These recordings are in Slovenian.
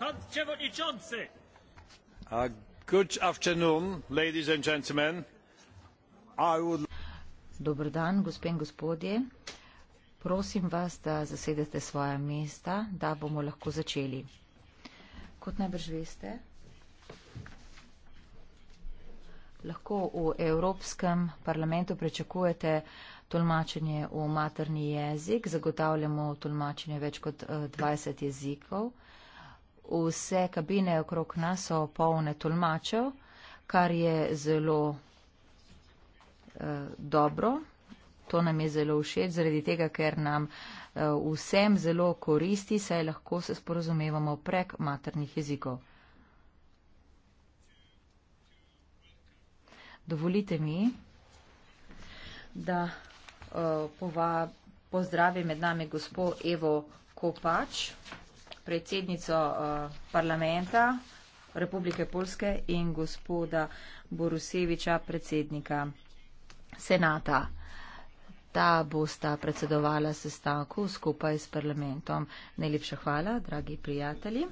Pan przewodniczący! Good afternoon, ladies and gentlemen. Would... Dobr dan, gospe in gospodje. Prosim vas, da zasedete svoja mesta, da bomo lahko začeli. Kot najbrž veste, lahko v Evropskem parlamentu prečakujete tolmačenje v materni jezik. Zagotavljamo tolmačenje več kot 20 eh, jezikov. Vse kabine okrog nas so polne tolmačev, kar je zelo eh, dobro. To nam je zelo všeč, zaradi tega, ker nam eh, vsem zelo koristi, saj lahko se sporozumevamo prek maternih jezikov. Dovolite mi, da eh, pova, pozdravim med nami gospod Evo Kopač predsednico eh, parlamenta Republike Polske in gospoda Boruseviča, predsednika senata. Ta bosta predsedovala sestanku skupaj s parlamentom. Najlepša hvala, dragi prijatelji.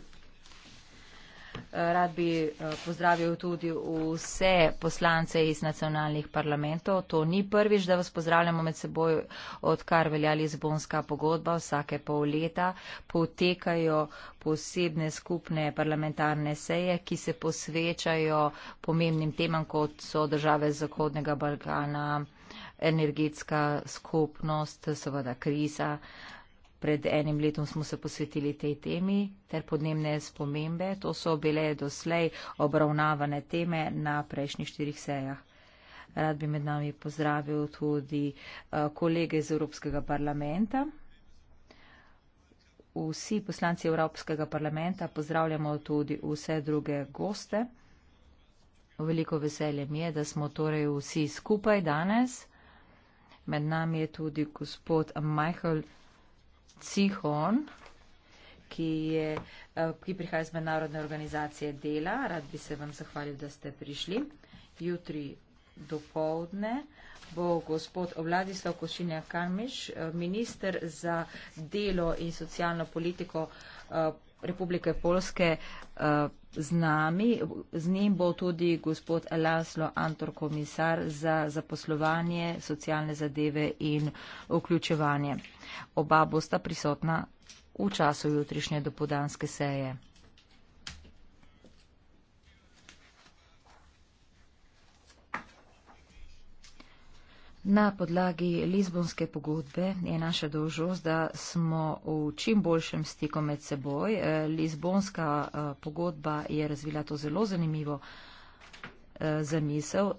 Rad bi eh, pozdravil tudi vse poslance iz nacionalnih parlamentov. To ni prvič, da vas pozdravljamo med seboj, odkar velja Lizbonska pogodba. Vsake pol leta potekajo posebne skupne parlamentarne seje, ki se posvečajo pomembnim temam, kot so države Zahodnega Balkana, energetska skupnost, seveda kriza. Pred enim letom smo se posvetili tej temi ter podnebne spomembe. To so bile doslej obravnavane teme na prejšnjih štirih sejah. Rad bi med nami pozdravil tudi eh, kolege iz Evropskega parlamenta. Vsi poslanci Evropskega parlamenta pozdravljamo tudi vse druge goste. Veliko veselje mi je, da smo torej vsi skupaj danes. Med nami je tudi gospod Michael. Cihon, ki, je, eh, ki prihaja iz Mednarodne organizacije dela. Rad bi se vam zahvalil, da ste prišli. Jutri dopoldne bo gospod Vladislav Košinja Kamiš, eh, minister za delo in socialno politiko, eh, Republike Polske eh, z nami. Z njim bo tudi gospod Laslo Antor, komisar za zaposlovanje, socialne zadeve in vključevanje. Oba bosta prisotna v času jutrišnje dopodanske seje. Na podlagi Lizbonske pogodbe je naša dožnost, da smo v čim boljšem stiku med seboj. Eh, Lizbonska eh, pogodba je razvila to zelo zanimivo eh, zamisel.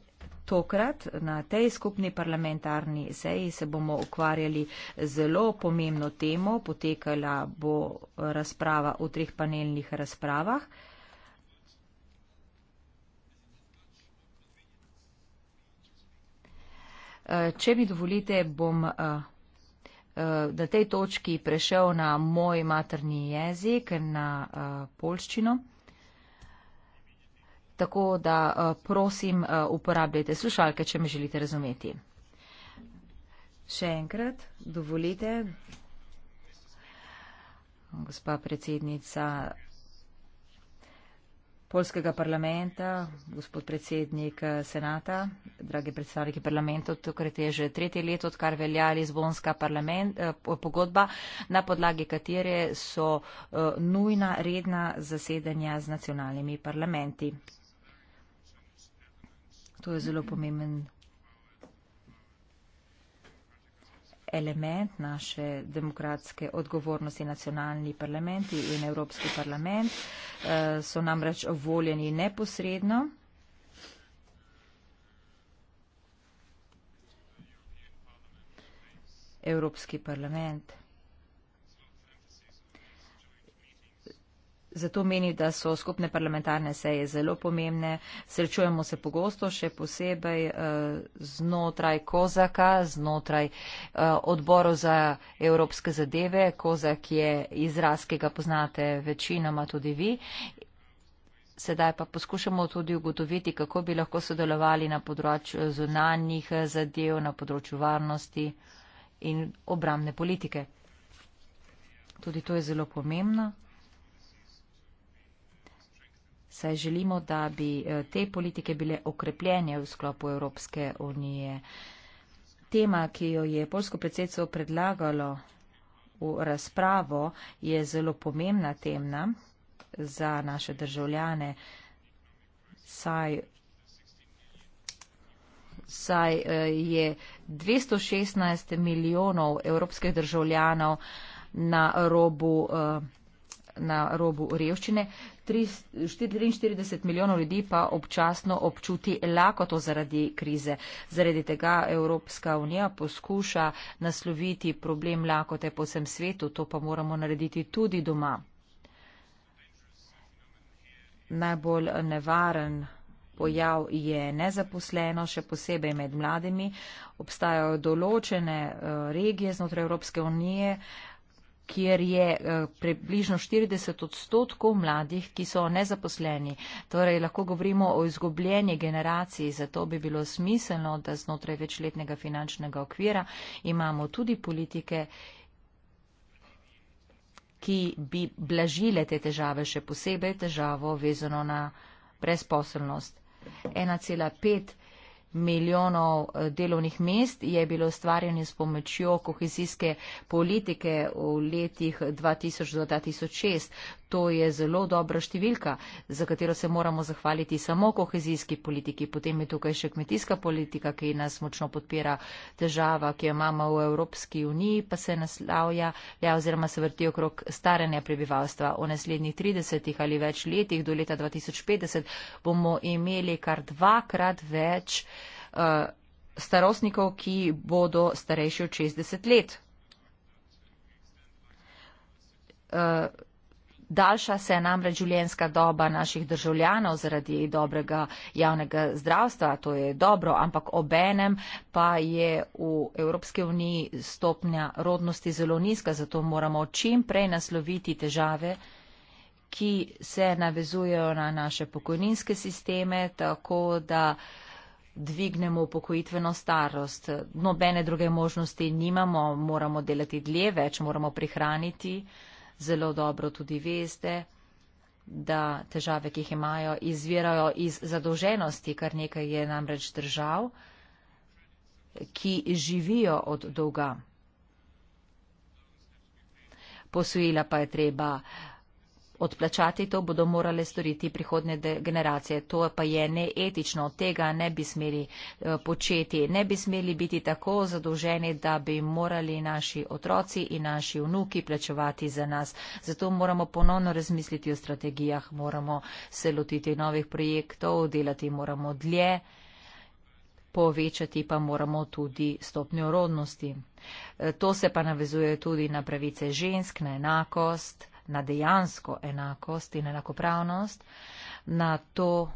Tokrat na tej skupni parlamentarni seji se bomo ukvarjali zelo pomembno temo. Potekala bo razprava v treh panelnih razpravah. Eh, če mi dovolite, bom eh, eh, na tej točki prešel na moj materni jezik, na polščino. Tako da prosim, uporabljajte slušalke, če me želite razumeti. Še enkrat, dovolite. Gospa predsednica polskega parlamenta, gospod predsednik eh, senata, dragi predstavniki parlamentov, tukaj je že tretje leto, odkar velja Lizbonska eh, pogodba, na podlagi katere so eh, nujna redna zasedanja z nacionalnimi parlamenti. To je zelo pomemben element naše demokratske odgovornosti nacionalni parlamenti in Evropski parlament eh, so namreč voljeni neposredno. Evropski parlament zato meni, da so skupne parlamentarne seje zelo pomembne. Srečujemo se pogosto, še posebej eh, znotraj Kozaka, znotraj eh, odborov za evropske zadeve. Kozak je izraz, ki ga poznate večinoma tudi vi. Sedaj pa poskušamo tudi ugotoviti, kako bi lahko sodelovali na področju zunanjih eh, zadev, na področju varnosti in obramne politike. Tudi to je zelo pomembno saj želimo, da bi eh, te politike bile okrepljene v sklopu Evropske unije. Tema, ki jo je polsko predsedstvo predlagalo v razpravo, je zelo pomembna temna za naše državljane, saj, saj eh, je 216 milijonov evropskih državljanov na robu uh, na robu revščine, 43 milijonov ljudi pa občasno občuti lakoto zaradi krize. Zaradi tega Evropska unija poskuša nasloviti problem lakote po vsem svetu, to pa moramo narediti tudi doma. Najbolj nevaren pojav je nezaposleno, še posebej med mladimi. Obstajajo določene eh, regije znotraj Evropske unije, kjer je eh, približno 40 odstotkov mladih, ki so nezaposleni. Torej, lahko govorimo o izgubljeni generaciji, zato bi bilo smiselno, da znotraj večletnega finančnega okvira imamo tudi politike, ki bi blažile te težave, še posebej težavo vezano na brezposelnost. 1,5 milijonov eh, delovnih mest je bilo ustvarjeno s pomočjo kohezijske politike v letih 2000 do 2006. To je zelo dobra številka, za katero se moramo zahvaliti samo kohezijski politiki. Potem je tukaj še kmetijska politika, ki nas močno podpira. Država, ki jo imamo v Evropski uniji, pa se naslavlja, ja, oziroma se vrti okrog staranja prebivalstva. V naslednjih 30 ali več letih do leta 2050 bomo imeli kar dvakrat več uh, starostnikov, ki bodo starejši od 60 let. Uh, Daljša se je namreč življenjska doba naših državljanov zaradi dobrega javnega zdravstva, to je dobro, ampak obenem pa je v Evropske uniji stopnja rodnosti zelo nizka, zato moramo čim prej nasloviti težave ki se navezujejo na naše pokojninske sisteme, tako da dvignemo pokojitveno starost. Nobene druge možnosti nimamo, moramo delati dlje več, moramo prihraniti zelo dobro tudi veste, da težave, ki jih imajo, izvirajo iz zadolženosti, kar nekaj je namreč držav, ki živijo od dolga. Posojila pa je treba uh, Odplačati to bodo morale storiti prihodne generacije. To pa je neetično. Tega ne bi smeli eh, početi. Ne bi smeli biti tako zadolženi, da bi morali naši otroci in naši vnuki plačevati za nas. Zato moramo ponovno razmisliti o strategijah, moramo se lotiti novih projektov, delati moramo dlje, povečati pa moramo tudi stopnjo rodnosti. Eh, to se pa navezuje tudi na pravice žensk, na enakost na dejansko enakost in enakopravnost, na to,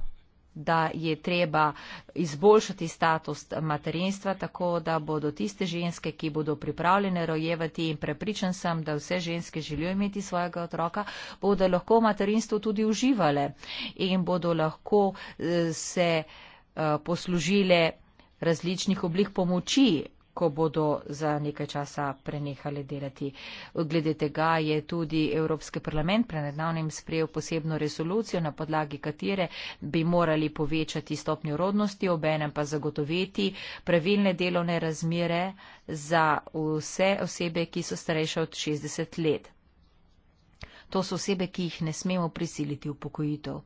da je treba izboljšati status materinstva, tako da bodo tiste ženske, ki bodo pripravljene rojevati in prepričan sem, da vse ženske želijo imeti svojega otroka, bodo lahko materinstvo tudi uživale in bodo lahko eh, se eh, poslužile različnih oblik pomoči ko bodo za nekaj časa prenehali delati. Glede tega je tudi Evropski parlament prenedavnim sprejel posebno resolucijo, na podlagi katere bi morali povečati stopnjo rodnosti, obenem pa zagotoviti pravilne delovne razmere za vse osebe, ki so starejše od 60 let. To so osebe, ki jih ne smemo prisiliti v pokojitev.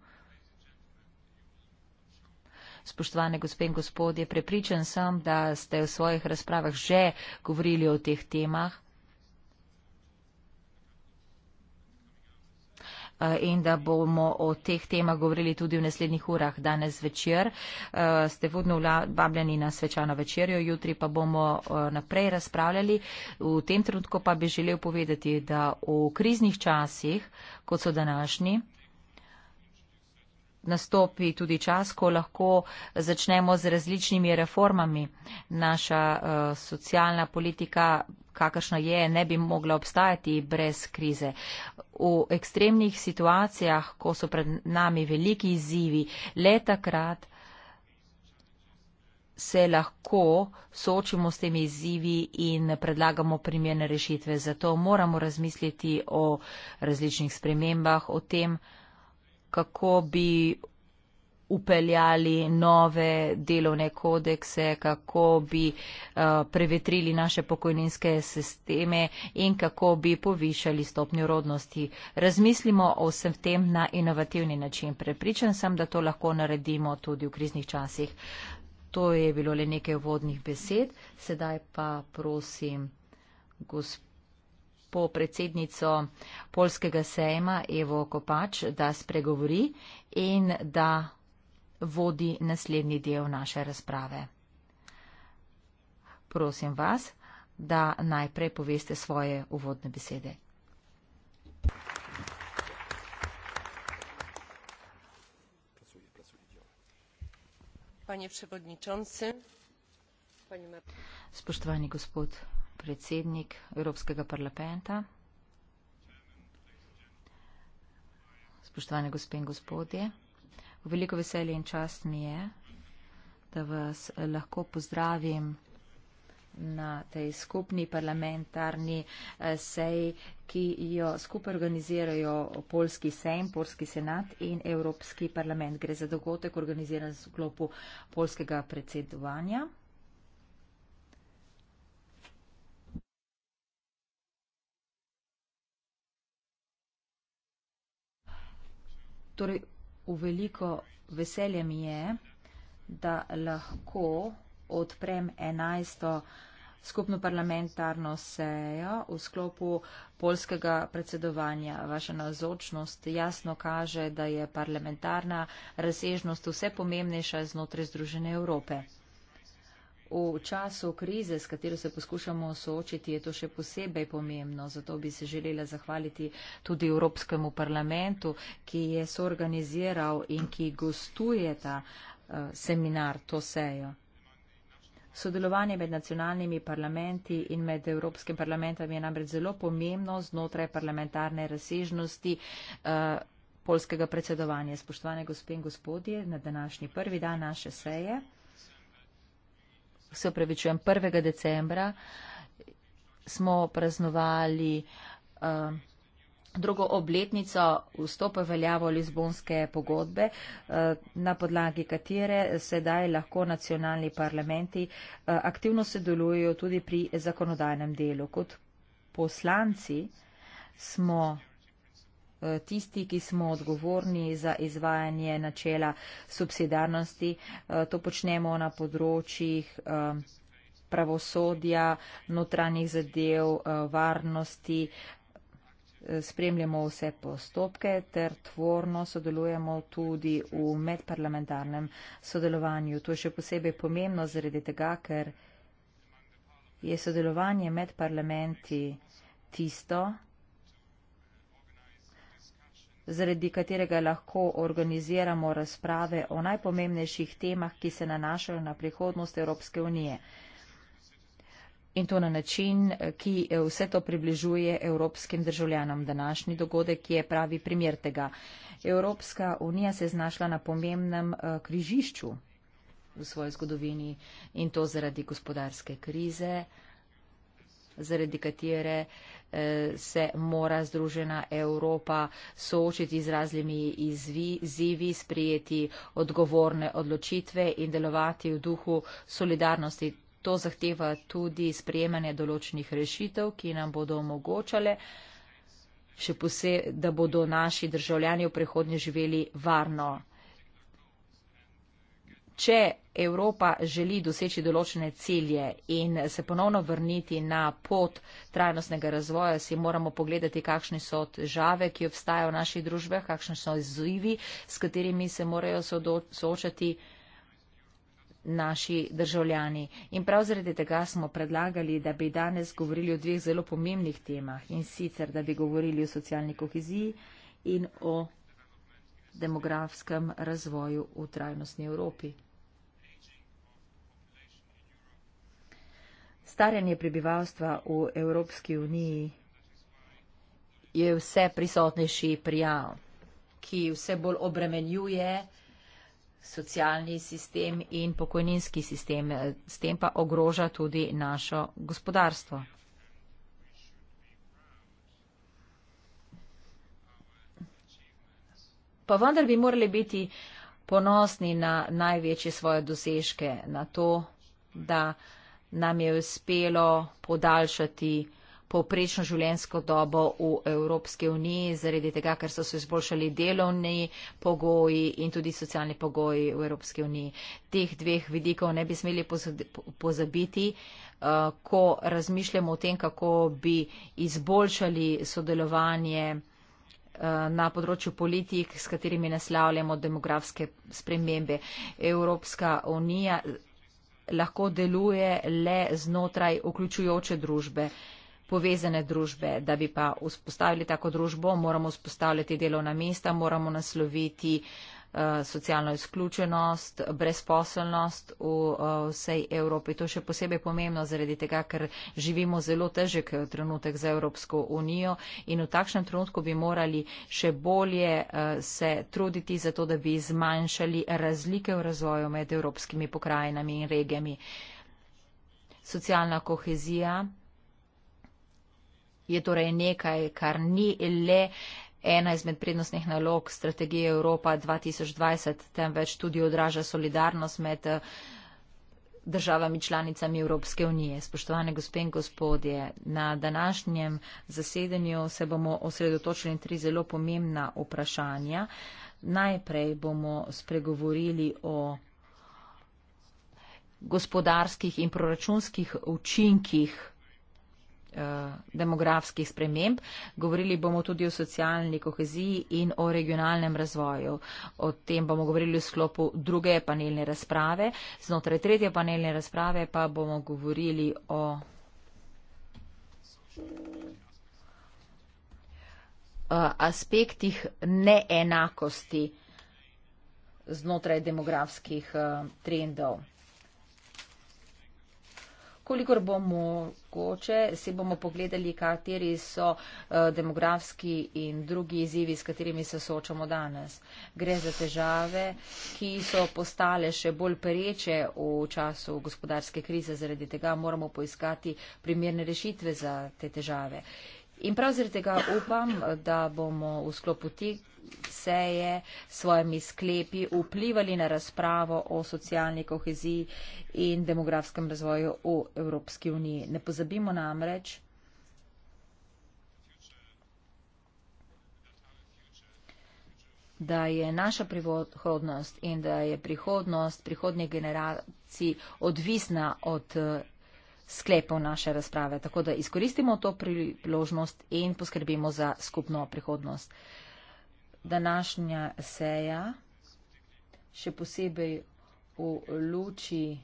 Spoštovane gospe in gospodje, prepričan sem, da ste v svojih razpravah že govorili o teh temah. Eh, in da bomo o teh temah govorili tudi v naslednjih urah danes večer. Eh, ste vodno vabljeni na svečano večerjo, jutri pa bomo eh, naprej razpravljali. V tem trenutku pa bi želel povedati, da v kriznih časih, kot so današnji, nastopi tudi čas, ko lahko začnemo z različnimi reformami. Naša uh, socialna politika, kakršna je, ne bi mogla obstajati brez krize. V ekstremnih situacijah, ko so pred nami veliki izzivi, le takrat se lahko soočimo s temi izzivi in predlagamo primerne rešitve. Zato moramo razmisliti o različnih spremembah, o tem, kako bi upeljali nove delovne kodekse, kako bi uh, prevetrili naše pokojninske sisteme in kako bi povišali stopnjo rodnosti. Razmislimo o vsem tem na inovativni način. Prepričan sem, da to lahko naredimo tudi v kriznih časih. To je bilo le nekaj vodnih besed. Sedaj pa prosim, gospod po predsednico polskega sejma Evo Kopač, da spregovori in da vodi naslednji del naše razprave. Prosim vas, da najprej poveste svoje uvodne besede. Spoštovani gospod predsednik Evropskega parlamenta. Spoštovane gospe in gospodje, v veliko veselje in čast mi je, da vas lahko pozdravim na tej skupni parlamentarni eh, seji, ki jo skupaj organizirajo Polski sejm, Polski senat in Evropski parlament. Gre za dogotek organiziran v sklopu polskega predsedovanja. Torej, v veliko veselje mi je, da lahko odprem 11. skupno parlamentarno sejo v sklopu polskega predsedovanja. Vaša nazočnost jasno kaže, da je parlamentarna razsežnost vse pomembnejša znotraj Združene Evrope. V času krize, s katero se poskušamo soočiti, je to še posebej pomembno. Zato bi se želela zahvaliti tudi Evropskemu parlamentu, ki je soorganiziral in ki gostuje ta eh, seminar, to sejo. Sodelovanje med nacionalnimi parlamenti in med Evropskim parlamentom je namreč zelo pomembno znotraj parlamentarne razsežnosti eh, polskega predsedovanja. Spoštovane gospe in gospodje, na današnji prvi dan naše seje se upravičujem, 1. decembra smo praznovali uh, drugo obletnico vstopa veljavo Lizbonske pogodbe, uh, na podlagi katere sedaj lahko nacionalni parlamenti uh, aktivno sodelujo tudi pri zakonodajnem delu. Kot poslanci smo Eh, tisti, ki smo odgovorni za izvajanje načela subsidarnosti. Eh, to počnemo na področjih eh, pravosodja, notranjih zadev, varnosti. Spremljamo vse postopke ter tvorno sodelujemo tudi v medparlamentarnem sodelovanju. To je še posebej pomembno zaradi tega, ker je sodelovanje med parlamenti tisto, zaradi katerega lahko organiziramo razprave o najpomembnejših temah, ki se nanašajo na prihodnost Evropske unije. In to na način, ki eh, vse to približuje evropskim državljanom. Današnji dogodek je pravi primer tega. Evropska unija se je znašla na pomembnem eh, križišču v svoji zgodovini in to zaradi gospodarske krize, zaradi katere uh, Eh, se mora Združena Evropa soočiti z raznimi izzivi, sprijeti odgovorne odločitve in delovati v duhu solidarnosti. To zahteva tudi sprejemanje določenih rešitev, ki nam bodo omogočale, še posebej, da bodo naši državljani v prihodnje živeli varno če Evropa želi doseči določene cilje in se ponovno vrniti na pot trajnostnega razvoja, si moramo pogledati, kakšne so težave, ki obstajajo v naših družbah, kakšne so izzivi, s katerimi se morajo soočati naši državljani. In prav zaradi tega smo predlagali, da bi danes govorili o dveh zelo pomembnih temah in sicer, da bi govorili o socialni koheziji in o demografskem razvoju v trajnostni Evropi. staranje prebivalstva v Evropski uniji je vse prisotnejši prijav, ki vse bolj obremenjuje socialni sistem in pokojninski sistem, s tem pa ogroža tudi našo gospodarstvo. Pa vendar bi morali biti ponosni na največje svoje dosežke, na to, da nam je uspelo podaljšati povprečno življensko dobo v Evropske unije zaradi tega, ker so se izboljšali delovni pogoji in tudi socialni pogoji v Evropske unije. Teh dveh vidikov ne bi smeli pozabiti, eh, ko razmišljamo o tem, kako bi izboljšali sodelovanje eh, na področju politik, s katerimi naslavljamo demografske spremembe. Evropska unija lahko deluje le znotraj vključujoče družbe, povezane družbe. Da bi pa vzpostavili tako družbo, moramo vzpostavljati delovna mesta, moramo nasloviti uh, Eh, socialno izključenost, brezposelnost v eh, vsej Evropi. To je še posebej pomembno zaradi tega, ker živimo zelo težek eh, trenutek za Evropsko unijo in v takšnem trenutku bi morali še bolje se truditi za to, da bi zmanjšali razlike v razvoju med evropskimi pokrajinami in regijami. Socialna kohezija je torej nekaj, kar ni le ena izmed prednostnih nalog strategije Evropa 2020, temveč tudi odraža solidarnost med eh, državami članicami Evropske unije. Spoštovane gospe in gospodje, na današnjem zasedanju se bomo osredotočili na tri zelo pomembna vprašanja. Najprej bomo spregovorili o gospodarskih in proračunskih učinkih Eh, demografskih sprememb. Govorili bomo tudi o socialni koheziji in o regionalnem razvoju. O tem bomo govorili v sklopu druge panelne razprave. Znotraj tretje panelne razprave pa bomo govorili o. Eh, aspektih neenakosti znotraj demografskih eh, trendov kolikor bomo mogoče, si bomo pogledali, kateri so eh, demografski in drugi izzivi, s katerimi se soočamo danes. Gre za težave, ki so postale še bolj pereče v času gospodarske krize, zaradi tega moramo poiskati primerne rešitve za te težave. In prav zaradi tega upam, da bomo v sklopu te seje s svojimi sklepi vplivali na razpravo o socialni koheziji in demografskem razvoju v Evropski uniji. Ne pozabimo namreč, da je naša prihodnost in da je prihodnost prihodnje generacije odvisna od sklepov naše razprave. Tako da izkoristimo to priložnost in poskrbimo za skupno prihodnost. Današnja seja, še posebej v luči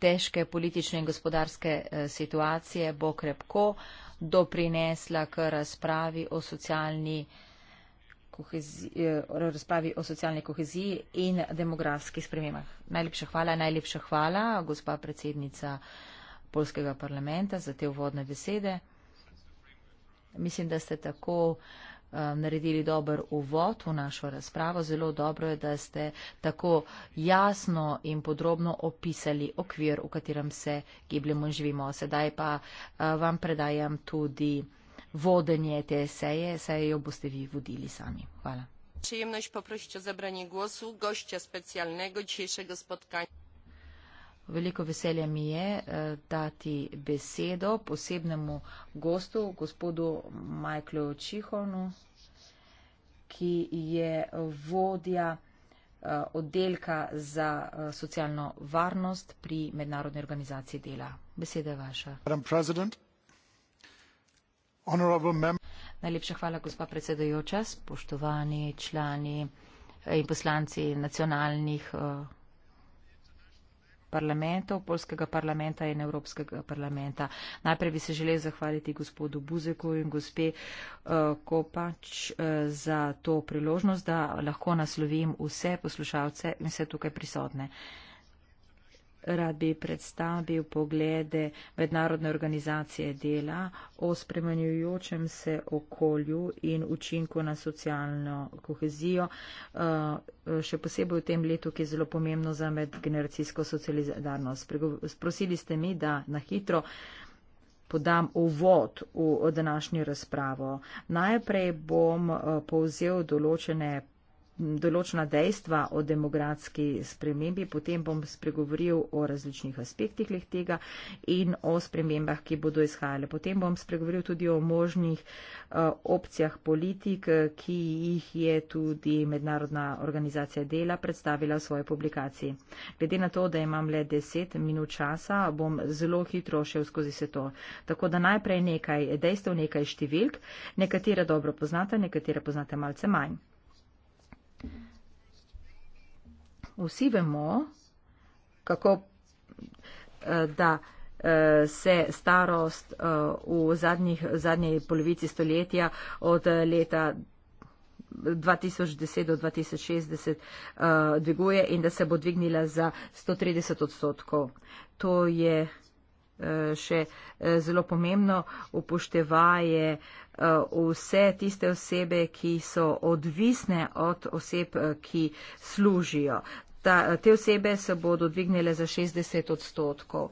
težke politične in gospodarske eh, situacije, bo krepko doprinesla k razpravi o socialni. Eh, razpravi o socialni koheziji in demografskih spremembah. Najlepša hvala, najlepša hvala, gospa predsednica Polskega parlamenta, za te uvodne besede. Mislim, da ste tako eh, naredili dober uvod v našo razpravo. Zelo dobro je, da ste tako jasno in podrobno opisali okvir, v katerem se gibljemo in živimo. Sedaj pa eh, vam predajam tudi vodenje te seje, seje jo boste vi vodili sami. Hvala. Przyjemność poprosić o zabranie głosu gościa specjalnego dzisiejszego spotkania. Veliko veselja mi je e, dati besedo posebnemu gostu, gospodu Majklu Čihonu, ki je vodja e, oddelka za e, socialno varnost pri mednarodni organizaciji dela. Beseda je vaša. Madam President, Najlepša hvala, gospa predsedajoča, spoštovani člani eh, in poslanci nacionalnih eh, parlamentov, polskega parlamenta in evropskega parlamenta. Najprej bi se želel zahvaliti gospodu Buzeku in gospe eh, Kopač za to priložnost, da lahko naslovim vse poslušalce in vse tukaj prisotne rad bi predstavil poglede mednarodne organizacije dela o spremenjujočem se okolju in učinku na socialno kohezijo, eh, še posebej v tem letu, ki je zelo pomembno za medgeneracijsko socializarnost. Sprosili ste mi, da na hitro podam uvod v današnjo razpravo. Najprej bom eh, povzel določene določena dejstva o demokratski spremembi, potem bom spregovoril o različnih aspektih leh tega in o spremembah, ki bodo izhajale. Potem bom spregovoril tudi o možnih eh, opcijah politik, eh, ki jih je tudi Mednarodna organizacija dela predstavila v svoji publikaciji. Glede na to, da imam le 10 minut časa, bom zelo hitro šel skozi vse to. Tako da najprej nekaj dejstev, nekaj številk, nekatere dobro poznate, nekatere poznate malce manj. Vsi vemo, kako eh, da eh, se starost eh, v zadnjih, zadnji polovici stoletja od leta 2010 do 2060 dviguje in da se bo dvignila za 130 odstotkov. To je še zelo pomembno, upoštevaje uh, Eh, vse tiste osebe, ki so odvisne od oseb, eh, ki služijo. Ta, eh, te osebe se bodo dvignile za 60 odstotkov.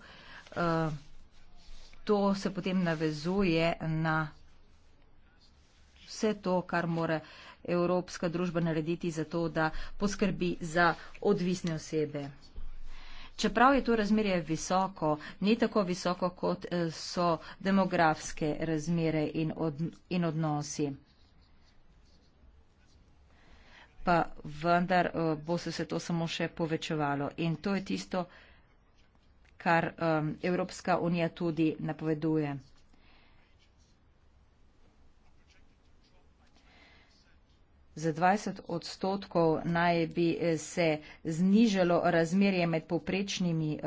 To se potem navezuje na vse to, kar mora Evropska družba narediti za to, da poskrbi za odvisne osebe čeprav je to razmerje visoko, ni tako visoko, kot eh, so demografske razmere in, od, in odnosi. Pa vendar eh, bo se, se to samo še povečevalo. In to je tisto, kar um, Evropska unija tudi napoveduje. Za 20 odstotkov naj bi eh, se znižalo razmerje med poprečnimi eh,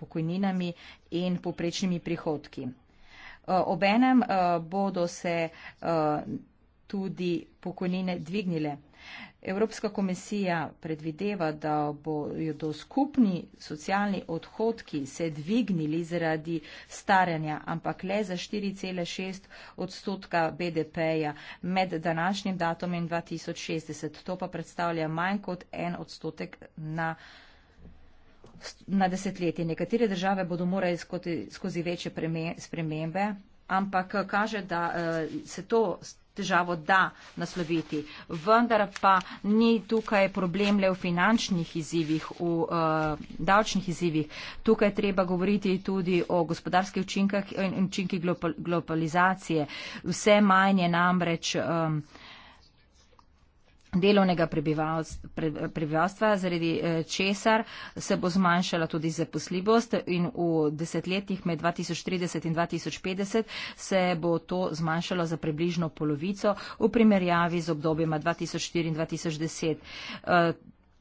pokojninami in poprečnimi prihodki. Eh, obenem bodo se tudi pokojnine dvignile. Evropska komisija predvideva, da bojo do skupni socialni odhodki se dvignili zaradi staranja, ampak le za 4,6 odstotka BDP-ja med današnjim datumem 2060. To pa predstavlja manj kot en odstotek na na desetletje. Nekatere države bodo morali skozi, skozi večje spremembe, ampak kaže, da eh, se to težavo da nasloviti. Vendar pa ni tukaj problem le v finančnih izzivih, v uh, davčnih izzivih. Tukaj treba govoriti tudi o gospodarskih učinkih in učinkih globalizacije. Vse manje namreč. Um, delovnega prebivalstva, zaradi eh, česar se bo zmanjšala tudi zaposljivost in v desetletjih med 2030 in 2050 se bo to zmanjšalo za približno polovico v primerjavi z obdobjema 2004 in 2010. Eh,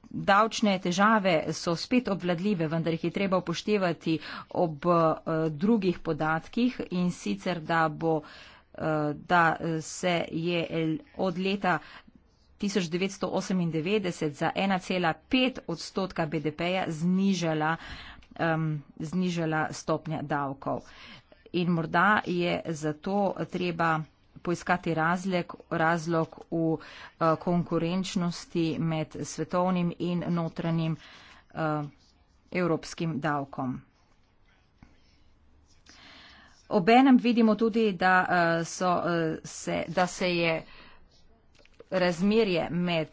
davčne težave so spet obvladljive, vendar jih je treba upoštevati ob eh, drugih podatkih in sicer, da, bo, da se je od leta 1998 za 1,5 odstotka BDP-ja znižala, um, znižala stopnja davkov. In morda je zato treba poiskati razlog, razlog v uh, konkurenčnosti med svetovnim in notranjim uh, evropskim davkom. Obenem vidimo tudi, da, uh, so, uh, se, da se je uh, razmerje med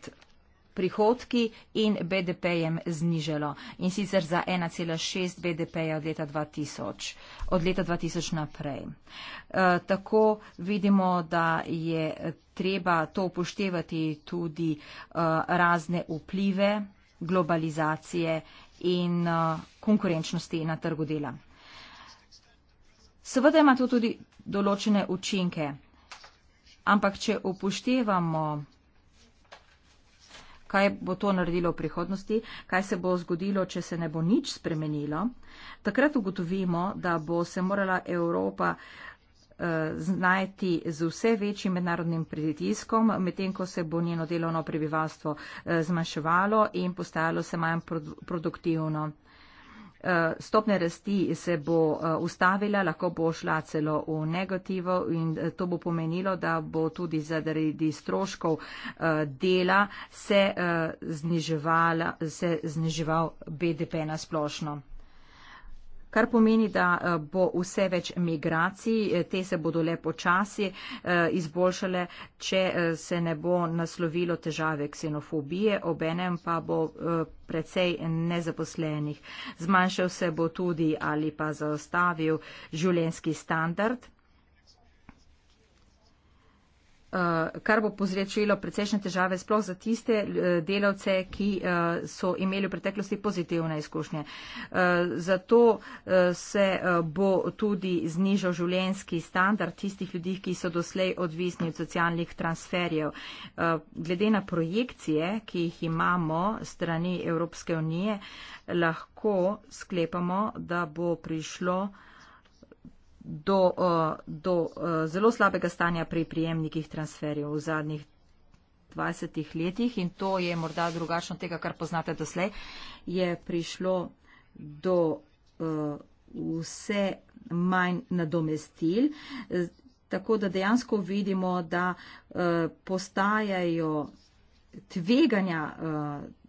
prihodki in BDP-jem znižalo in sicer za 1,6 BDP-ja od leta 2000, od leta 2000 naprej. E, tako vidimo, da je treba to upoštevati tudi e, razne vplive globalizacije in e, konkurenčnosti na trgu dela. Seveda ima to tudi določene učinke. Ampak če upoštevamo, kaj bo to naredilo v prihodnosti, kaj se bo zgodilo, če se ne bo nič spremenilo, takrat ugotovimo, da bo se morala Evropa eh, znajti z vse večjim mednarodnim pritiskom, medtem ko se bo njeno delovno prebivalstvo eh, zmanjševalo in postajalo se manj produktivno. Eh, stopnja rasti se bo eh, ustavila, lahko bo šla celo v negativo in eh, to bo pomenilo, da bo tudi zaradi stroškov dela se zniževal BDP na splošno kar pomeni, da eh, bo vse več migracij, eh, te se bodo le počasi eh, izboljšale, če se ne bo naslovilo težave ksenofobije, obenem pa bo precej nezaposlenih. Zmanjšal se bo tudi ali pa zaostavil življenski standard. Eh, kar bo povzrečilo precejšnje težave sploh za tiste eh, delavce, ki eh, so imeli v preteklosti pozitivne izkušnje. Zato se bo tudi znižal življenski standard tistih ljudi, ki so doslej odvisni od socialnih transferjev. Glede na projekcije, ki jih imamo strani Evropske unije, lahko sklepamo, da bo prišlo do, eh, do eh, zelo slabega stanja pri prijemnikih transferjev v zadnjih 20 letih in to je morda drugačno tega, kar poznate doslej, je prišlo do eh, vse manj nadomestil. Tako da dejansko vidimo, da postajajo tveganja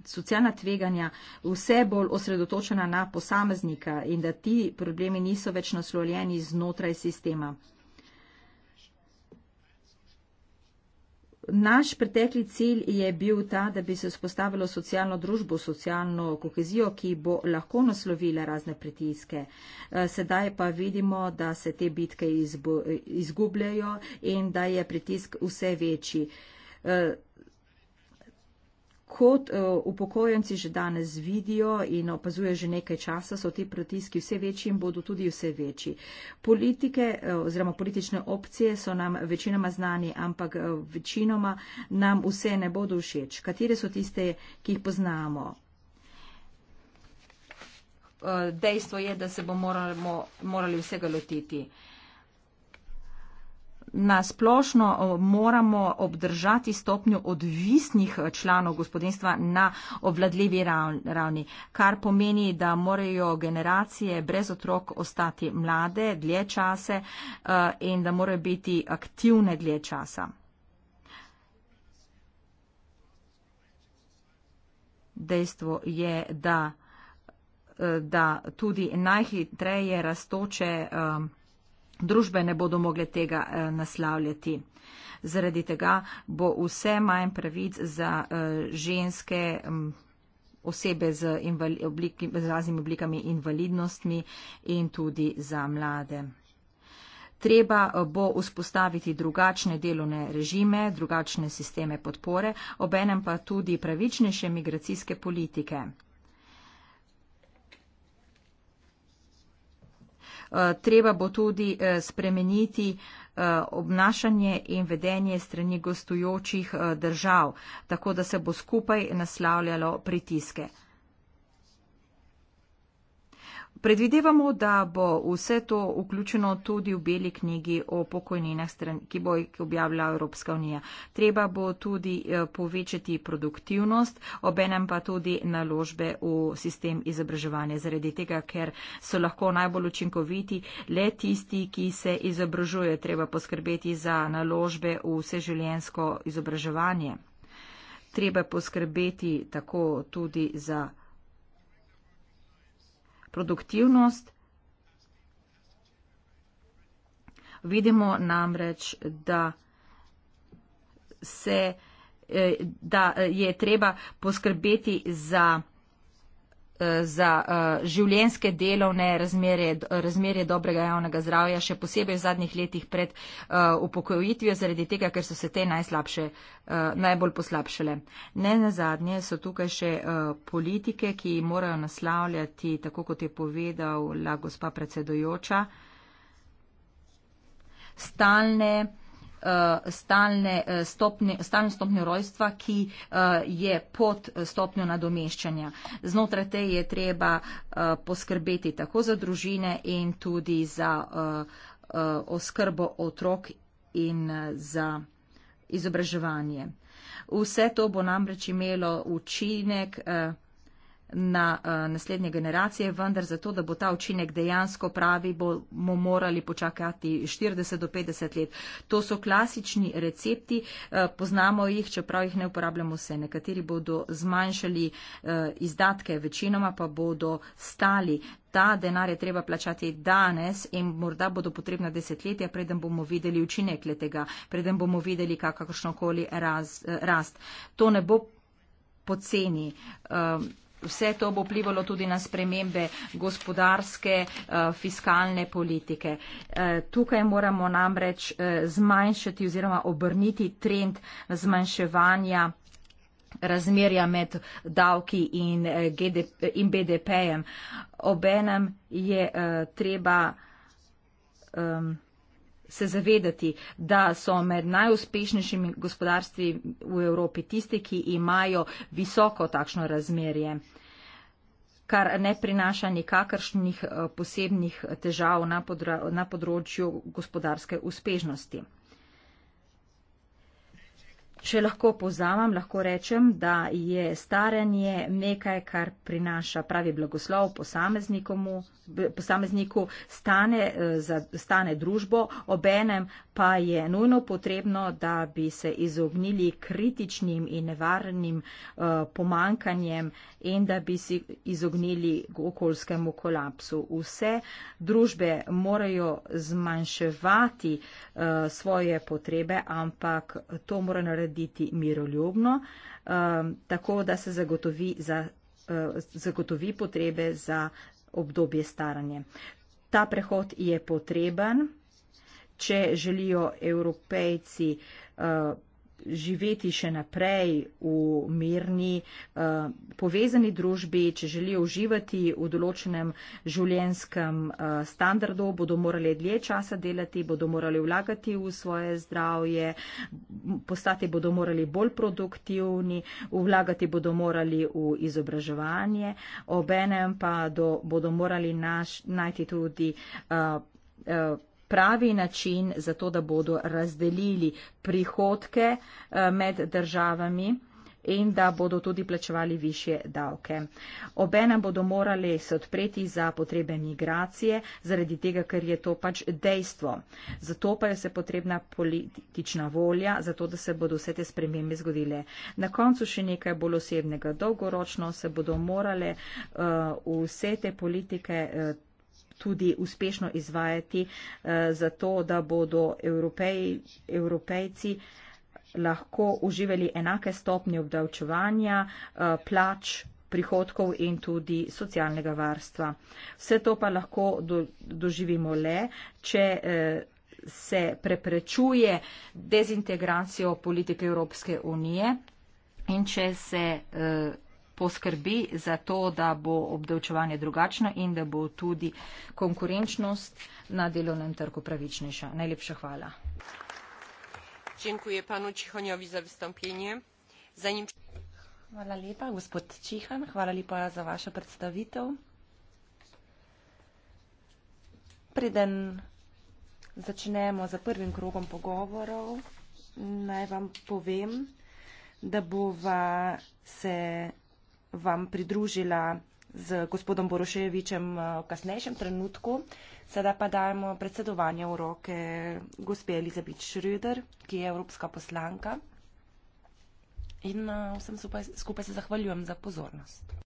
socialna tveganja vse bolj osredotočena na posameznika in da ti problemi niso več naslovljeni znotraj sistema. Naš pretekli cilj je bil ta, da bi se vzpostavilo socialno družbo, socialno kohezijo, ki bo lahko naslovila razne pritiske. Eh, sedaj pa vidimo, da se te bitke izgubljajo in da je pritisk vse večji. Eh, Kot eh, upokojenci že danes vidijo in opazuje že nekaj časa, so ti pritiski vse večji in bodo tudi vse večji. Politike eh, oziroma politične opcije so nam večinoma znani, ampak eh, večinoma nam vse ne bodo všeč. Katere so tiste, ki jih poznamo? Dejstvo je, da se bomo morali, morali vsega lotiti na splošno eh, moramo obdržati stopnjo odvisnih eh, članov gospodinstva na obvladljivi ravni, kar pomeni, da morajo generacije brez otrok ostati mlade dlje čase eh, in da morajo biti aktivne dlje časa. Dejstvo je, da, da tudi najhitreje rastoče um, družbe ne bodo mogle tega eh, naslavljati. Zaradi tega bo vse manj pravic za eh, ženske osebe z, oblik, z raznimi oblikami invalidnostmi in tudi za mlade. Treba eh, bo vzpostaviti drugačne delovne režime, drugačne sisteme podpore, obenem pa tudi pravičnejše migracijske politike. Treba bo tudi eh, spremeniti eh, obnašanje in vedenje strani gostujočih eh, držav, tako da se bo skupaj naslavljalo pritiske. Predvidevamo, da bo vse to vključeno tudi v beli knjigi o pokojninah, ki bo jih objavila Evropska unija. Treba bo tudi eh, povečati produktivnost, obenem pa tudi naložbe v sistem izobraževanja, zaradi tega, ker so lahko najbolj učinkoviti le tisti, ki se izobražuje. Treba poskrbeti za naložbe v vseživljensko izobraževanje. Treba poskrbeti tako tudi za produktivnost. Vidimo namreč, da, se, eh, da eh, je treba poskrbeti za za eh, življenske delovne razmere, razmere dobrega javnega zdravja, še posebej v zadnjih letih pred eh, upokojitvijo, zaradi tega, ker so se te najslabše, eh, najbolj poslabšale. Ne na zadnje so tukaj še politike, ki morajo naslavljati, tako kot je povedala gospa predsedojoča, stalne Eh, stalne eh, stopnje, stalne stopnje rojstva, ki eh, je pod stopnjo nadomeščanja. Znotraj te je treba poskrbeti tako za družine in tudi za oskrbo otrok in za izobraževanje. Vse to bo namreč imelo učinek na uh, naslednje generacije, vendar zato, da bo ta učinek dejansko pravi, bomo morali počakati 40 do 50 let. To so klasični recepti, uh, poznamo jih, čeprav jih ne uporabljamo vse. Nekateri bodo zmanjšali uh, izdatke, večinoma pa bodo stali. Ta denar je treba plačati danes in morda bodo potrebna desetletja, preden bomo videli učinek letega, preden bomo videli kakršnokoli raz, uh, rast. To ne bo poceni. Uh, vse to bo vplivalo tudi na spremembe gospodarske, eh, fiskalne politike. Eh, tukaj moramo namreč eh, zmanjšati oziroma obrniti trend zmanjševanja razmerja med davki in, in BDP-jem. Obenem je uh, treba um, se zavedati, da so med najuspešnejšimi gospodarstvi v Evropi tisti, ki imajo visoko takšno razmerje kar ne prinaša nikakršnih eh, posebnih težav na področju gospodarske uspešnosti. Če lahko povzamem, lahko rečem, da je staranje nekaj, kar prinaša pravi blagoslov posameznikomu, posamezniku, stane, eh, stane družbo, obenem pa je nujno potrebno, da bi se izognili kritičnim in nevarnim eh, pomankanjem in da bi se izognili okoljskemu kolapsu. Vse družbe morajo zmanjševati eh, svoje potrebe, ampak to mora narediti narediti miroljubno, um, tako da se zagotovi, za, uh, zagotovi potrebe za obdobje staranje. Ta prehod je potreben, če želijo evropejci uh, živeti še naprej v mirni, eh, povezani družbi, če želijo uživati v določenem življenskem eh, standardu, bodo morali dlje časa delati, bodo morali vlagati v svoje zdravje, postati bodo morali bolj produktivni, vlagati bodo morali v izobraževanje, obenem pa do, bodo morali naš, najti tudi uh, uh, pravi način za to, da bodo razdelili prihodke eh, med državami in da bodo tudi plačevali više davke. Obena bodo morali se odpreti za potrebe migracije, zaradi tega, ker je to pač dejstvo. Zato pa je se potrebna politična volja, zato da se bodo vse te spremembe zgodile. Na koncu še nekaj bolj osebnega. Dolgoročno se bodo morale uh, vse te politike uh, tudi uspešno izvajati, eh, zato da bodo Evropej, Evropejci lahko uživali enake stopnje obdavčevanja, eh, plač, prihodkov in tudi socialnega varstva. Vse to pa lahko do, doživimo le, če eh, se preprečuje dezintegracijo politike Evropske unije in če se eh, poskrbi za to, da bo obdavčevanje drugačno in da bo tudi konkurenčnost na delovnem trgu pravičnejša. Najlepša hvala. Hvala lepa, gospod Čihan. Hvala lepa za vašo predstavitev. Preden začnemo za prvim krogom pogovorov, naj vam povem, da bova se vam pridružila z gospodom Boroševičem eh, v kasnejšem trenutku. Sedaj pa dajemo predsedovanje v roke gospe Elizabeth Schröder, ki je evropska poslanka. In eh, vsem skupaj se zahvaljujem za pozornost.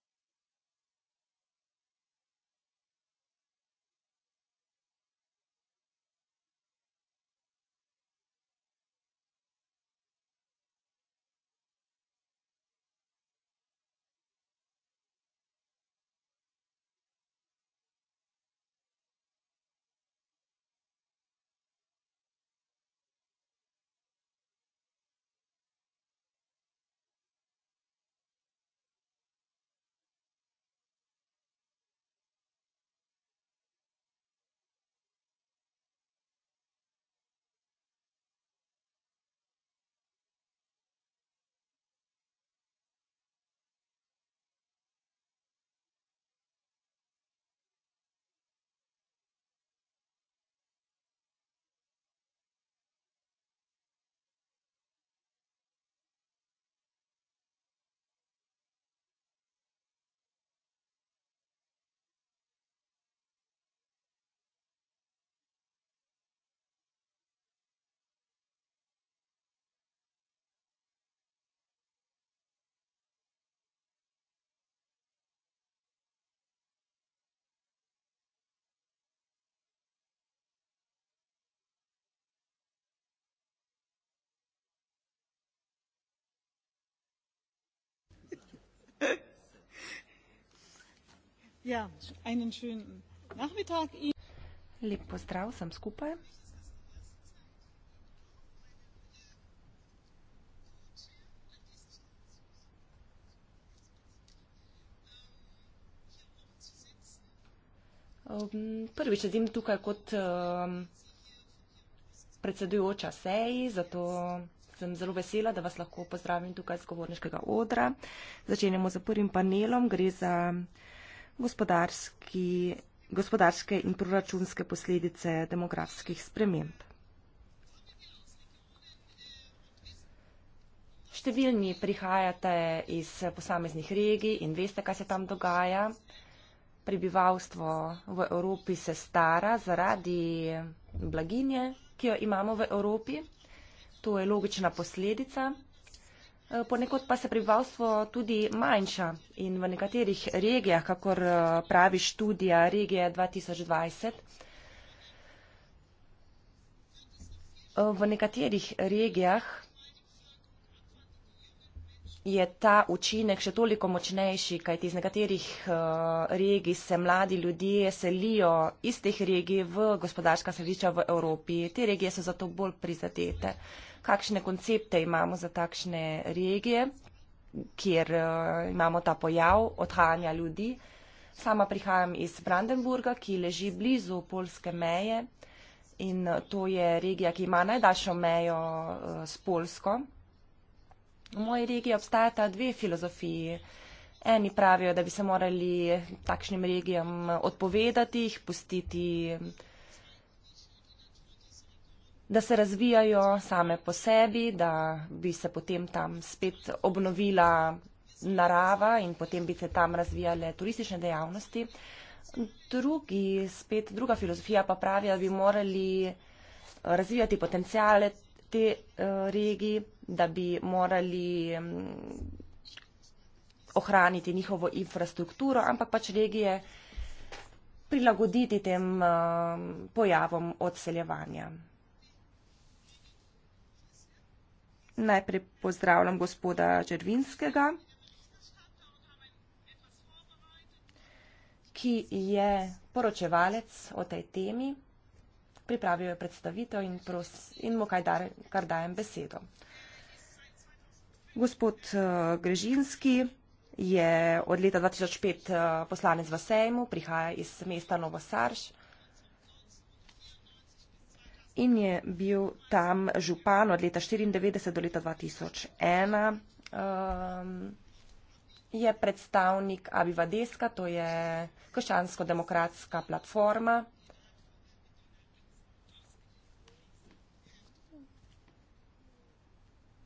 Ja, einen schönen Nachmittag. Lep pozdrav sem skupaj. Prvič sedim tukaj kot ehm, predsedujoča seji, zato sem zelo vesela, da vas lahko pozdravim tukaj z govorniškega odra. Začenjamo z prvim panelom, gre za gospodarske in proračunske posledice demografskih sprememb. Številni prihajate iz posameznih regij in veste, kaj se tam dogaja. Prebivalstvo v Evropi se stara zaradi blaginje, ki jo imamo v Evropi to je logična posledica. E, ponekod pa se prebivalstvo tudi manjša in v nekaterih regijah, kakor e, pravi študija Regije 2020, e, v nekaterih regijah je ta učinek še toliko močnejši, kajti iz nekaterih uh, regij se mladi ljudje selijo iz teh regij v gospodarska središča v Evropi. Te regije so zato bolj prizadete. Kakšne koncepte imamo za takšne regije, kjer uh, imamo ta pojav odhajanja ljudi? Sama prihajam iz Brandenburga, ki leži blizu polske meje in eh, to je regija, ki ima najdaljšo mejo uh, s Polsko. V moji regiji obstajata dve filozofiji. Eni pravijo, da bi se morali takšnim regijam odpovedati, jih pustiti, da se razvijajo same po sebi, da bi se potem tam spet obnovila narava in potem bi se tam razvijale turistične dejavnosti. Drugi, spet druga filozofija pa pravi, da bi morali razvijati potencijale te eh, regiji, da bi morali mm, ohraniti njihovo infrastrukturo, ampak pač regije prilagoditi tem eh, pojavom odseljevanja. Najprej pozdravljam gospoda Červinskega, ki je poročevalec o tej temi pripravijo predstavitev in, pros, in mu kaj dar, kar dajem besedo. Gospod eh, Grežinski je od leta 2005 eh, poslanec v Sejmu, prihaja iz mesta Novo Sarš in je bil tam župan od leta 1994 do leta 2001. Um, ehm, je predstavnik Abivadeska, to je krščansko-demokratska platforma.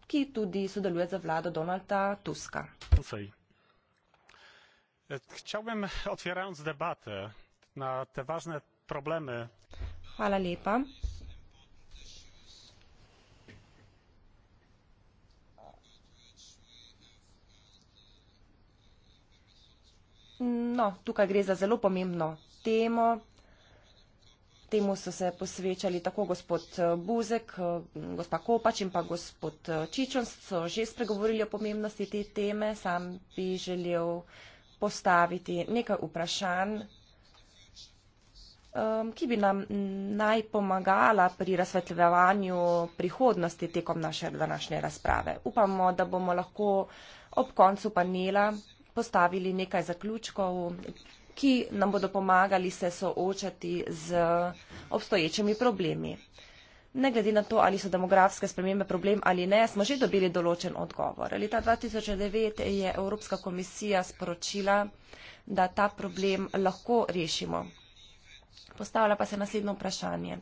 ki tudi sodeluje za vlado Donalda Tuska. Okay. E, chciałbym otwierając debatę na te ważne problemy. Hvala lepa. No, tukaj gre za zelo pomembno temo temu so se posvečali tako gospod eh, Buzek, eh, gospa Kopač in pa gospod eh, Čičon, so že spregovorili o pomembnosti te teme. Sam bi želel postaviti nekaj vprašanj, ehm, ki bi nam naj pomagala pri razsvetljevanju prihodnosti tekom naše današnje razprave. Upamo, da bomo lahko ob koncu panela postavili nekaj zaključkov, ki nam bodo pomagali se soočati z obstoječimi problemi. Ne glede na to, ali so demografske spremembe problem ali ne, smo že dobili določen odgovor. Leta 2009 je Evropska komisija sporočila, da ta problem lahko rešimo. Postavlja pa se naslednje vprašanje.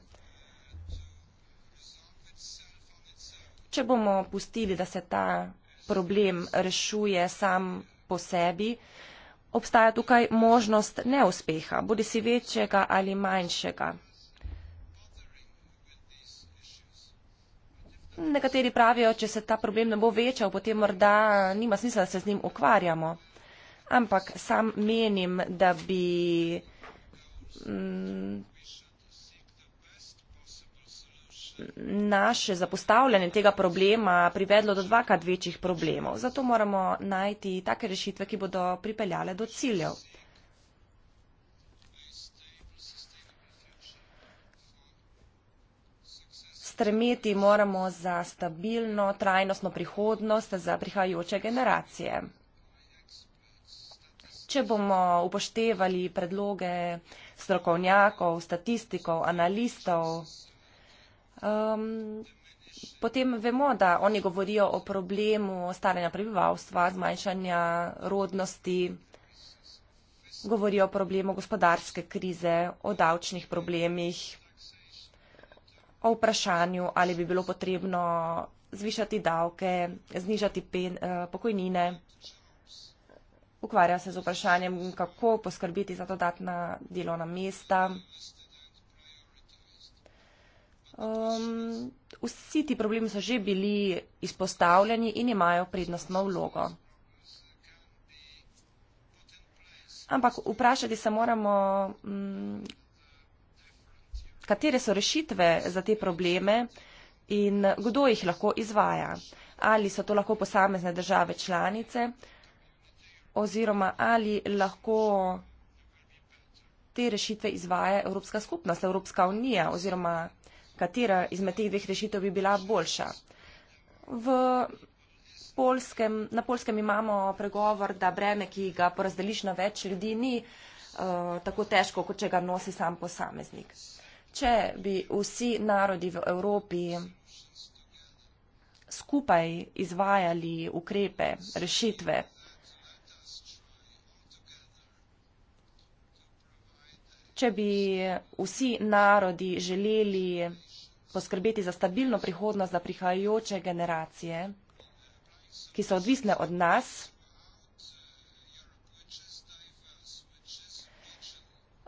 Če bomo pustili, da se ta problem rešuje sam po sebi, obstaja tukaj možnost neuspeha, bodi si večjega ali manjšega. Nekateri pravijo, če se ta problem ne bo večal, potem morda nima smisla, da se z njim ukvarjamo. Ampak sam menim, da bi mm, naše zapostavljanje tega problema privedlo do dvakrat večjih problemov. Zato moramo najti take rešitve, ki bodo pripeljale do ciljev. Stremeti moramo za stabilno, trajnostno prihodnost za prihajajoče generacije. Če bomo upoštevali predloge strokovnjakov, statistikov, analistov, Um, potem vemo, da oni govorijo o problemu staranja prebivalstva, zmanjšanja rodnosti, govorijo o problemu gospodarske krize, o davčnih problemih, o vprašanju, ali bi bilo potrebno zvišati davke, znižati pen, eh, pokojnine. Ukvarjajo se z vprašanjem, kako poskrbiti za dodatna delovna mesta. Um, vsi ti problemi so že bili izpostavljeni in imajo prednostno vlogo. Ampak vprašati se moramo, m, mm, katere so rešitve za te probleme in kdo jih lahko izvaja. Ali so to lahko posamezne države članice oziroma ali lahko te rešitve izvaja Evropska skupnost, Evropska unija oziroma katera izmed teh dveh rešitev bi bila boljša. V polskem, na polskem imamo pregovor, da breme, ki ga porazdeliš na več ljudi, ni uh, tako težko, kot če ga nosi sam posameznik. Če bi vsi narodi v Evropi skupaj izvajali ukrepe, rešitve, Če bi vsi narodi želeli poskrbeti za stabilno prihodnost za prihajajoče generacije, ki so odvisne od nas,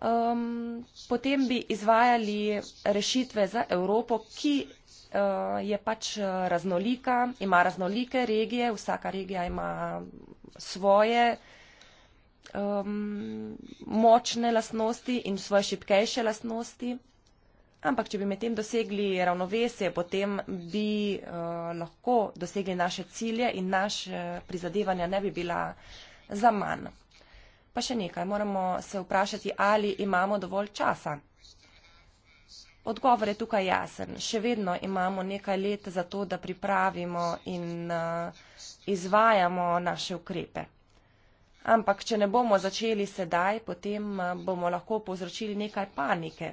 um, potem bi izvajali rešitve za Evropo, ki uh, je pač raznolika, ima raznolike regije, vsaka regija ima svoje um, močne lastnosti in svoje šipkejše lastnosti. Ampak, če bi med tem dosegli ravnovesje, potem bi uh, lahko dosegli naše cilje in naše prizadevanja ne bi bila za manj. Pa še nekaj, moramo se vprašati, ali imamo dovolj časa. Odgovor je tukaj jasen. Še vedno imamo nekaj let za to, da pripravimo in uh, izvajamo naše ukrepe. Ampak, če ne bomo začeli sedaj, potem eh, bomo lahko povzročili nekaj panike.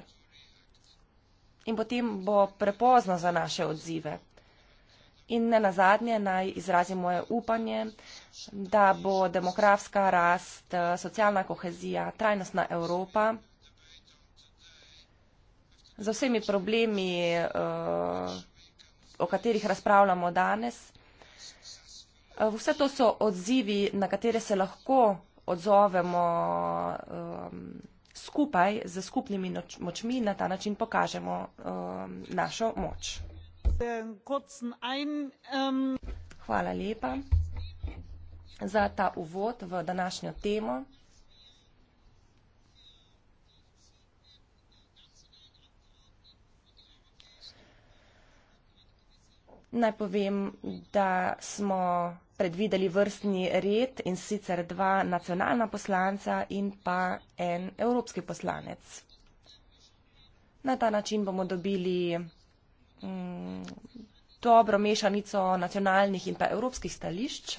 In potem bo prepozno za naše odzive. In ne nazadnje naj izrazim moje upanje, da bo demografska rast, eh, socialna kohezija, trajnostna Evropa z vsemi problemi, eh, o katerih razpravljamo danes, Eh, vse to so odzivi, na katere se lahko odzovemo um, skupaj z skupnimi noč, močmi, na ta način pokažemo um, našo moč. Hvala lepa za ta uvod v današnjo temo. Naj povem, da smo predvideli vrstni red in sicer dva nacionalna poslanca in pa en evropski poslanec. Na ta način bomo dobili mm, dobro mešanico nacionalnih in pa evropskih stališč.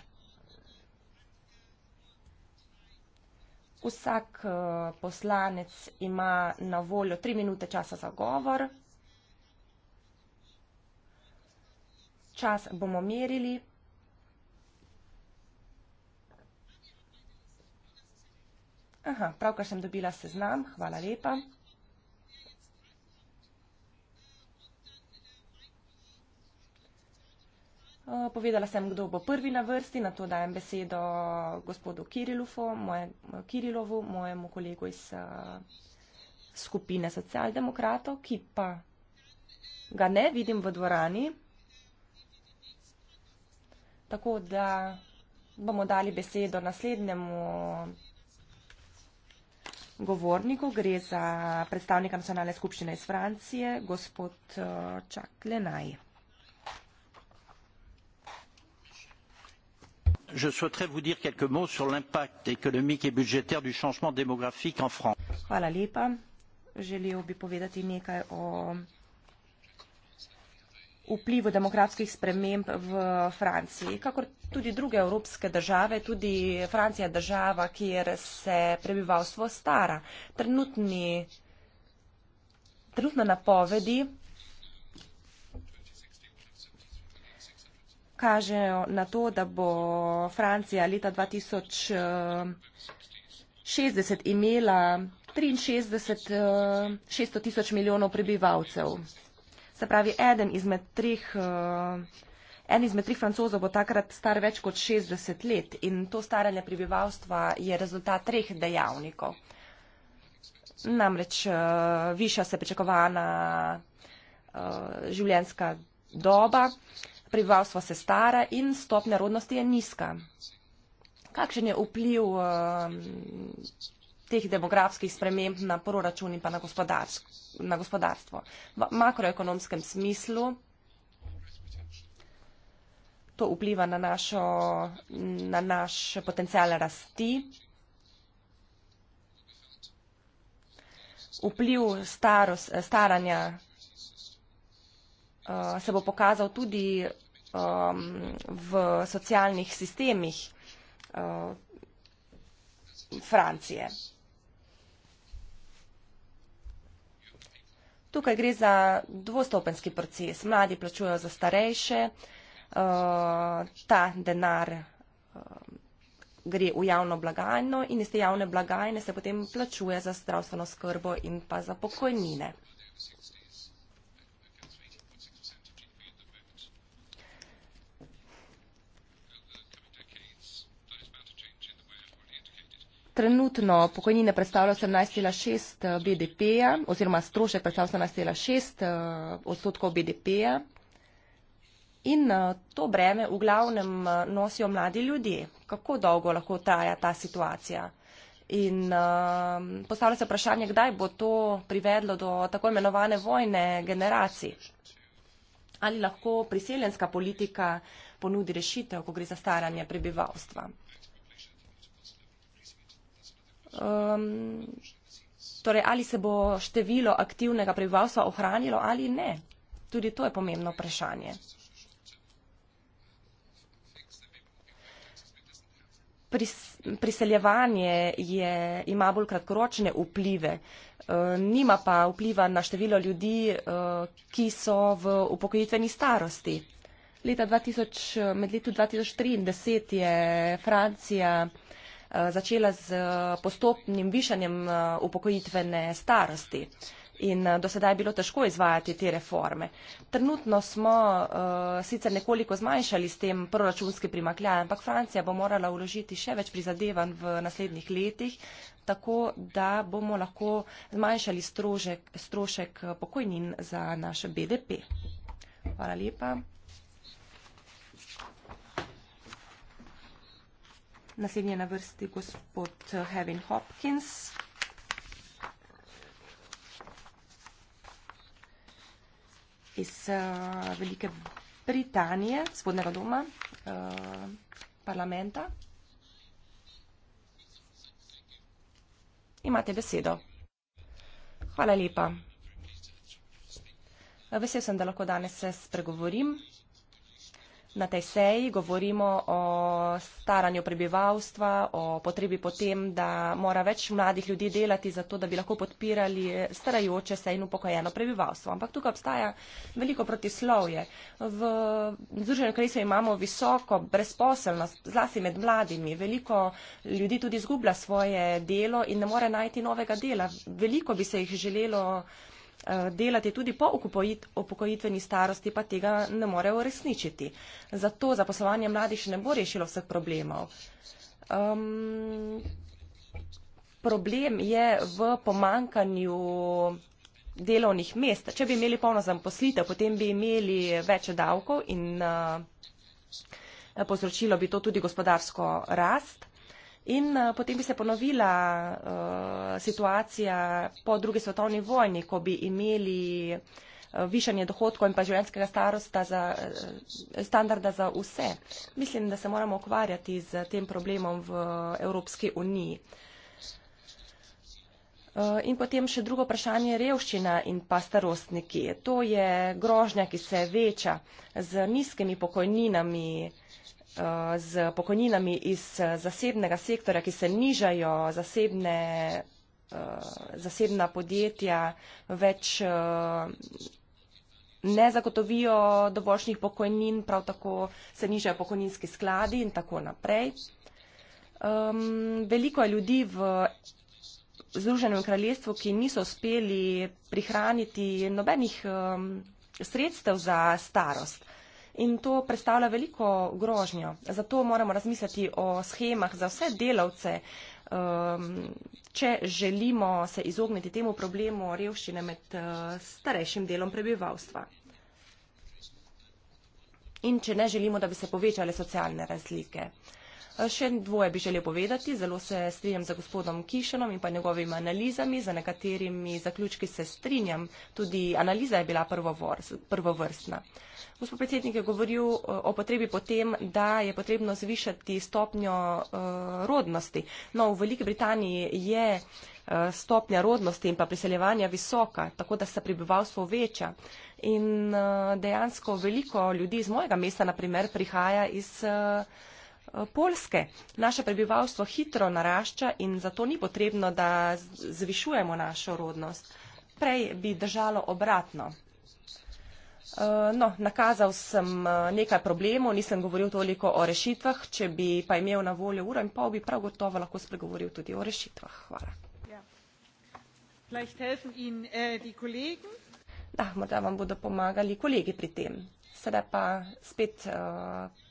Vsak eh, poslanec ima na voljo tri minute časa za govor. Čas bomo merili. Aha, pravkar sem dobila seznam, hvala lepa. Povedala sem, kdo bo prvi na vrsti, na to dajem besedo gospodu Kirilovu, mojemu kolegu iz skupine socialdemokratov, ki pa ga ne vidim v dvorani. Tako da bomo dali besedo naslednjemu vrstu govorniku gre za predstavnika nacionalne skupščine iz Francije, gospod Čak eh, Lenaj. Je souhaiterais vous dire quelques mots sur l'impact économique et budgétaire du changement démographique en France. Hvala lepa. Želel bi povedati nekaj o vplivu demokratskih sprememb v Franciji. Kakor tudi druge evropske države, tudi Francija je država, kjer se prebivalstvo stara. Trenutni, trenutne napovedi kažejo na to, da bo Francija leta 2060 imela 63 600 eh, tisoč milijonov prebivalcev se pravi, eden izmed trih. Uh, eh, En izmed trih francozov bo takrat star več kot 60 let in to staranje prebivalstva je rezultat treh dejavnikov. Namreč eh, viša se pričakovana eh, življenjska doba, prebivalstvo se stara in stopnja rodnosti je nizka. Kakšen je vpliv teh demografskih sprememb na proračun in pa na, gospodars na gospodarstvo. V makroekonomskem smislu to vpliva na, našo, na naš potencial rasti. Vpliv staros, staranja uh, se bo pokazal tudi um, v socialnih sistemih uh, Francije. Tukaj gre za dvostopenski proces. Mladi plačujo za starejše, uh, ta denar uh, gre v javno blagajno in iz te javne blagajne se potem plačuje za zdravstveno skrbo in pa za pokojnine. Trenutno pokojnine predstavljajo 17,6 eh, BDP-ja oziroma strošek predstavlja 17,6 eh, odstotkov BDP-ja in eh, to breme v glavnem nosijo mladi ljudje. Kako dolgo lahko traja ta situacija? In postavlja se vprašanje, kdaj bo to privedlo do tako imenovane vojne generacij? Ali lahko priseljenska politika ponudi rešitev, ko gre za staranje prebivalstva? um, torej ali se bo število aktivnega prebivalstva ohranilo ali ne. Tudi to je pomembno vprašanje. Pris, priseljevanje je, ima bolj kratkoročne vplive, e, nima pa vpliva na število ljudi, e, ki so v upokojitveni starosti. Leta 2000, med letu 2003 in 2010 je Francija Eh, začela z eh, postopnim višanjem eh, upokojitvene starosti in do sedaj je bilo težko izvajati te reforme. Trenutno smo uh, sicer nekoliko zmanjšali s tem proračunski primakljaj, ampak Francija bo morala uložiti še več prizadevanj v naslednjih letih, tako da bomo lahko zmanjšali strošek, strošek pokojnin za naše BDP. Hvala lepa. Naslednji je na vrsti gospod Hevin eh, Hopkins. iz uh, Velike Britanije, spodnega doma, uh, parlamenta. Imate besedo. Hvala lepa. Vesel sem, da lahko danes se spregovorim. Na tej seji govorimo o staranju prebivalstva, o potrebi potem, da mora več mladih ljudi delati za to, da bi lahko podpirali starajoče se in upokojeno prebivalstvo. Ampak tukaj obstaja veliko protislovje. V Združenem kraljestvu imamo visoko brezposelnost, zlasti med mladimi. Veliko ljudi tudi izgublja svoje delo in ne more najti novega dela. Veliko bi se jih želelo. Eh, delati tudi po upokojitveni starosti, pa tega ne morejo uresničiti. Zato zaposlovanje mladih še ne bo rešilo vseh problemov. Um, problem je v pomankanju delovnih mest. Če bi imeli polno zaposlitev, potem bi imeli več davkov in uh, povzročilo bi to tudi gospodarsko rast. In uh, potem bi se ponovila uh, situacija po drugi svetovni vojni, ko bi imeli uh, višanje dohodkov in pa življenjskega starosta za, uh, standarda za vse. Mislim, da se moramo ukvarjati z tem problemom v Evropski uniji. In potem še drugo vprašanje je revščina in pa starostniki. To je grožnja, ki se veča z nizkimi pokojninami. Eh, z pokojninami iz eh, zasebnega sektora, ki se nižajo zasebne, eh, zasebna podjetja, več ne zagotovijo dovoljšnih pokojnin, prav tako se nižajo pokojninski skladi in tako naprej. Um, veliko je ljudi v Združenem kraljestvu, ki niso uspeli prihraniti nobenih um, sredstev za starost in to predstavlja veliko grožnjo. Zato moramo razmisliti o schemah za vse delavce, um, če želimo se izogniti temu problemu revščine med uh, starejšim delom prebivalstva. In če ne želimo, da bi se povečale socialne razlike. Eh, še dvoje bi želel povedati. Zelo se strinjam za gospodom Kišenom in pa njegovim analizami, za nekaterimi zaključki se strinjam. Tudi analiza je bila prvovrstna. Gospod predsednik je govoril eh, o potrebi potem, da je potrebno zvišati stopnjo uh, rodnosti. No, v Veliki Britaniji je uh, stopnja rodnosti in pa priseljevanja visoka, tako da se prebivalstvo veča. In uh, dejansko veliko ljudi iz mojega mesta, naprimer, prihaja iz. Uh, Eh, Polske. Naše prebivalstvo hitro narašča in zato ni potrebno, da zvišujemo našo rodnost. Prej bi držalo obratno. Eh, no, nakazal sem eh, nekaj problemov, nisem govoril toliko o rešitvah, če bi pa imel na voljo uro in pol, bi prav gotovo lahko spregovoril tudi o rešitvah. Hvala. Ja. Da, morda vam bodo pomagali kolegi pri tem sedaj pa spet uh,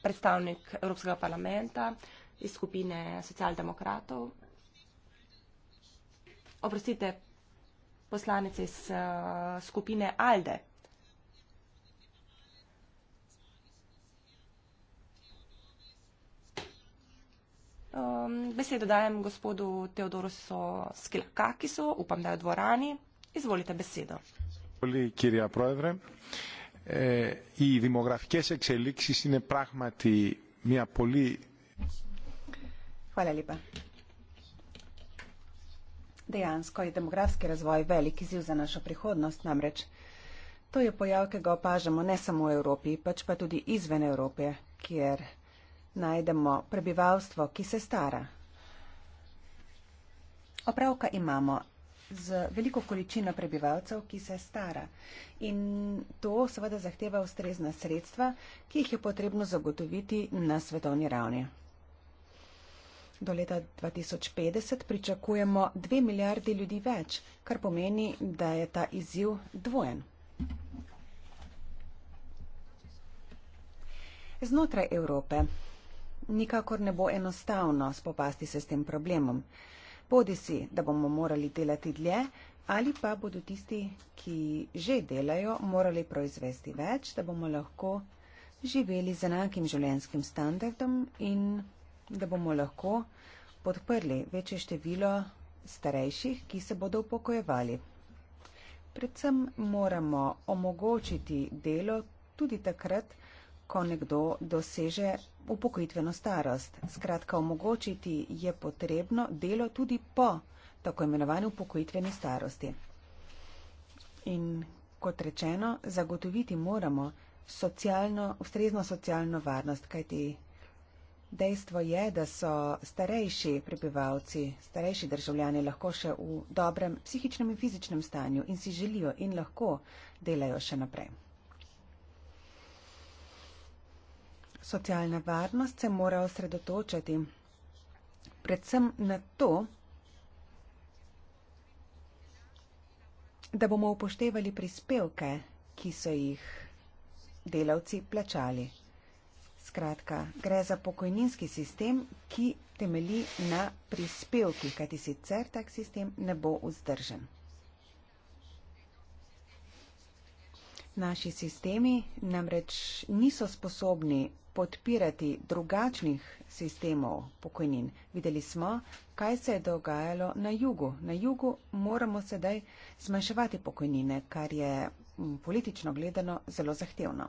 predstavnik Evropskega parlamenta iz skupine socialdemokratov. Oprostite, poslanec iz uh, skupine Alde. Um, besedo dajem gospodu Teodoru Skilakakisu, upam, da je v dvorani. Izvolite besedo. Kirja Projevre. Uh, οι δημογραφικές εξελίξεις είναι πράγματι μια πολύ... Hvala lepa. Dejansko je demografski razvoj velik izziv za našo prihodnost, namreč to je pojav, ki ga opažamo ne samo v Evropi, pač pa tudi izven Evrope, kjer najdemo prebivalstvo, ki se stara. Opravka imamo z veliko količino prebivalcev, ki se stara. In to seveda zahteva ustrezna sredstva, ki jih je potrebno zagotoviti na svetovni ravni. Do leta 2050 pričakujemo 2 milijardi ljudi več, kar pomeni, da je ta izziv dvojen. Znotraj Evrope nikakor ne bo enostavno spopasti se s tem problemom bodi si, da bomo morali delati dlje, ali pa bodo tisti, ki že delajo, morali proizvesti več, da bomo lahko živeli z enakim življenjskim standardom in da bomo lahko podprli večje število starejših, ki se bodo upokojevali. Predvsem moramo omogočiti delo tudi takrat, ko ko nekdo doseže upokojitveno starost. Skratka, omogočiti je potrebno delo tudi po tako imenovani upokojitveni starosti. In kot rečeno, zagotoviti moramo socialno, ustrezno socialno varnost, kajti dejstvo je, da so starejši prebivalci, starejši državljani lahko še v dobrem psihičnem in fizičnem stanju in si želijo in lahko delajo še naprej. Socialna varnost se mora osredotočiti predvsem na to, da bomo upoštevali prispevke, ki so jih delavci plačali. Skratka, gre za pokojninski sistem, ki temeli na prispevki, kajti sicer tak sistem ne bo vzdržen. Naši sistemi namreč niso sposobni podpirati drugačnih sistemov pokojnin. Videli smo, kaj se je dogajalo na jugu. Na jugu moramo sedaj zmanjševati pokojnine, kar je politično gledano zelo zahtevno.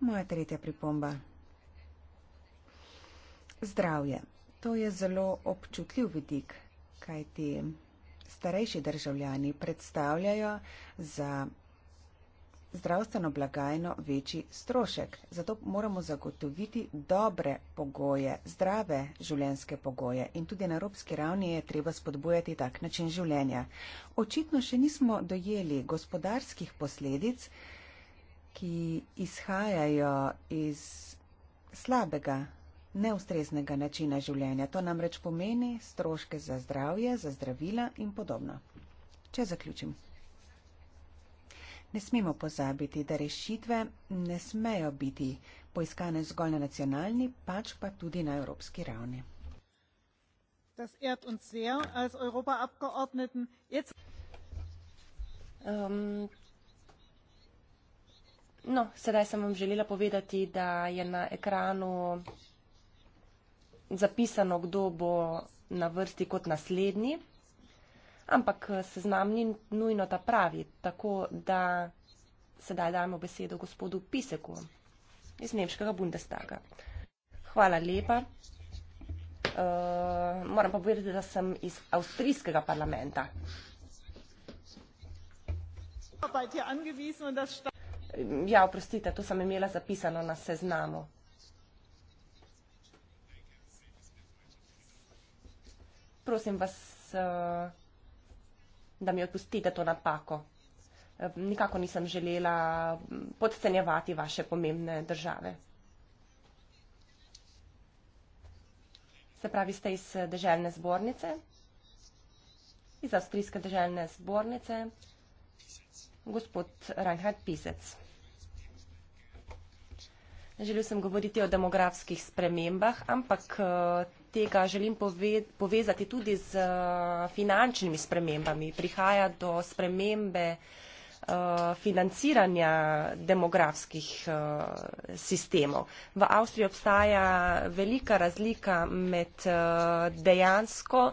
Moja tretja pripomba. Zdravje. To je zelo občutljiv vidik, kajti starejši državljani predstavljajo za zdravstveno blagajno večji strošek. Zato moramo zagotoviti dobre pogoje, zdrave življenjske pogoje in tudi na evropski ravni je treba spodbujati tak način življenja. Očitno še nismo dojeli gospodarskih posledic, ki izhajajo iz slabega, neustreznega načina življenja. To namreč pomeni stroške za zdravje, za zdravila in podobno. Če zaključim. Ne smemo pozabiti, da rešitve ne smejo biti poiskane zgolj na nacionalni, pač pa tudi na evropski ravni. Ehm, no, sedaj sem vam želela povedati, da je na ekranu zapisano, kdo bo na vrsti kot naslednji ampak eh, seznam ni nujno ta pravi, tako da sedaj dajmo besedo gospodu Piseku iz Nemškega Bundestaga. Hvala lepa. Uh, moram pa povedati, da sem iz avstrijskega parlamenta. Ja, oprostite, to sem imela zapisano na seznamu. Prosim vas. Uh, da mi odpustite to napako. Eh, Nikako nisem želela mm, podcenjevati vaše pomembne države. Se pravi, ste iz eh, državne zbornice, iz avstrijske državne zbornice, gospod Reinhard Pisec. Želel sem govoriti o demografskih spremembah, ampak eh, tega želim pove, povezati tudi z eh, finančnimi spremembami. Prihaja do spremembe eh, financiranja demografskih eh, sistemov. V Avstriji obstaja velika razlika med dejansko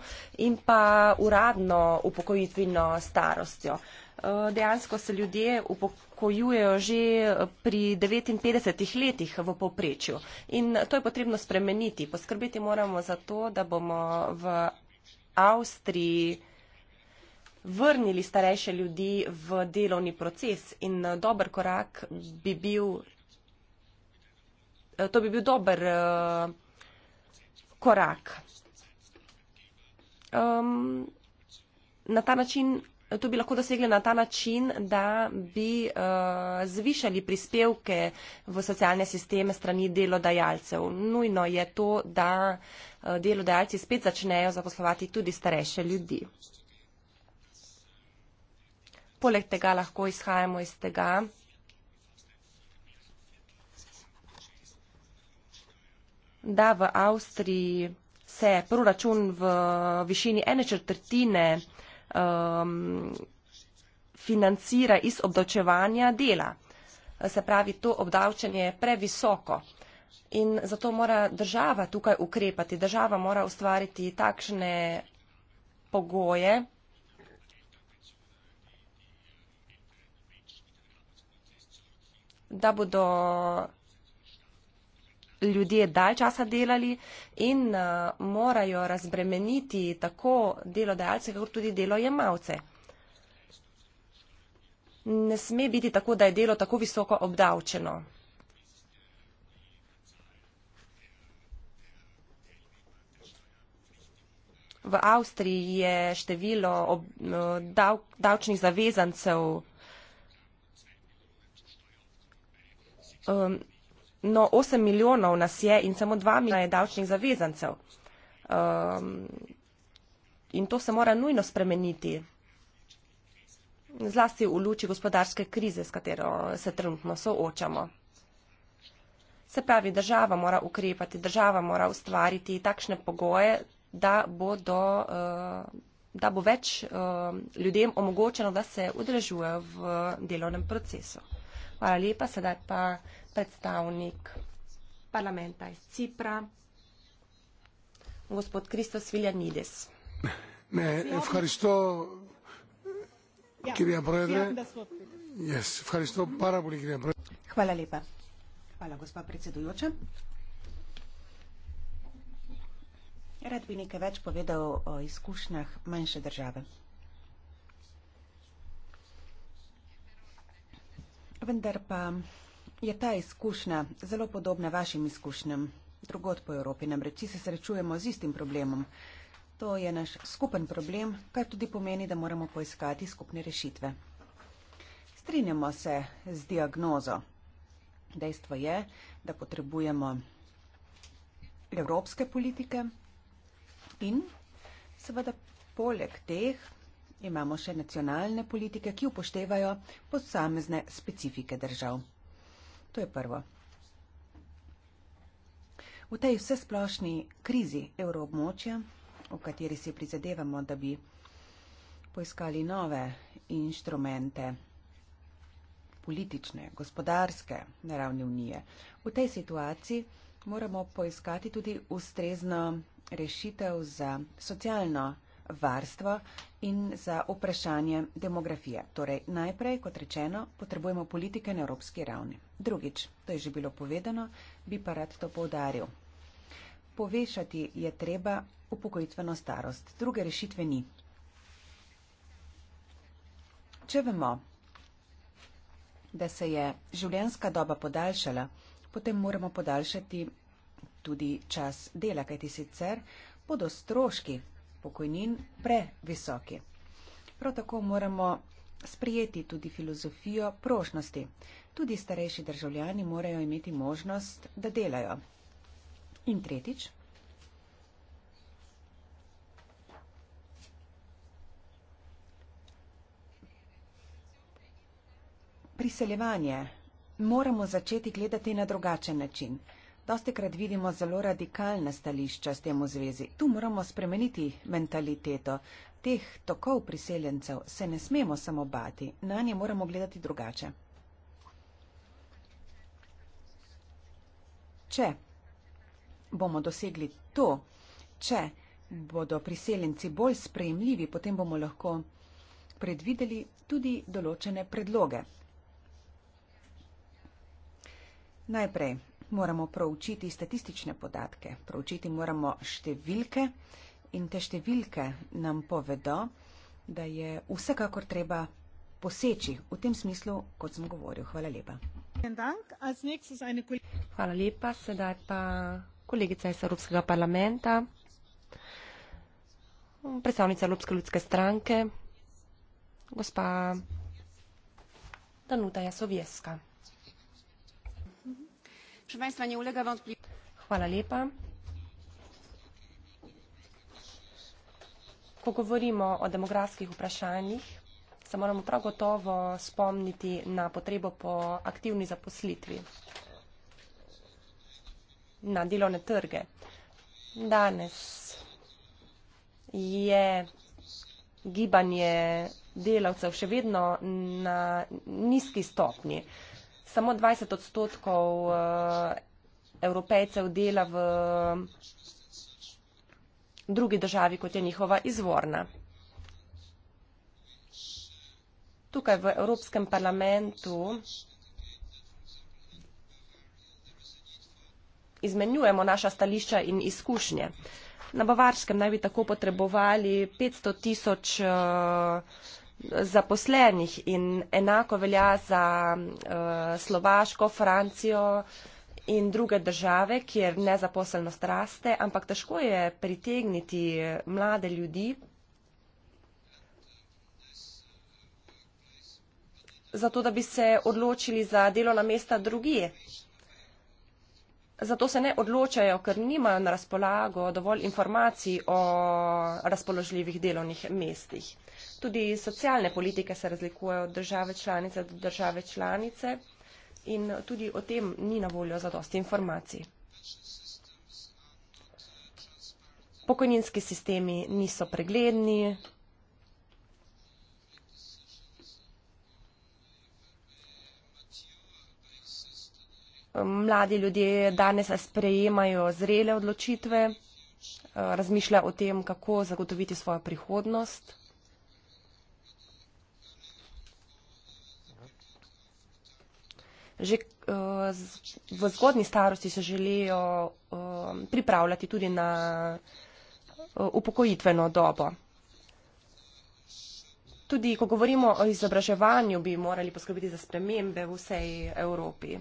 in pa uradno upokojitvino starostjo. Eh, dejansko se ljudje upokojujejo že eh, pri 59 letih v poprečju. In to je potrebno spremeniti. Poskrbeti moramo za to, da bomo v Avstriji vrnili starejše ljudi v delovni proces in eh, dober korak bi bil, to bi bil dober korak. Um, na ta način to bi lahko dosegli na ta način, da bi uh, zvišali prispevke v socialne sisteme strani delodajalcev. Nujno je to, da uh, delodajalci spet začnejo zaposlovati tudi starejše ljudi. Poleg tega lahko izhajamo iz tega, da v Avstriji se proračun v višini ene četrtine um, financira iz obdavčevanja dela. Se pravi, to obdavčenje je previsoko in zato mora država tukaj ukrepati. Država mora ustvariti takšne pogoje, da bodo ljudje dal časa delali in uh, morajo razbremeniti tako delodajalce, kako tudi delojemalce. Ne sme biti tako, da je delo tako visoko obdavčeno. V Avstriji je število ob, uh, dav, davčnih zavezancev um, No, 8 milijonov nas je in samo 2 milijona je davčnih zavezancev. Um, in to se mora nujno spremeniti, zlasti v luči gospodarske krize, s katero se trenutno soočamo. Se pravi, država mora ukrepati, država mora ustvariti takšne pogoje, da bo, do, eh, da bo več eh, ljudem omogočeno, da se udrežujejo v delovnem procesu. Hvala lepa, sedaj pa predstavnik parlamenta iz Cipra, gospod Kristos Viljanides. Ne, ευχαριστώ, ja. κυρία eh, Πρόεδρε. Ja. Ja ja, yes, ευχαριστώ πάρα πολύ, κυρία Πρόεδρε. Χαλά λίπα. Χαλά, γοσπά πρετσιδουλότσα. Rad bi nekaj več povedal o izkušnjah manjše države. Vendar pa je ta izkušnja zelo podobna vašim izkušnjam. Drugod po Evropi namreč vsi se srečujemo z istim problemom. To je naš skupen problem, kar tudi pomeni, da moramo poiskati skupne rešitve. Strinjamo se z diagnozo. Dejstvo je, da potrebujemo evropske politike in seveda poleg teh imamo še nacionalne politike, ki upoštevajo posamezne specifike držav. To je prvo. V tej vsesplošni krizi evroobmočja, v kateri si prizadevamo, da bi poiskali nove inštrumente politične, gospodarske na ravni unije, v tej situaciji moramo poiskati tudi ustrezno rešitev za socialno varstvo in za vprašanje demografije. Torej, najprej, kot rečeno, potrebujemo politike na evropski ravni. Drugič, to je že bilo povedano, bi pa rad to povdaril. Povešati je treba upokojitveno starost. Druge rešitve ni. Če vemo, da se je življenjska doba podaljšala, potem moramo podaljšati tudi čas dela, kajti sicer bodo stroški pokojnin previsoki. Prav tako moramo sprijeti tudi filozofijo prošnosti. Tudi starejši državljani morajo imeti možnost, da delajo. In tretjič. Priseljevanje moramo začeti gledati na drugačen način. Dosti krat vidimo zelo radikalna stališča s tem v zvezi. Tu moramo spremeniti mentaliteto. Teh tokov priseljencev se ne smemo samo bati, na nje moramo gledati drugače. Če bomo dosegli to, če bodo priseljenci bolj sprejemljivi, potem bomo lahko predvideli tudi določene predloge. Najprej, moramo proučiti statistične podatke, proučiti moramo številke in te številke nam povedo, da je vsekakor treba poseči v tem smislu, kot sem govoril. Hvala lepa. Hvala lepa, sedaj pa kolegica iz Evropskega parlamenta, predstavnica Evropske ljudske stranke, gospa Danuta Jasovjeska proti nasilju in spolnemu nasilju ter spolnemu zlorabljanju. ko govorimo o demografskih vprašanjih se moramo prav gotovo spomniti na potrebo po aktivni zaposlitvi na delovne trge. danes je gibanje delavcev še vedno na nizki stopnji samo 20 odstotkov eh, evropejcev dela v drugi državi, kot je njihova izvorna. Tukaj v Evropskem parlamentu izmenjujemo naša stališča in izkušnje. Na Bavarskem naj bi tako potrebovali 500 tisoč eh, zaposlenih in enako velja za uh, Slovaško, Francijo in druge države, kjer nezaposlenost raste, ampak težko je pritegniti eh, mlade ljudi. Zato, da bi se odločili za delovna mesta drugije zato se ne odločajo, ker nimajo na razpolago dovolj informacij o razpoložljivih delovnih mestih. Tudi socialne politike se razlikujejo od države članice do države članice in tudi o tem ni na voljo za dosti informacij. Pokojninski sistemi niso pregledni, mladi ljudje danes sprejemajo zrele odločitve, eh, razmišljajo o tem, kako zagotoviti svojo prihodnost. Že eh, v zgodni starosti se želijo eh, pripravljati tudi na upokojitveno dobo. Tudi, ko govorimo o izobraževanju, bi morali poskrbeti za spremembe v vsej Evropi.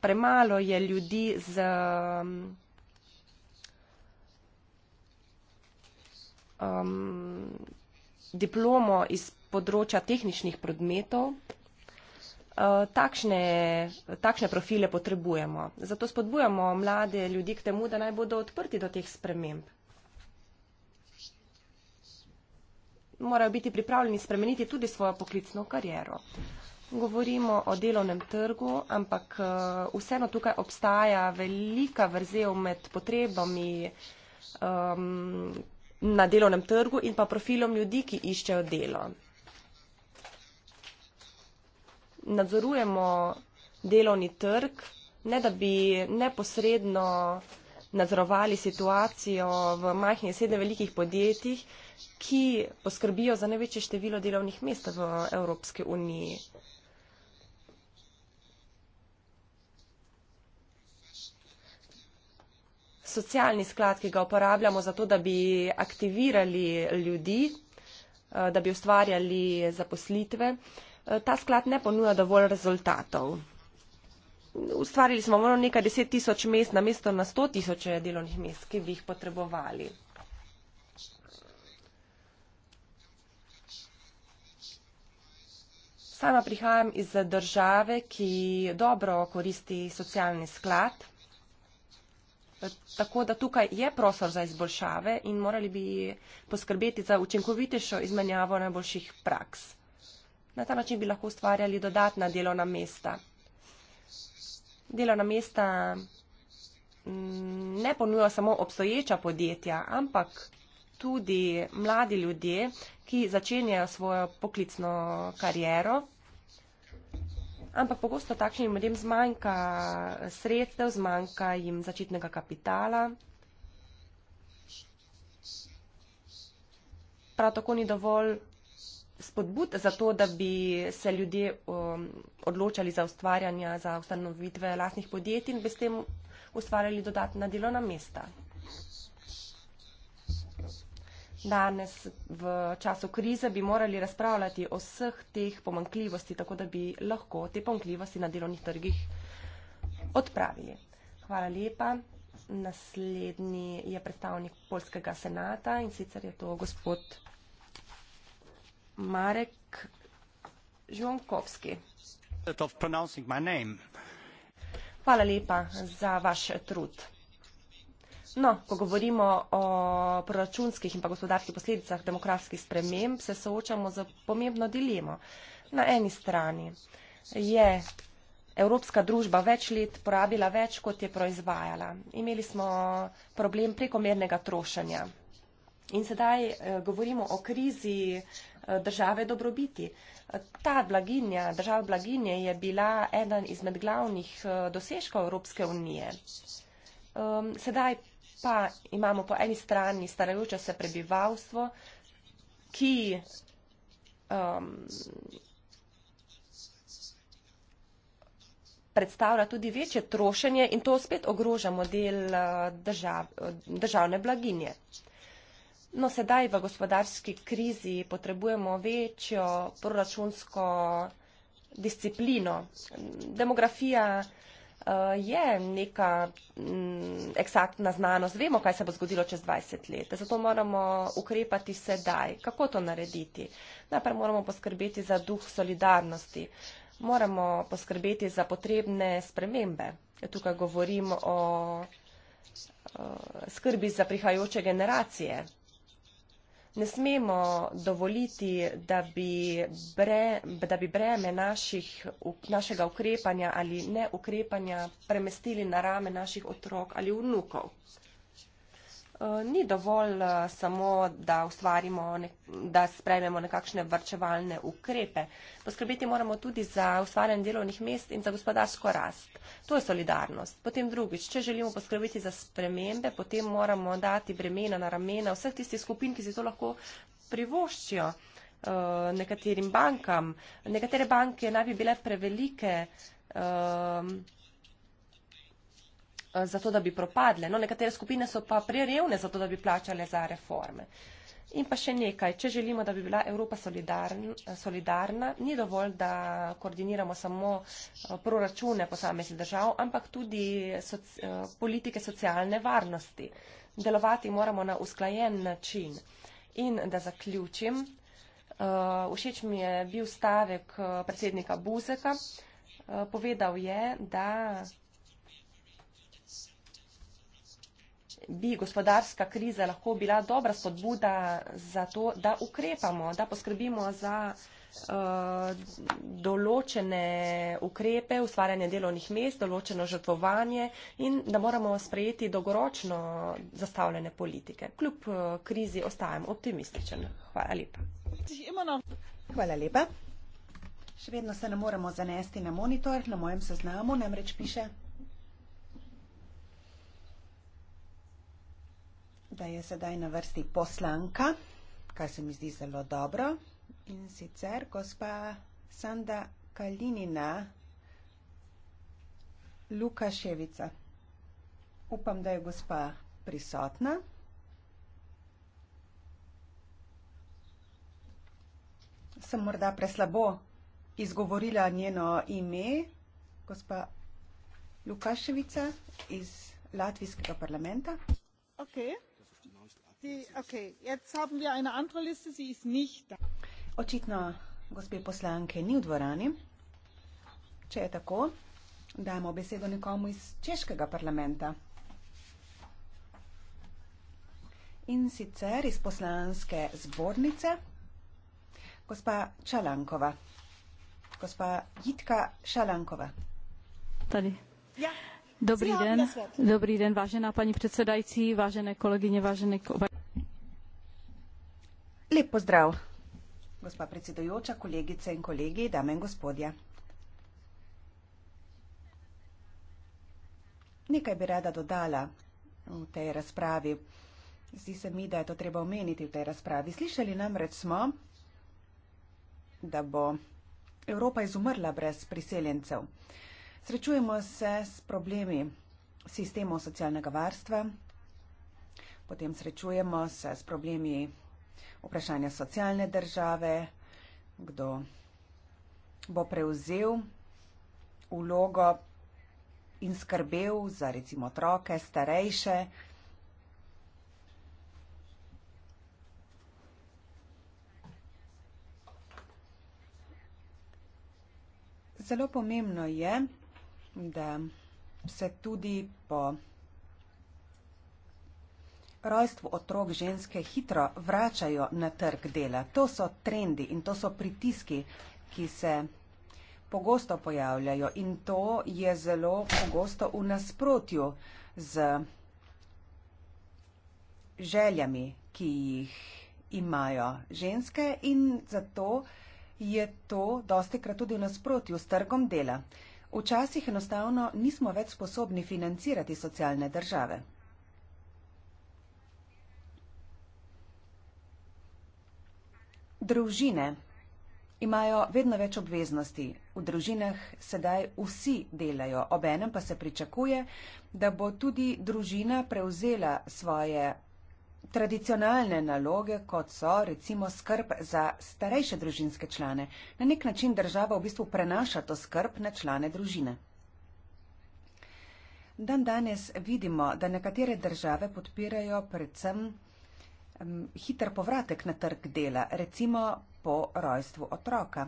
premalo je ljudi z um, um, diplomo iz področja tehničnih predmetov. Uh, takšne, takšne profile potrebujemo. Zato spodbujamo mlade ljudi k temu, da naj bodo odprti do teh sprememb. Morajo biti pripravljeni spremeniti tudi svojo poklicno kariero. Uh, govorimo o delovnem trgu, ampak eh, vseeno tukaj obstaja velika vrzel med potrebami um, na delovnem trgu in pa profilom ljudi, ki iščejo delo. Nadzorujemo delovni trg, ne da bi neposredno nadzorovali situacijo v majhnih sedne velikih podjetjih, ki poskrbijo za največje število delovnih mest v Evropski uniji. socialni sklad, ki ga uporabljamo za to, da bi aktivirali ljudi, eh, da bi ustvarjali zaposlitve. Eh, ta sklad ne ponuja dovolj rezultatov. Ustvarili smo malo nekaj deset tisoč mest na mesto na sto tisoč delovnih mest, ki bi jih potrebovali. Sama prihajam iz države, ki dobro koristi socialni sklad. Tako da tukaj je prostor za izboljšave in morali bi poskrbeti za učinkovitejšo izmenjavo najboljših praks. Na ta način bi lahko ustvarjali dodatna delovna mesta. Delovna mesta mm, ne ponujajo samo obstoječa podjetja, ampak tudi mladi ljudje, ki začenjajo svojo poklicno kariero ampak pogosto takšnim ljudem zmanjka sredstev, zmanjka jim začetnega kapitala. Prav tako ni dovolj spodbud za to, da bi se ljudje um, odločali za ustvarjanje, za ustanovitve lastnih podjetij in bi s tem ustvarjali dodatna delovna mesta danes v času krize bi morali razpravljati o vseh teh pomankljivosti, tako da bi lahko te pomankljivosti na delovnih trgih odpravili. Hvala lepa. Naslednji je predstavnik Polskega senata in sicer je to gospod Marek Žonkovski. Hvala lepa za vaš trud. No, ko govorimo o proračunskih in pa gospodarskih posledicah demografskih sprememb, se soočamo z pomembno dilemo. Na eni strani je evropska družba več let porabila več, kot je proizvajala. Imeli smo problem prekomernega trošanja. In sedaj eh, govorimo o krizi eh, države dobrobiti. Ta blaginja, država blaginje je bila eden izmed glavnih eh, dosežkov Evropske unije. Ehm, sedaj pa imamo po eni strani starajoče se prebivalstvo, ki um, predstavlja tudi večje trošenje in to spet ogroža model uh, držav, državne blaginje. No, sedaj v gospodarski krizi potrebujemo večjo proračunsko disciplino. Demografija uh, je neka m, mm, eksaktna znanost, vemo, kaj se bo zgodilo čez 20 let. Zato moramo ukrepati sedaj. Kako to narediti? Najprej moramo poskrbeti za duh solidarnosti. Moramo poskrbeti za potrebne spremembe. Tukaj govorim o uh, skrbi za prihajajoče generacije. Ne smemo dovoliti, da bi, bre, da bi breme naših, našega ukrepanja ali neukrepanja premestili na rame naših otrok ali vnukov. Eh, ni dovolj eh, samo, da ustvarimo, ne, da sprejmemo nekakšne vrčevalne ukrepe. Poskrbeti moramo tudi za ustvarjanje delovnih mest in za gospodarsko rast. To je solidarnost. Potem drugič, če želimo poskrbeti za spremembe, potem moramo dati bremena na ramena vseh tistih skupin, ki si to lahko privoščijo eh, nekaterim bankam. Nekatere banke naj bi bile prevelike. Eh, zato, da bi propadle. No, nekatere skupine so pa prerevne, zato, da bi plačale za reforme. In pa še nekaj, če želimo, da bi bila Evropa solidarna, solidarna ni dovolj, da koordiniramo samo eh, proračune posameznih držav, ampak tudi soc, eh, politike socialne varnosti. Delovati moramo na usklajen način. In da zaključim, všeč mi je bil stavek predsednika Buzeka, povedal je, da bi gospodarska kriza lahko bila dobra spodbuda za to, da ukrepamo, da poskrbimo za eh, določene ukrepe, ustvarjanje delovnih mest, določeno žrtvovanje in da moramo sprejeti dolgoročno zastavljene politike. Kljub eh, krizi ostajam optimističen. Hvala lepa. Hvala lepa. Še vedno se ne moremo zanesti na monitor, na mojem seznamu namreč piše. da je sedaj na vrsti poslanka, kar se mi zdi zelo dobro. In sicer gospa Sanda Kalinina Lukaševica. Upam, da je gospa prisotna. Sem morda preslabo izgovorila njeno ime, gospa Lukaševica iz Latvijskega parlamenta. Okay. Očitno gospe poslanke ni v dvorani. Če je tako, dajmo besedo nekomu iz češkega parlamenta. In sicer iz poslanske zbornice, gospa Čalankova. Gospa Jitka Šalankova. Tady. Ja. Dobrý den, dobrý den, vážená paní předsedající, vážené kolegyně, vážené kolegyně. Lep pozdrav, gospa predsedujoča, kolegice in kolegi, dame in gospodje. Nekaj bi rada dodala v tej razpravi. Zdi se mi, da je to treba omeniti v tej razpravi. Slišali namreč smo, da bo Evropa izumrla brez priseljencev. Srečujemo se s problemi sistemov socialnega varstva, potem srečujemo se s problemi vprašanje socialne države, kdo bo prevzel vlogo in skrbel za recimo otroke, starejše. Zelo pomembno je, da se tudi po rojstvo otrok ženske hitro vračajo na trg dela. To so trendi in to so pritiski, ki se pogosto pojavljajo in to je zelo pogosto v nasprotju z željami, ki jih imajo ženske in zato je to dosti krat tudi v nasprotju s trgom dela. Včasih enostavno nismo več sposobni financirati socialne države. Družine imajo vedno več obveznosti. V družinah sedaj vsi delajo, obenem pa se pričakuje, da bo tudi družina prevzela svoje tradicionalne naloge, kot so recimo skrb za starejše družinske člane. Na nek način država v bistvu prenaša to skrb na člane družine. Dan danes vidimo, da nekatere države podpirajo predvsem hiter povratek na trg dela, recimo po rojstvu otroka.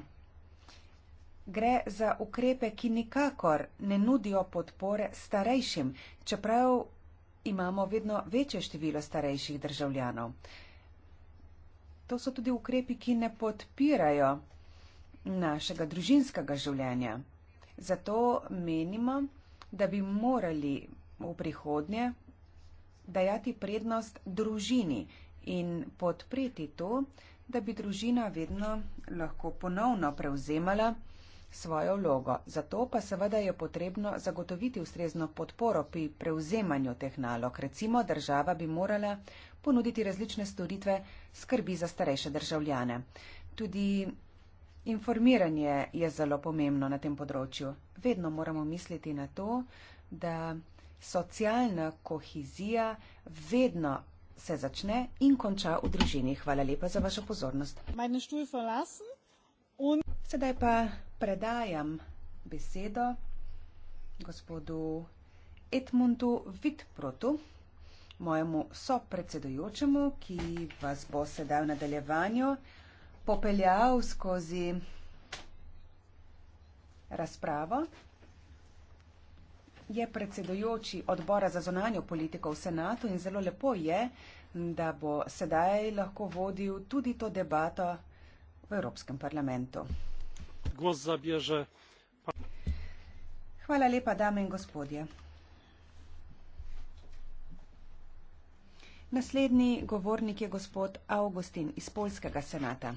Gre za ukrepe, ki nikakor ne nudijo podpore starejšim, čeprav imamo vedno večje število starejših državljanov. To so tudi ukrepi, ki ne podpirajo našega družinskega življenja. Zato menimo, da bi morali v prihodnje dajati prednost družini in podpreti to, da bi družina vedno lahko ponovno prevzemala svojo vlogo. Zato pa seveda je potrebno zagotoviti ustrezno podporo pri prevzemanju teh nalog. Recimo, država bi morala ponuditi različne storitve skrbi za starejše državljane. Tudi informiranje je zelo pomembno na tem področju. Vedno moramo misliti na to, da socialna kohezija vedno se začne in konča v družini. Hvala lepa za vašo pozornost. Sedaj pa predajam besedo gospodu Edmundu Vitprotu, mojemu sopredsedujočemu, ki vas bo sedaj v nadaljevanju popeljal skozi razpravo je predsedujoči odbora za zonanjo politiko v senatu in zelo lepo je, da bo sedaj lahko vodil tudi to debato v Evropskem parlamentu. Hvala lepa, dame in gospodje. Naslednji govornik je gospod Augustin iz Polskega senata.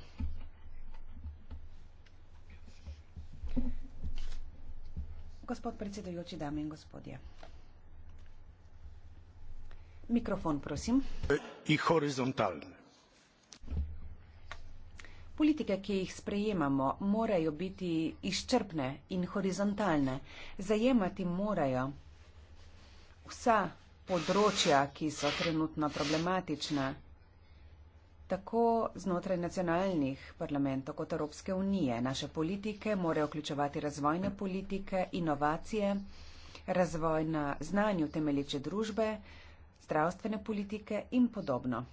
Gospod predsedujoči, dame in gospodje. Mikrofon, prosim. In horizontalne. Politike, ki jih sprejemamo, morajo biti izčrpne in horizontalne. Zajemati morajo vsa področja, ki so trenutno problematična Tako znotraj nacionalnih parlamentov kot Evropske unije naše politike morajo vključevati razvojne politike, inovacije, razvoj na znanju temelječe družbe, zdravstvene politike in podobno.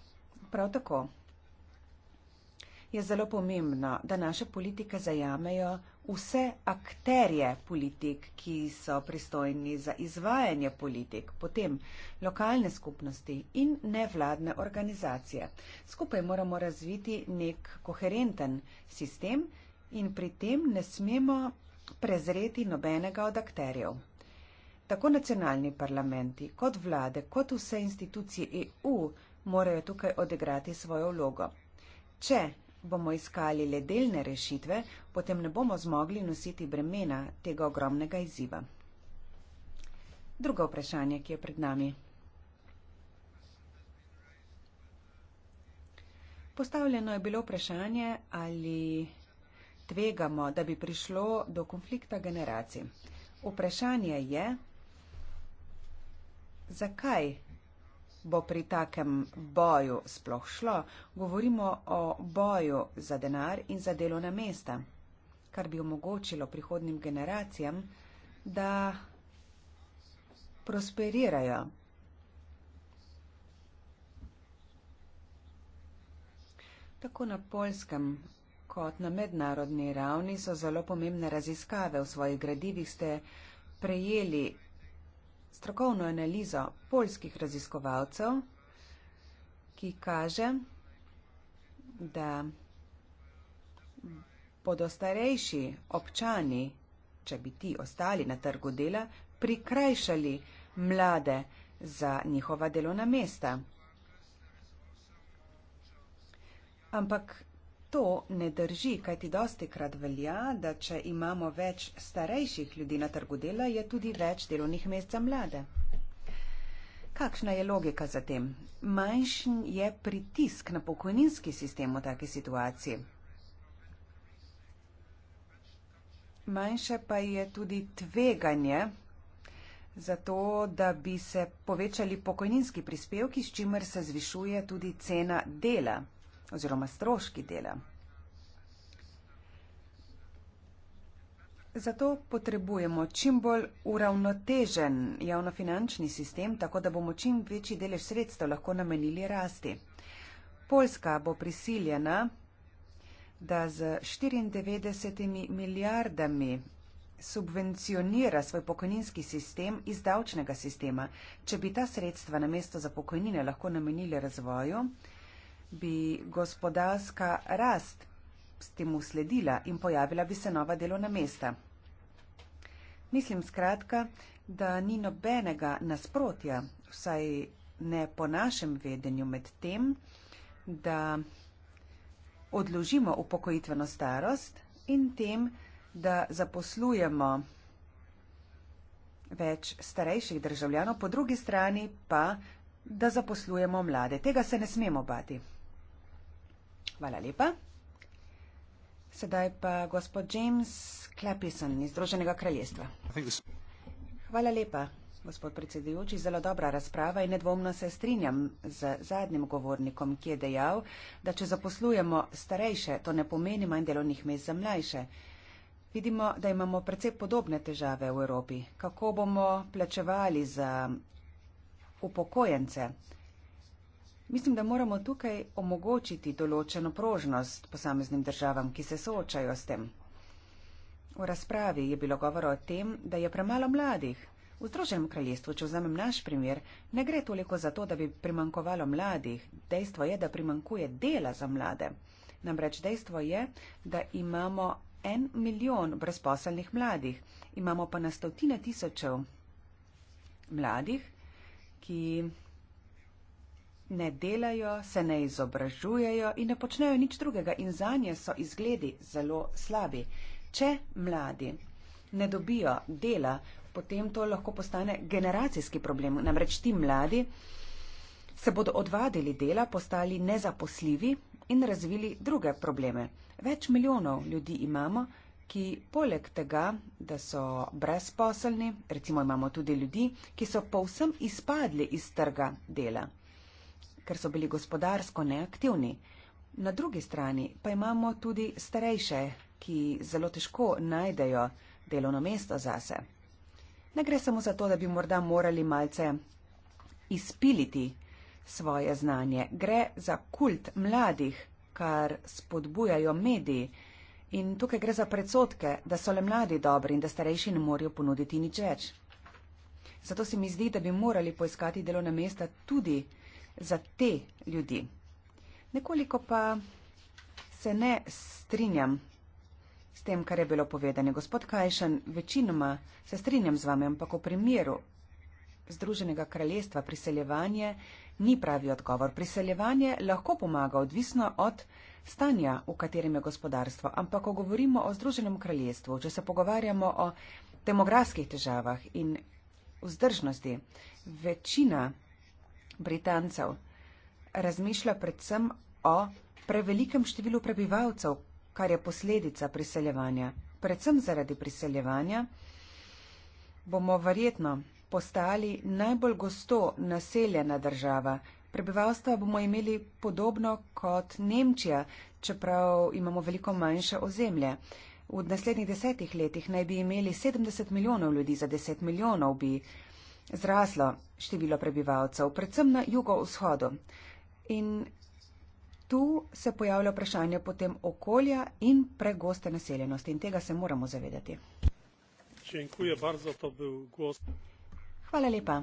Prav tako je zelo pomembno, da naše politike zajamejo vse akterje politik, ki so pristojni za izvajanje politik, potem lokalne skupnosti in nevladne organizacije. Skupaj moramo razviti nek koherenten sistem in pri tem ne smemo prezreti nobenega od akterjev. Tako nacionalni parlamenti, kot vlade, kot vse institucije EU morajo tukaj odigrati svojo vlogo. Če bomo iskali le delne rešitve, potem ne bomo zmogli nositi bremena tega ogromnega izziva. Drugo vprašanje, ki je pred nami. Postavljeno je bilo vprašanje, ali tvegamo, da bi prišlo do konflikta generacij. Vprašanje je, zakaj bo pri takem boju sploh šlo. Govorimo o boju za denar in za delovna mesta, kar bi omogočilo prihodnim generacijam, da prosperirajo. Tako na polskem kot na mednarodni ravni so zelo pomembne raziskave. V svojih gradivih ste prejeli strokovno analizo polskih raziskovalcev, ki kaže, da bodo starejši občani, če bi ti ostali na trgu dela, prikrajšali mlade za njihova delovna mesta. Ampak To ne drži, kajti dosti krat velja, da če imamo več starejših ljudi na trgu dela, je tudi več delovnih mest za mlade. Kakšna je logika za tem? Manjši je pritisk na pokojninski sistem v taki situaciji. Manjše pa je tudi tveganje za to, da bi se povečali pokojninski prispevki, s čimer se zvišuje tudi cena dela oziroma stroški dela. Zato potrebujemo čim bolj uravnotežen javnofinančni sistem, tako da bomo čim večji delež sredstev lahko namenili rasti. Poljska bo prisiljena, da z 94 milijardami subvencionira svoj pokojninski sistem iz davčnega sistema. Če bi ta sredstva namesto za pokojnine lahko namenili razvoju, bi gospodarska rast s tem usledila in pojavila bi se nova delovna mesta. Mislim skratka, da ni nobenega nasprotja, vsaj ne po našem vedenju med tem, da odložimo upokojitveno starost in tem, da zaposlujemo več starejših državljanov, po drugi strani pa, da zaposlujemo mlade. Tega se ne smemo bati. Hvala lepa. Sedaj pa gospod James Clapison iz Združenega kraljestva. Hvala lepa, gospod predsedujoči. Zelo dobra razprava in nedvomno se strinjam z zadnjim govornikom, ki je dejal, da če zaposlujemo starejše, to ne pomeni manj delovnih mest za mlajše. Vidimo, da imamo precej podobne težave v Evropi. Kako bomo plačevali za upokojence? Mislim, da moramo tukaj omogočiti določeno prožnost posameznim državam, ki se soočajo s tem. V razpravi je bilo govora o tem, da je premalo mladih. V Združenem kraljestvu, če vzamem naš primer, ne gre toliko za to, da bi primankovalo mladih. Dejstvo je, da primankuje dela za mlade. Namreč dejstvo je, da imamo en milijon brezposelnih mladih. Imamo pa na stotine tisočev mladih, ki ne delajo, se ne izobražujejo in ne počnejo nič drugega in za nje so izgledi zelo slabi. Če mladi ne dobijo dela, potem to lahko postane generacijski problem. Namreč ti mladi se bodo odvadili dela, postali nezaposljivi in razvili druge probleme. Več milijonov ljudi imamo, ki poleg tega, da so brezposelni, recimo imamo tudi ljudi, ki so povsem izpadli iz trga dela ker so bili gospodarsko neaktivni. Na drugi strani pa imamo tudi starejše, ki zelo težko najdejo delovno mesto zase. Ne gre samo za to, da bi morda morali malce izpiliti svoje znanje, gre za kult mladih, kar spodbujajo mediji. In tukaj gre za predsotke, da so le mladi dobri in da starejši ne morejo ponuditi nič več. Zato se mi zdi, da bi morali poiskati delovna mesta tudi za te ljudi. Nekoliko pa se ne strinjam s tem, kar je bilo povedano. Gospod Kajšan, večinoma se strinjam z vami, ampak v primeru Združenega kraljestva priseljevanje ni pravi odgovor. Priseljevanje lahko pomaga, odvisno od stanja, v katerem je gospodarstvo. Ampak, ko govorimo o Združenem kraljestvu, če se pogovarjamo o demografskih težavah in vzdržnosti, večina Britancev. Razmišlja predvsem o prevelikem številu prebivalcev, kar je posledica priseljevanja. Predvsem zaradi priseljevanja bomo verjetno postali najbolj gosto naseljena država. Prebivalstva bomo imeli podobno kot Nemčija, čeprav imamo veliko manjše ozemlje. V naslednjih desetih letih naj bi imeli 70 milijonov ljudi, za 10 milijonov bi zraslo število prebivalcev, predvsem na jugovzhodu. In tu se pojavlja vprašanje potem okolja in pregoste naseljenosti in tega se moramo zavedati. Hvala lepa.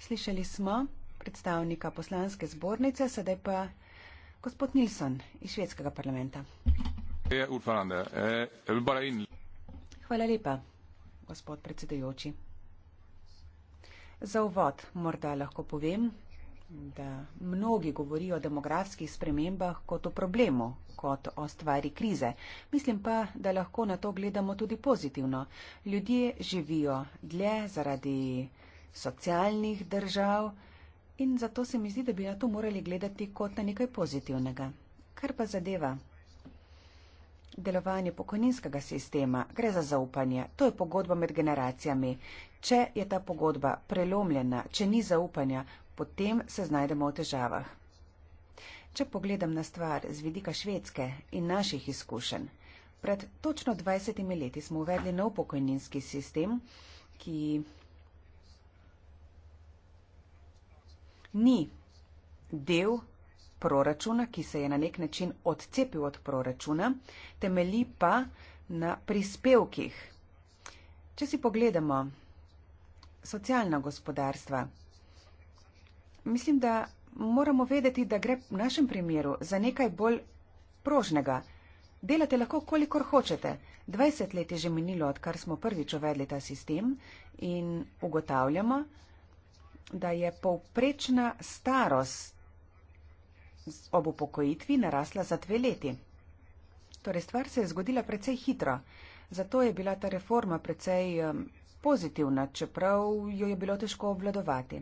Slišali smo predstavnika poslanske zbornice, sedaj pa gospod Nilsson iz švedskega parlamenta. Hvala lepa gospod predsedajoči. Za uvod morda lahko povem, da mnogi govorijo o demografskih spremembah kot o problemu, kot o stvari krize. Mislim pa, da lahko na to gledamo tudi pozitivno. Ljudje živijo dlje zaradi socialnih držav in zato se mi zdi, da bi na to morali gledati kot na nekaj pozitivnega. Kar pa zadeva delovanje pokojninskega sistema, gre za zaupanje. To je pogodba med generacijami. Če je ta pogodba prelomljena, če ni zaupanja, potem se znajdemo v težavah. Če pogledam na stvar z vidika švedske in naših izkušenj, pred točno 20 leti smo uvedli nov pokojninski sistem, ki ni del proračuna, ki se je na nek način odcepil od proračuna, temeli pa na prispevkih. Če si pogledamo socialna gospodarstva, mislim, da moramo vedeti, da gre v našem primeru za nekaj bolj prožnega. Delate lahko, kolikor hočete. 20 let je že minilo, odkar smo prvič uvedli ta sistem in ugotavljamo, da je povprečna starost ob upokojitvi narasla za dve leti. Torej, stvar se je zgodila precej hitro, zato je bila ta reforma precej um, pozitivna, čeprav jo je bilo težko obvladovati.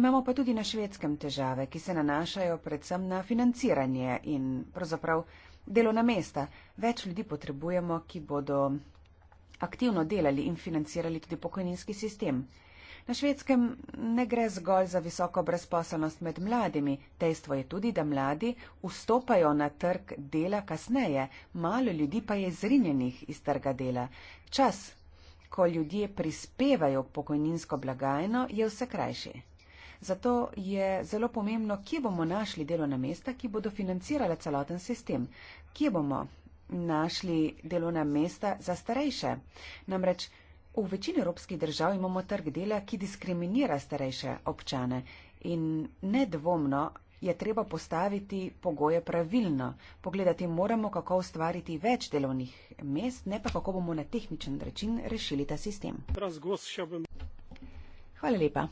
Imamo pa tudi na švedskem težave, ki se nanašajo predvsem na financiranje in pravzaprav delovna mesta. Več ljudi potrebujemo, ki bodo aktivno delali in financirali tudi pokojninski sistem. Na švedskem ne gre zgolj za visoko brezposelnost med mladimi. Dejstvo je tudi, da mladi vstopajo na trg dela kasneje, malo ljudi pa je zrinjenih iz trga dela. Čas, ko ljudje prispevajo pokojninsko blagajno, je vse krajši. Zato je zelo pomembno, kje bomo našli delovna mesta, ki bodo financirala celoten sistem. Kje bomo našli delovna mesta za starejše? Namreč V večini evropskih držav imamo trg dela, ki diskriminira starejše občane in nedvomno je treba postaviti pogoje pravilno. Pogledati moramo, kako ustvariti več delovnih mest, ne pa kako bomo na tehničen način rešili ta sistem. Hvala lepa.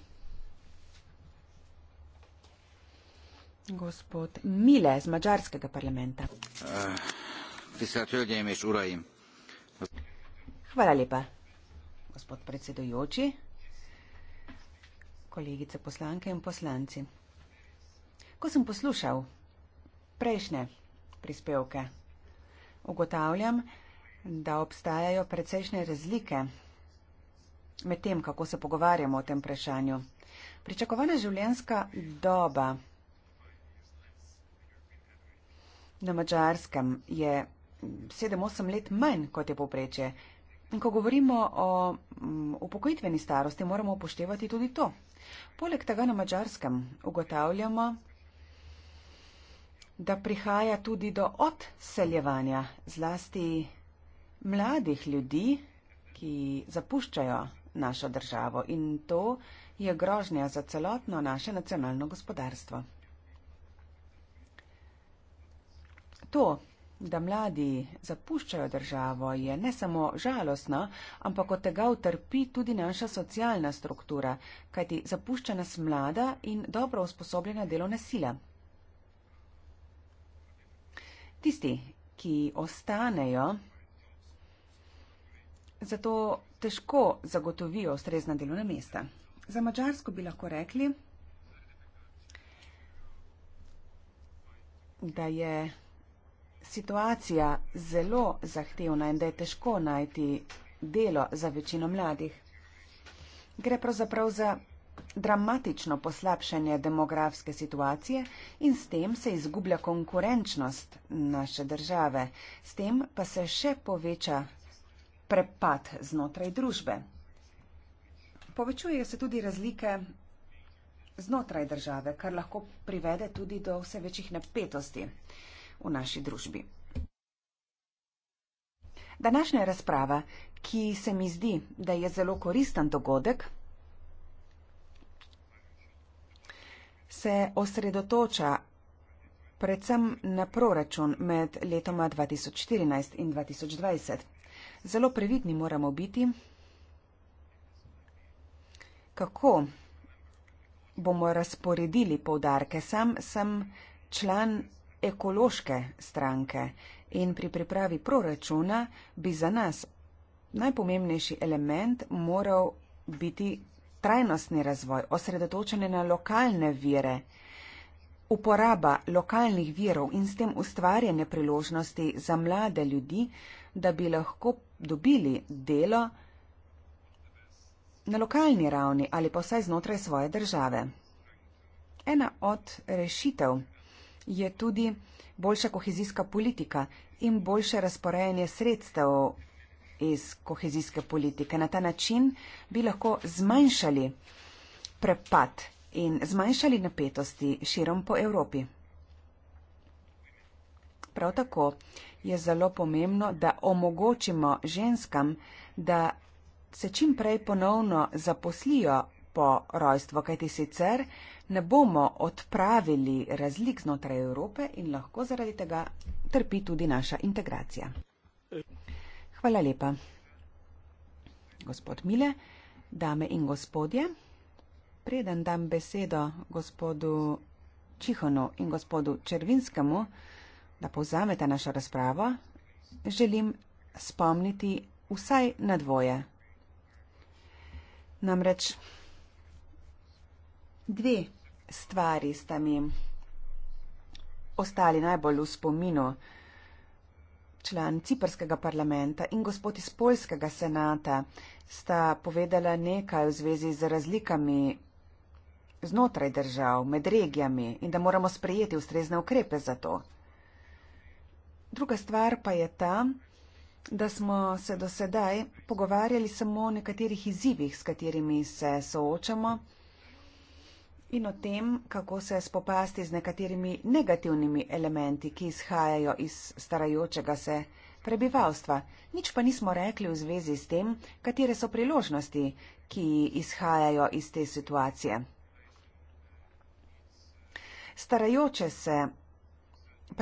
Gospod Mile z mađarskega parlamenta. Eh, Hvala lepa gospod predsedojoči, kolegice poslanke in poslanci. Ko sem poslušal prejšnje prispevke, ugotavljam, da obstajajo precejšnje razlike med tem, kako se pogovarjamo o tem vprašanju. Pričakovana življenjska doba na mačarskem je 7-8 let manj, kot je povprečje. In ko govorimo o mm, upokojitveni starosti, moramo upoštevati tudi to. Poleg tega na mačarskem ugotavljamo, da prihaja tudi do odseljevanja zlasti mladih ljudi, ki zapuščajo našo državo in to je grožnja za celotno naše nacionalno gospodarstvo. To, Da mladi zapuščajo državo je ne samo žalostno, ampak od tega utrpi tudi naša socialna struktura, kajti zapušča nas mlada in dobro usposobljena delovna sila. Tisti, ki ostanejo, zato težko zagotovijo ustrezna delovna mesta. Za Mačarsko bi lahko rekli, da je situacija zelo zahtevna in da je težko najti delo za večino mladih. Gre pravzaprav za dramatično poslabšanje demografske situacije in s tem se izgublja konkurenčnost naše države, s tem pa se še poveča prepad znotraj družbe. Povečujejo se tudi razlike znotraj države, kar lahko privede tudi do vse večjih napetosti v naši družbi. Današnja razprava, ki se mi zdi, da je zelo koristen dogodek, se osredotoča predvsem na proračun med letoma 2014 in 2020. Zelo previdni moramo biti, kako bomo razporedili povdarke. Sam sem član ekološke stranke in pri pripravi proračuna bi za nas najpomembnejši element moral biti trajnostni razvoj, osredotočene na lokalne vire, uporaba lokalnih virov in s tem ustvarjanje priložnosti za mlade ljudi, da bi lahko dobili delo na lokalni ravni ali pa vsaj znotraj svoje države. Ena od rešitev je tudi boljša kohezijska politika in boljše razporejanje sredstev iz kohezijske politike. Na ta način bi lahko zmanjšali prepad in zmanjšali napetosti širom po Evropi. Prav tako je zelo pomembno, da omogočimo ženskam, da se čim prej ponovno zaposlijo po rojstvu, kajti sicer ne bomo odpravili razlik znotraj Evrope in lahko zaradi tega trpi tudi naša integracija. Hvala lepa. Gospod Mile, dame in gospodje, preden dam besedo gospodu Čihonu in gospodu Červinskemu, da povzameta našo razpravo, želim spomniti vsaj na dvoje. Namreč dve stvari sta mi ostali najbolj v spominu. Član ciprskega parlamenta in gospod iz polskega senata sta povedala nekaj v zvezi z razlikami znotraj držav, med regijami in da moramo sprejeti ustrezne ukrepe za to. Druga stvar pa je ta, da smo se do sedaj pogovarjali samo o nekaterih izzivih, s katerimi se soočamo in o tem, kako se spopasti z nekaterimi negativnimi elementi, ki izhajajo iz starajočega se prebivalstva. Nič pa nismo rekli v zvezi s tem, katere so priložnosti, ki izhajajo iz te situacije. Starajoče se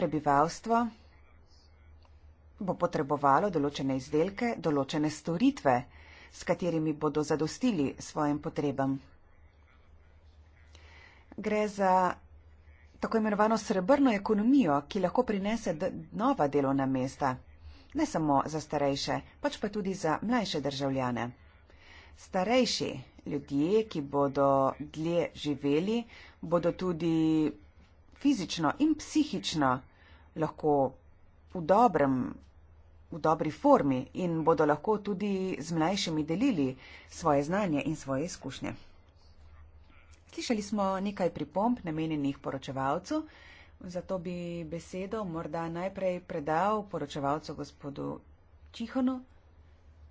prebivalstvo bo potrebovalo določene izdelke, določene storitve, s katerimi bodo zadostili svojim potrebam gre za tako imenovano srebrno ekonomijo, ki lahko prinese nova delovna mesta, ne samo za starejše, pač pa tudi za mlajše državljane. Starejši ljudje, ki bodo dlje živeli, bodo tudi fizično in psihično lahko v dobrem, v dobri formi in bodo lahko tudi z mlajšimi delili svoje znanje in svoje izkušnje. Slišali smo nekaj pripomp namenjenih poročevalcu, zato bi besedo morda najprej predal poročevalcu gospodu Čihonu,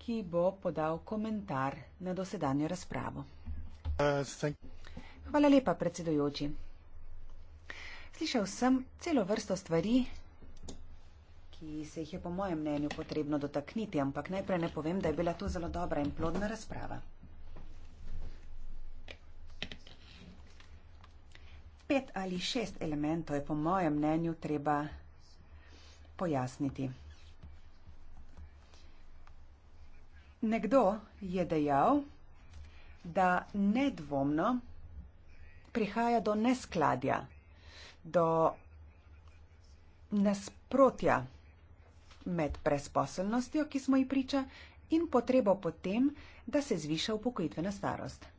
ki bo podal komentar na dosedanjo razpravo. Hvala lepa, predsedojoči. Slišal sem celo vrsto stvari, ki se jih je po mojem mnenju potrebno dotakniti, ampak najprej ne povem, da je bila to zelo dobra in plodna razprava. pet ali šest elementov je po mojem mnenju treba pojasniti. Nekdo je dejal, da nedvomno prihaja do neskladja, do nasprotja med presposobnostjo, ki smo ji priča, in potrebo potem, da se zviša upokojitvena starost.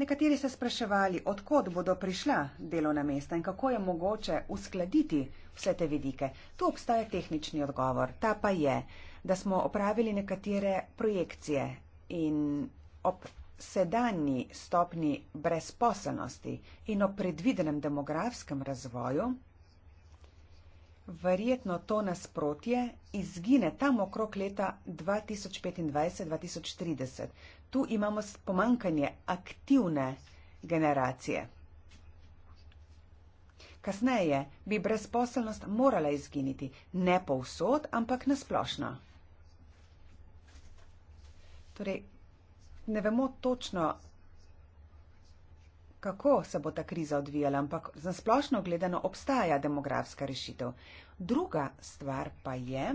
Nekateri se spraševali, odkot bodo prišla delovna mesta in kako je mogoče uskladiti vse te vidike. Tu obstaja tehnični odgovor. Ta pa je, da smo opravili nekatere projekcije in ob sedanji stopni brezposelnosti in ob predvidenem demografskem razvoju, verjetno to nasprotje izgine tam okrog leta 2025-2030 tu imamo pomankanje aktivne generacije. Kasneje bi brezposelnost morala izginiti, ne povsod, ampak nasplošno. Torej, ne vemo točno, kako se bo ta kriza odvijala, ampak nasplošno gledano obstaja demografska rešitev. Druga stvar pa je,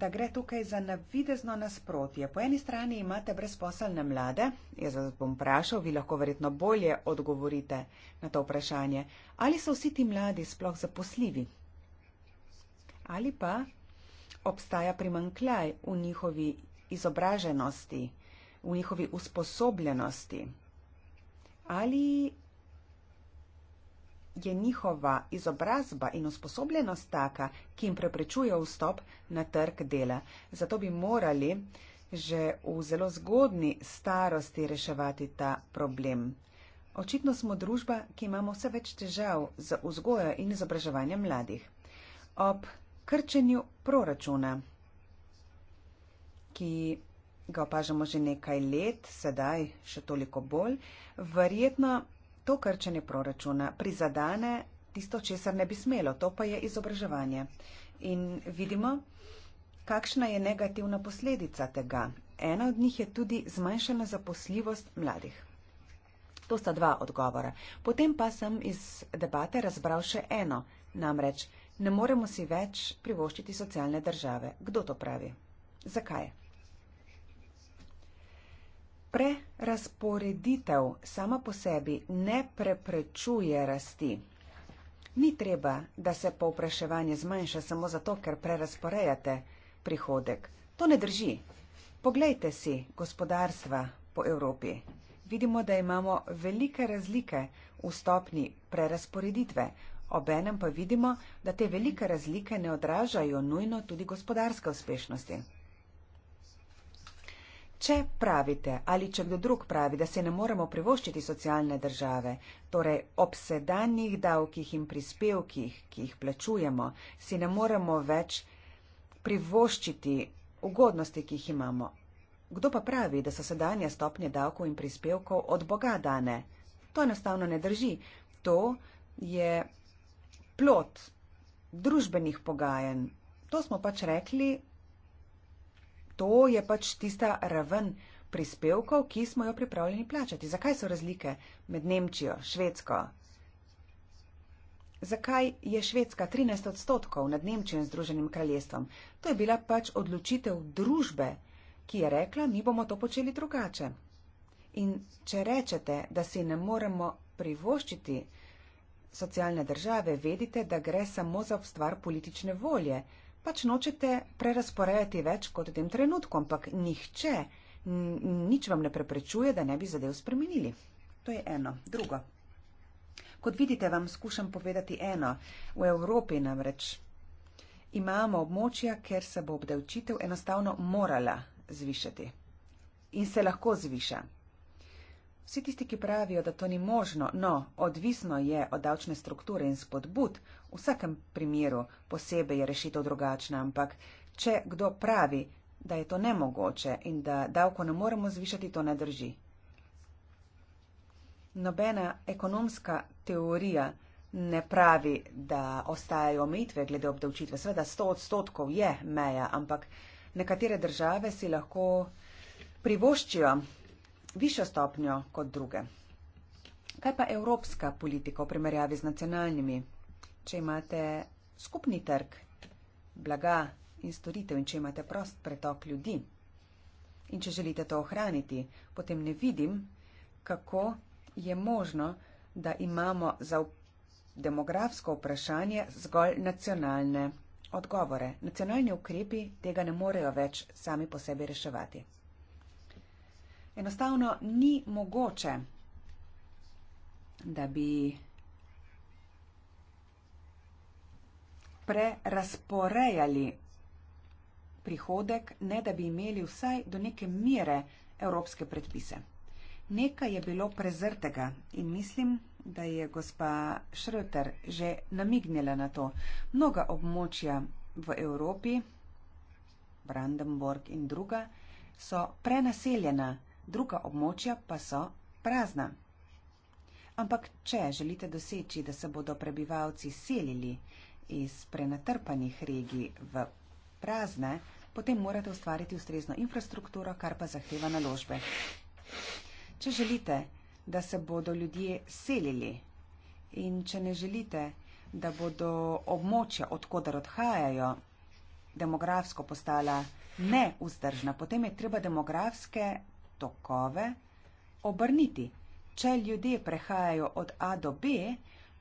da gre tukaj za navidezno nasprotje. Po eni strani imate brezposelne mlade, jaz vas bom vprašal, vi lahko verjetno bolje odgovorite na to vprašanje, ali so vsi ti mladi sploh zaposljivi ali pa obstaja primankljaj v njihovi izobraženosti, v njihovi usposobljenosti ali je njihova izobrazba in usposobljenost taka, ki jim preprečuje vstop na trg dela. Zato bi morali že v zelo zgodni starosti reševati ta problem. Očitno smo družba, ki imamo vse več težav z vzgojo in izobraževanjem mladih. Ob krčenju proračuna, ki ga opažamo že nekaj let, sedaj še toliko bolj, verjetno to krčenje proračuna prizadane tisto, česar ne bi smelo, to pa je izobraževanje. In vidimo, kakšna je negativna posledica tega. Ena od njih je tudi zmanjšana zaposljivost mladih. To sta dva odgovora. Potem pa sem iz debate razbral še eno, namreč ne moremo si več privoščiti socialne države. Kdo to pravi? Zakaj? Prerasporeditev sama po sebi ne preprečuje rasti. Ni treba, da se povpraševanje zmanjša samo zato, ker prerasporejate prihodek. To ne drži. Poglejte si gospodarstva po Evropi. Vidimo, da imamo velike razlike v stopni prerasporeditve. Obenem pa vidimo, da te velike razlike ne odražajo nujno tudi gospodarske uspešnosti. Če pravite ali če kdo drug pravi, da se ne moremo privoščiti socialne države, torej ob sedanjih davkih in prispevkih, ki jih plačujemo, si ne moremo več privoščiti ugodnosti, ki jih imamo. Kdo pa pravi, da so sedanje stopnje davkov in prispevkov od Boga dane? To enostavno ne drži. To je plot družbenih pogajanj. To smo pač rekli, to je pač tista raven prispevkov, ki smo jo pripravljeni plačati. Zakaj so razlike med Nemčijo, Švedsko? Zakaj je Švedska 13 odstotkov nad Nemčijo in Združenim kraljestvom? To je bila pač odločitev družbe, ki je rekla, mi bomo to počeli drugače. In če rečete, da si ne moremo privoščiti socialne države, vedite, da gre samo za stvar politične volje pač nočete prerasporediti več kot v tem trenutku, ampak nihče, nič vam ne preprečuje, da ne bi zadev spremenili. To je eno. Drugo. Kot vidite, vam skušam povedati eno. V Evropi namreč imamo območja, ker se bo obdavčitev enostavno morala zvišati. In se lahko zviša. Vsi tisti, ki pravijo, da to ni možno, no, odvisno je od davčne strukture in spodbud, v vsakem primeru posebej je rešitev drugačna, ampak če kdo pravi, da je to nemogoče in da davko ne moremo zvišati, to ne drži. Nobena ekonomska teorija ne pravi, da ostajajo omejitve glede obdavčitve. Sveda 100 odstotkov je meja, ampak nekatere države si lahko privoščijo višjo stopnjo kot druge. Kaj pa evropska politika v primerjavi z nacionalnimi? Če imate skupni trg blaga in storitev in če imate prost pretok ljudi in če želite to ohraniti, potem ne vidim, kako je možno, da imamo za demografsko vprašanje zgolj nacionalne odgovore. Nacionalni ukrepi tega ne morejo več sami po sebi reševati enostavno ni mogoče, da bi prerasporejali prihodek, ne da bi imeli vsaj do neke mere evropske predpise. Nekaj je bilo prezrtega in mislim, da je gospa Šrter že namignila na to. Mnoga območja v Evropi, Brandenburg in druga, so prenaseljena druga območja pa so prazna. Ampak, če želite doseči, da se bodo prebivalci selili iz prenatrpanih regij v prazne, potem morate ustvariti ustrezno infrastrukturo, kar pa zahteva naložbe. Če želite, da se bodo ljudje selili in če ne želite, da bodo območja, odkudar odhajajo, demografsko postala neuzdržna, potem je treba demografske tokove obrniti. Če ljudje prehajajo od A do B,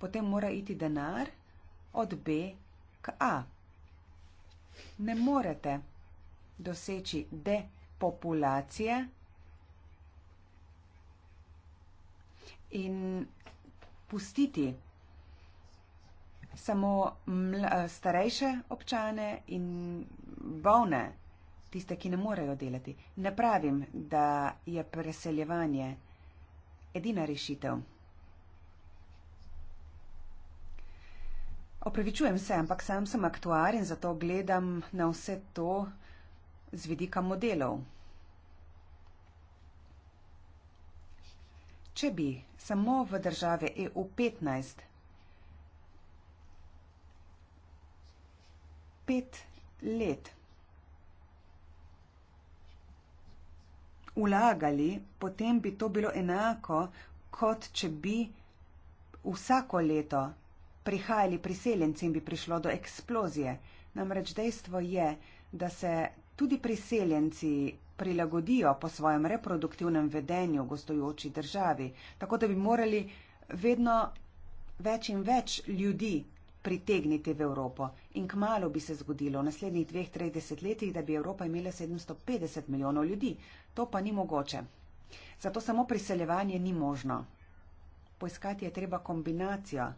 potem mora iti denar od B k A. Ne morete doseči depopulacije in pustiti samo starejše občane in bolne tiste, ki ne morejo delati. Ne pravim, da je preseljevanje edina rešitev. Opravičujem se, ampak sam sem aktuar in zato gledam na vse to z vidika modelov. Če bi samo v države EU 15 pet let vlagali, potem bi to bilo enako, kot če bi vsako leto prihajali priseljenci in bi prišlo do eksplozije. Namreč dejstvo je, da se tudi priseljenci prilagodijo po svojem reproduktivnem vedenju v gostujoči državi, tako da bi morali vedno več in več ljudi pritegniti v Evropo in kmalo bi se zgodilo v naslednjih dveh, treh desetletjih, da bi Evropa imela 750 milijonov ljudi. To pa ni mogoče. Zato samo priseljevanje ni možno. Poiskati je treba kombinacijo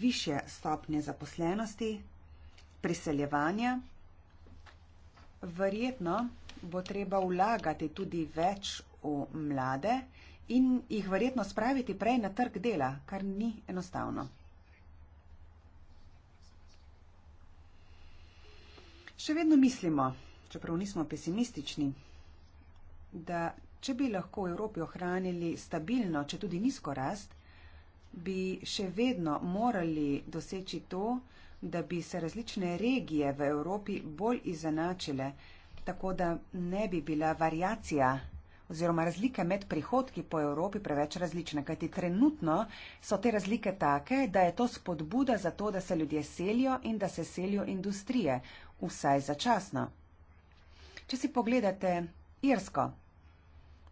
više stopnje zaposlenosti, priseljevanja. Verjetno bo treba vlagati tudi več v mlade in jih verjetno spraviti prej na trg dela, kar ni enostavno. Še vedno mislimo, čeprav nismo pesimistični, da če bi lahko v Evropi ohranili stabilno, če tudi nizko rast, bi še vedno morali doseči to, da bi se različne regije v Evropi bolj izenačile, tako da ne bi bila variacija oziroma razlike med prihodki po Evropi preveč različne, kajti trenutno so te razlike take, da je to spodbuda za to, da se ljudje selijo in da se selijo industrije, vsaj začasno. Če si pogledate Irsko,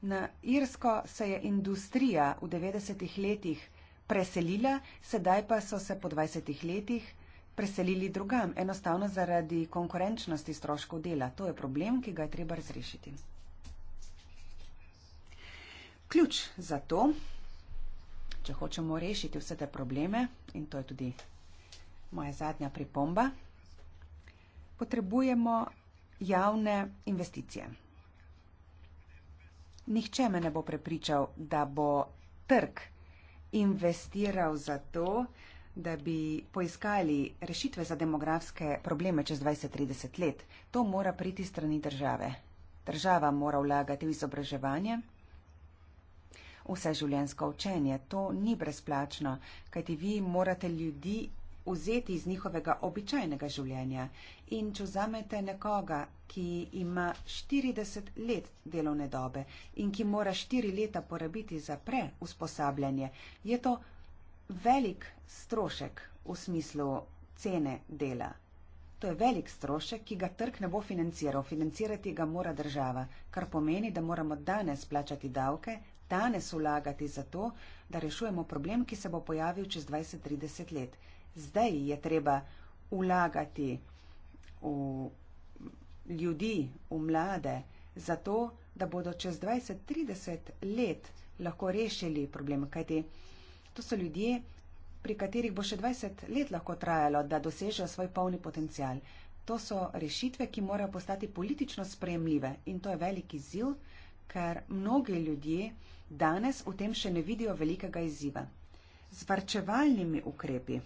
na Irsko se je industrija v 90-ih letih preselila, sedaj pa so se po 20-ih letih preselili drugam, enostavno zaradi konkurenčnosti stroškov dela. To je problem, ki ga je treba razrešiti. Ključ za to, če hočemo rešiti vse te probleme, in to je tudi moja zadnja pripomba, potrebujemo javne investicije. Nihče me ne bo prepričal, da bo trg investiral za to, da bi poiskali rešitve za demografske probleme čez 20-30 let. To mora priti strani države. Država mora vlagati v izobraževanje, vse življensko učenje. To ni brezplačno, kajti vi morate ljudi vzeti iz njihovega običajnega življenja. In če vzamete nekoga, ki ima 40 let delovne dobe in ki mora 4 leta porabiti za preusposabljanje, je to velik strošek v smislu cene dela. To je velik strošek, ki ga trg ne bo financiral. Financirati ga mora država, kar pomeni, da moramo danes plačati davke, danes vlagati za to, da rešujemo problem, ki se bo pojavil čez 20-30 let zdaj je treba vlagati v ljudi, v mlade, zato, da bodo čez 20-30 let lahko rešili problem. Kajti to so ljudje, pri katerih bo še 20 let lahko trajalo, da dosežejo svoj polni potencial. To so rešitve, ki morajo postati politično sprejemljive in to je veliki ziv, ker mnogi ljudje danes v tem še ne vidijo velikega izziva. Zvarčevalnimi ukrepi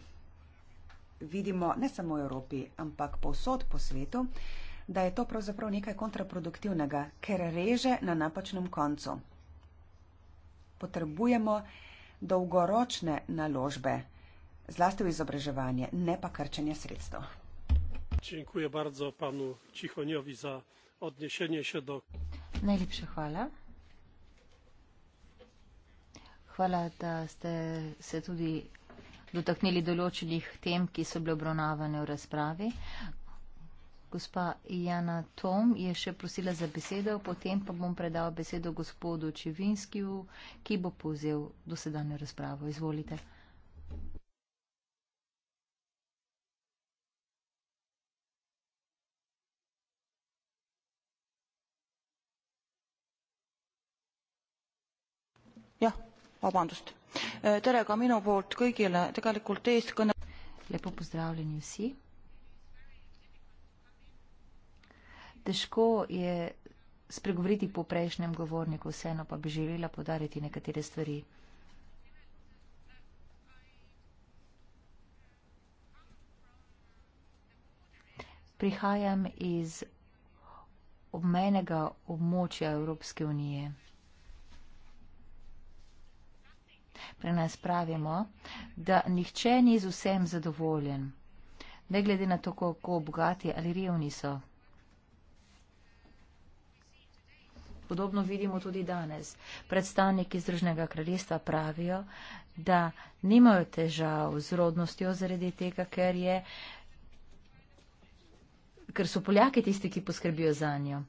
vidimo ne samo v Evropi, ampak povsod po svetu, da je to pravzaprav nekaj kontraproduktivnega, ker reže na napačnem koncu. Potrebujemo dolgoročne naložbe, zlasti v izobraževanje, ne pa krčenje sredstev. Dziękuję bardzo panu Cichoniowi za odniesienie się do. Najlepsze chwale. Chwala, że się tutaj dotaknili določenih tem, ki so bile obravnavane v razpravi. Gospa Jana Tom je še prosila za besedo, potem pa bom predal besedo gospodu Čevinskiju, ki bo povzel dosedanjo razpravo. Izvolite. Ja, Äh, tere ka minu poolt kõigile tegelikult eestkõne- lepo pozdravljeni vsi težko je spregovoriti po prejšnjem govorniku vseeno pa bi želela podariti nekatere stvari prihajam iz obmejnega območja Evropske unije Pri nas pravimo, da nihče ni z vsem zadovoljen, ne glede na to, kako bogati ali revni so. Podobno vidimo tudi danes. Predstavniki Združnega kraljestva pravijo, da nimajo težav z rodnostjo zaradi tega, ker, je, ker so Poljaki tisti, ki poskrbijo za njo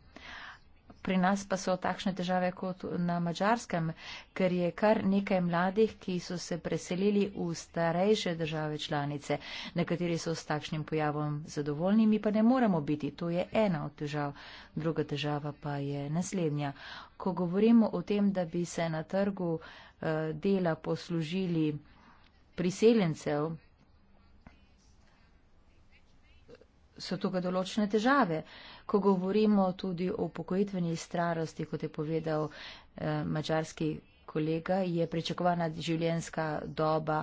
pri nas pa so takšne težave kot na mačarskem, ker je kar nekaj mladih, ki so se preselili v starejše države članice. Nekateri so s takšnim pojavom zadovoljni, mi pa ne moremo biti. To je ena od težav. Druga težava pa je naslednja. Ko govorimo o tem, da bi se na trgu eh, dela poslužili priseljencev, so tukaj določene težave ko govorimo tudi o upokojitveni starosti, kot je povedal eh, mačarski kolega, je pričakovana življenjska doba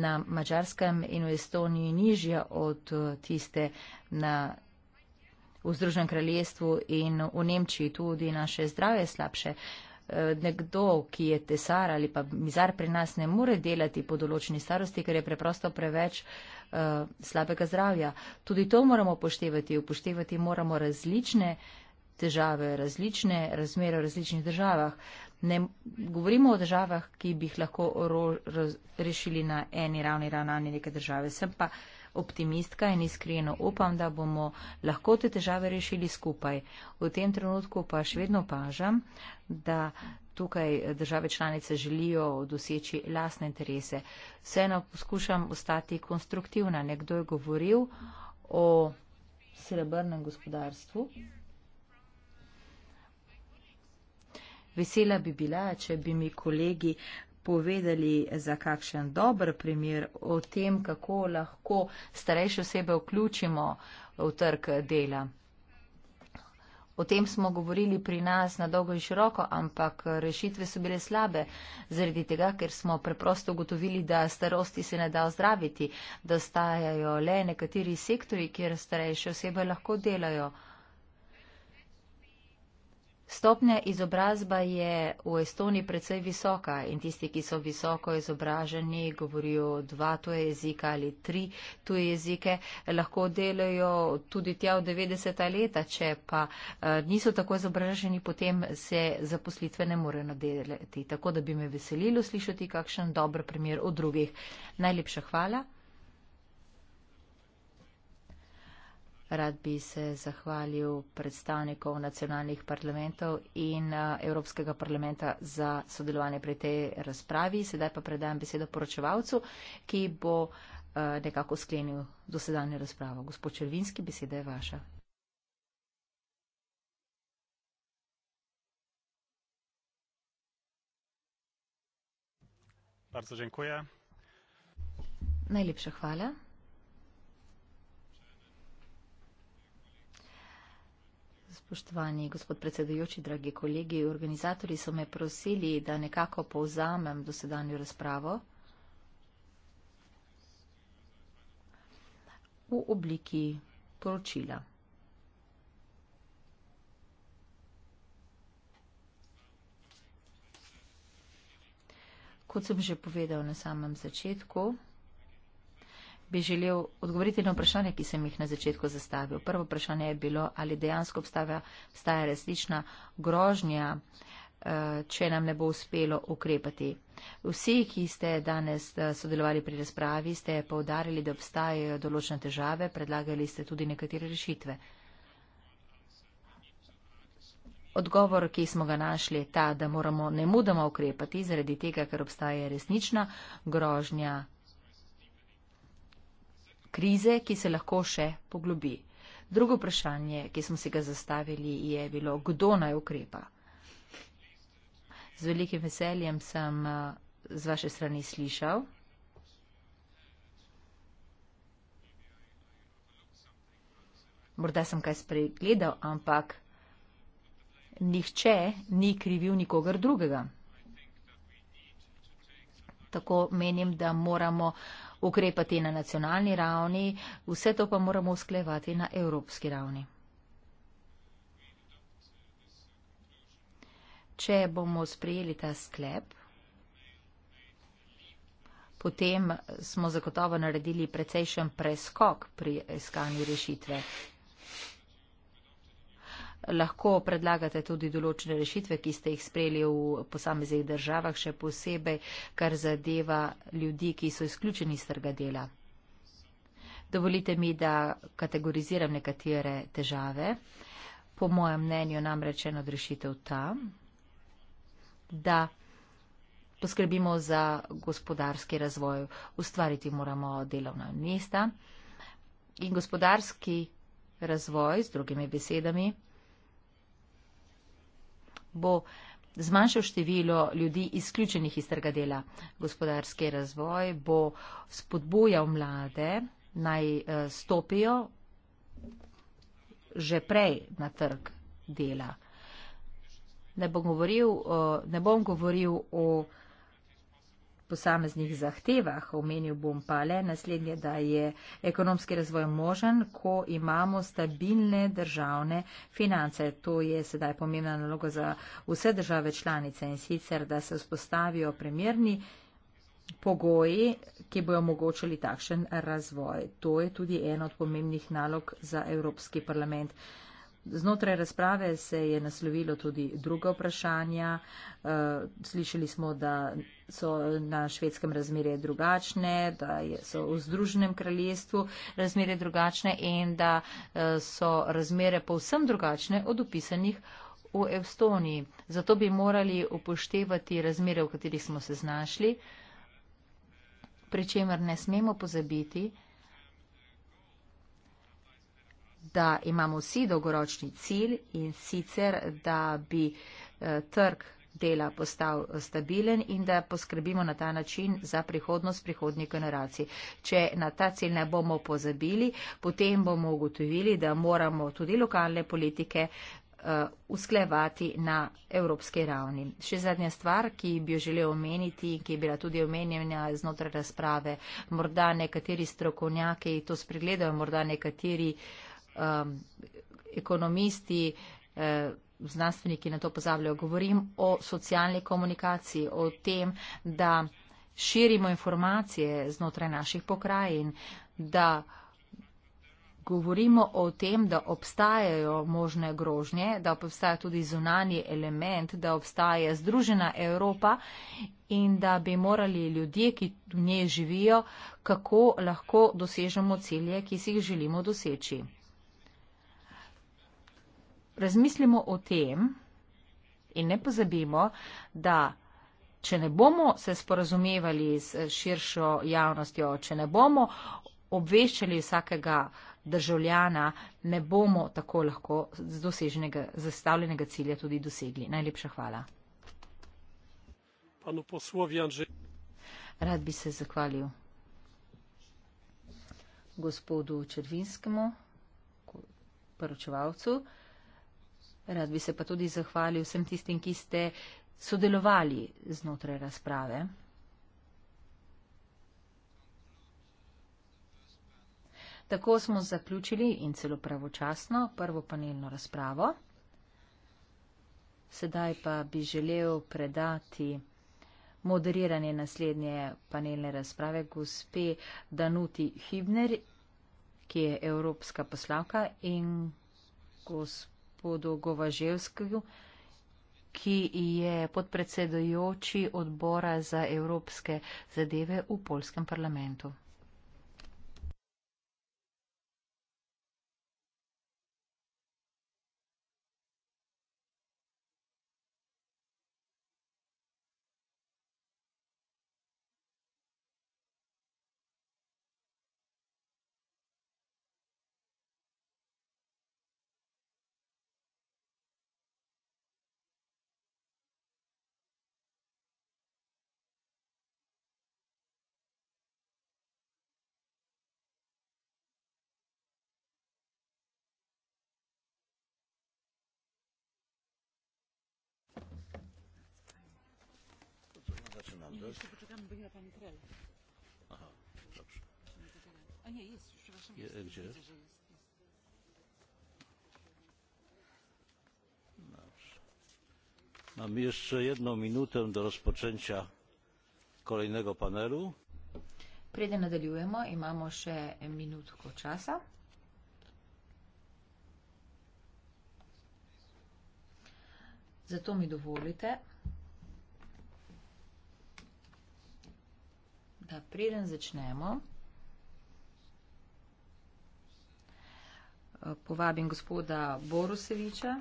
na mačarskem in v Estoniji nižja od eh, tiste na v Združenem kraljestvu in v Nemčiji tudi naše zdravje slabše. Eh, Eh, nekdo, ki je tesar ali pa mizar pri nas, ne more delati po določeni starosti, ker je preprosto preveč eh, slabega zdravja. Tudi to moramo upoštevati. Upoštevati moramo različne težave, različne razmere v različnih državah. Ne govorimo o državah, ki bi jih lahko ro, raz, rešili na eni ravni ravnanje neke države. Sem pa uh, optimistka in iskreno upam, da bomo lahko te težave rešili skupaj. V tem trenutku pa še vedno pažam, da tukaj države članice želijo doseči lasne interese. Vseeno poskušam ostati konstruktivna. Nekdo je govoril o srebrnem gospodarstvu. Vesela bi bila, če bi mi kolegi povedali za kakšen dober primer o tem, kako lahko starejše osebe vključimo v trg dela. O tem smo govorili pri nas na dolgo in široko, ampak rešitve so bile slabe, zaradi tega, ker smo preprosto ugotovili, da starosti se ne da ozdraviti, da stajajo le nekateri sektori, kjer starejše osebe lahko delajo. Stopnja izobrazba je v Estoniji precej visoka in tisti, ki so visoko izobraženi, govorijo dva tuje jezika ali tri tuje jezike, lahko delajo tudi tja v 90-ta leta, če pa eh, niso tako izobraženi, potem se zaposlitve ne morejo nadeljati. Tako da bi me veselilo slišati kakšen dober primer od drugih. Najlepša hvala. Rad bi se zahvalil predstavnikov nacionalnih parlamentov in eh, Evropskega parlamenta za sodelovanje pri tej razpravi. Sedaj pa predajam besedo poročevalcu, ki bo eh, nekako sklenil dosedanje razpravo. Gospod Červinski, beseda je vaša. Najlepša hvala. Spoštovani gospod predsedujoči, dragi kolegi, organizatori so me prosili, da nekako povzamem dosedanjo razpravo v obliki poročila. Kot sem že povedal na samem začetku, bi želel odgovoriti na vprašanje, ki sem jih na začetku zastavil. Prvo vprašanje je bilo, ali dejansko obstaja, obstaja resnična grožnja, eh, če nam ne bo uspelo ukrepati. Vsi, ki ste danes eh, sodelovali pri razpravi, ste povdarili, da obstajajo določene težave, predlagali ste tudi nekatere rešitve. Odgovor, ki smo ga našli, je ta, da moramo ne mudoma ukrepati zaradi tega, ker obstaja resnična grožnja krize, ki se lahko še poglobi. Drugo vprašanje, ki smo si ga zastavili, je bilo, kdo naj ukrepa. Z velikim veseljem sem eh, z vaše strani slišal. Morda sem kaj spregledal, ampak nihče ni krivil nikogar drugega. Tako menim, da moramo uh, ukrepati na nacionalni ravni, vse to pa moramo usklejevati na evropski ravni. Če bomo sprejeli ta sklep, potem smo zagotovo naredili precejšen preskok pri iskanju rešitve lahko predlagate tudi določene rešitve, ki ste jih sprejeli v posameznih državah, še posebej, kar zadeva ljudi, ki so izključeni iz trga dela. Dovolite mi, da kategoriziram nekatere težave. Po mojem mnenju namreč eno rešitev ta, da poskrbimo za gospodarski razvoj. Ustvariti moramo delovna mesta in gospodarski razvoj, z drugimi besedami, bo zmanjšal število ljudi izključenih iz trga dela. Gospodarski razvoj bo spodbujal mlade naj eh, stopijo že prej na trg dela. Ne bom govoril, eh, ne bom govoril o posameznih zahtevah. Omenil bom pa le naslednje, da je ekonomski razvoj možen, ko imamo stabilne državne finance. To je sedaj pomembna naloga za vse države članice in sicer, da se vzpostavijo primerni pogoji, ki bojo omogočili takšen razvoj. To je tudi ena od pomembnih nalog za Evropski parlament. Znotraj razprave se je naslovilo tudi druga vprašanja. Eh, slišali smo, da so na švedskem razmerje drugačne, da so v Združenem kraljestvu razmerje drugačne in da eh, so razmere povsem drugačne od opisanih v Evstoniji. Zato bi morali upoštevati razmere, v katerih smo se znašli, pri čemer ne smemo pozabiti, da imamo vsi dolgoročni cilj in sicer, da bi eh, trg dela postal eh, stabilen in da poskrbimo na ta način za prihodnost prihodnjih generacij. Če na ta cilj ne bomo pozabili, potem bomo ugotovili, da moramo tudi lokalne politike eh, usklevati na evropski ravni. Še zadnja stvar, ki bi jo želel omeniti in ki je bila tudi omenjena znotraj razprave, morda nekateri strokovnjaki to spregledajo, morda nekateri uh, um, ekonomisti, eh, znanstveniki na to pozabljajo. Govorim o socialni komunikaciji, o tem, da širimo informacije znotraj naših pokrajin, da govorimo o tem, da obstajajo možne grožnje, da obstaja tudi zunani element, da obstaja združena Evropa in da bi morali ljudje, ki v njej živijo, kako lahko dosežemo cilje, ki si jih želimo doseči razmislimo o tem in ne pozabimo, da če ne bomo se sporazumevali s širšo javnostjo, če ne bomo obveščali vsakega državljana, ne bomo tako lahko z doseženega, zastavljenega cilja tudi dosegli. Najlepša hvala. Rad bi se zahvalil gospodu Červinskemu, poročevalcu. Rad bi se pa tudi zahvalil vsem tistim, ki ste sodelovali znotraj razprave. Tako smo zaključili in celo pravočasno prvo panelno razpravo. Sedaj pa bi želel predati moderiranje naslednje panelne razprave gospe Danuti Hibner, ki je evropska poslavka in gospod gospodu Govaževskemu, ki je podpredsedojoči odbora za evropske zadeve v polskem parlamentu. Fernandez. Jeszcze poczekamy, bo chyba pani Krell. Aha, dobrze. A nie, jest już, przepraszam. Je, jest, gdzie? Widzę, że jest, jest. Dobrze. Mamy jeszcze jedną minutę do rozpoczęcia kolejnego panelu. Prydę nadaliujemy i mamy jeszcze minutko czasu. Zato mi dovolite, da preden začnemo, eh, povabim gospoda Boruseviča,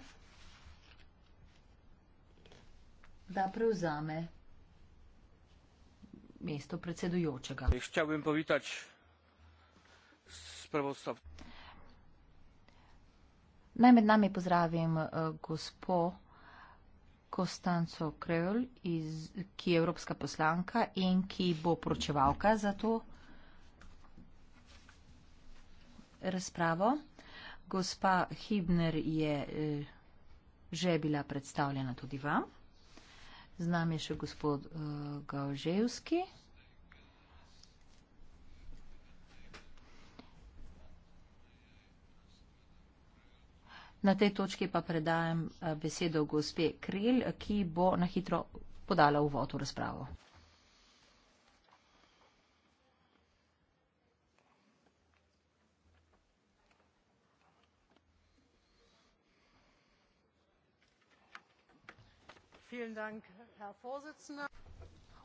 da prevzame mesto predsedujočega. Hotel bi povitač s prvostopom. Naj med nami pozdravim eh, gospod. Konstanco Krejl, ki je evropska poslanka in ki bo poročevalka za to razpravo. Gospa Hibner je eh, že bila predstavljena tudi vam. Z nami je še gospod uh, Gaoževski. Na tej točki pa predajam eh, besedo gospe Krelj, ki bo na hitro podala uvod v razpravo.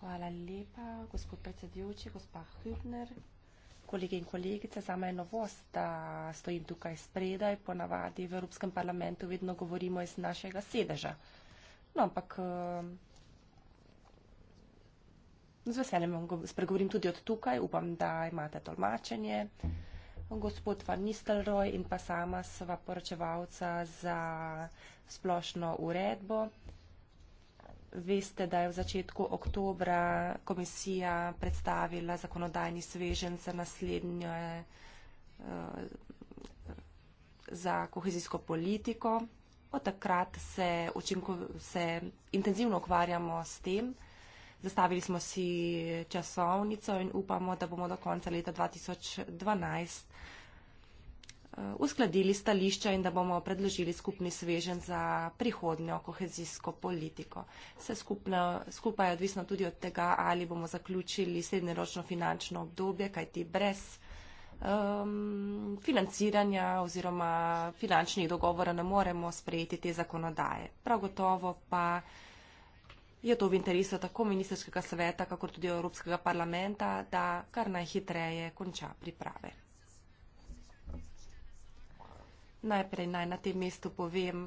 Hvala lepa, gospod predsedujoči, gospa Hübner kolege in kolegice, sama je novost, da stojim tukaj spredaj, ponavadi v Evropskem parlamentu vedno govorimo iz našega sedeža. No, ampak eh, z veseljem spregovorim tudi od tukaj, upam, da imate tolmačenje. Gospod Van Nistelrooy in pa sama sva poročevalca za splošno uredbo veste, da je v začetku oktobra komisija predstavila zakonodajni svežen za naslednje eh, za kohezijsko politiko. Od takrat se, učinko, se intenzivno ukvarjamo s tem. Zastavili smo si časovnico in upamo, da bomo do konca leta 2012 Eh, uskladili stališča in da bomo predložili skupni svežen za prihodnjo kohezijsko politiko. Vse skupaj je odvisno tudi od tega, ali bomo zaključili srednjeročno finančno obdobje, kajti brez um, financiranja oziroma finančnih dogovora ne moremo sprejeti te zakonodaje. Prav gotovo pa je to v interesu tako ministerskega sveta, kakor tudi Evropskega parlamenta, da kar najhitreje konča priprave. Najprej naj na tem mestu povem,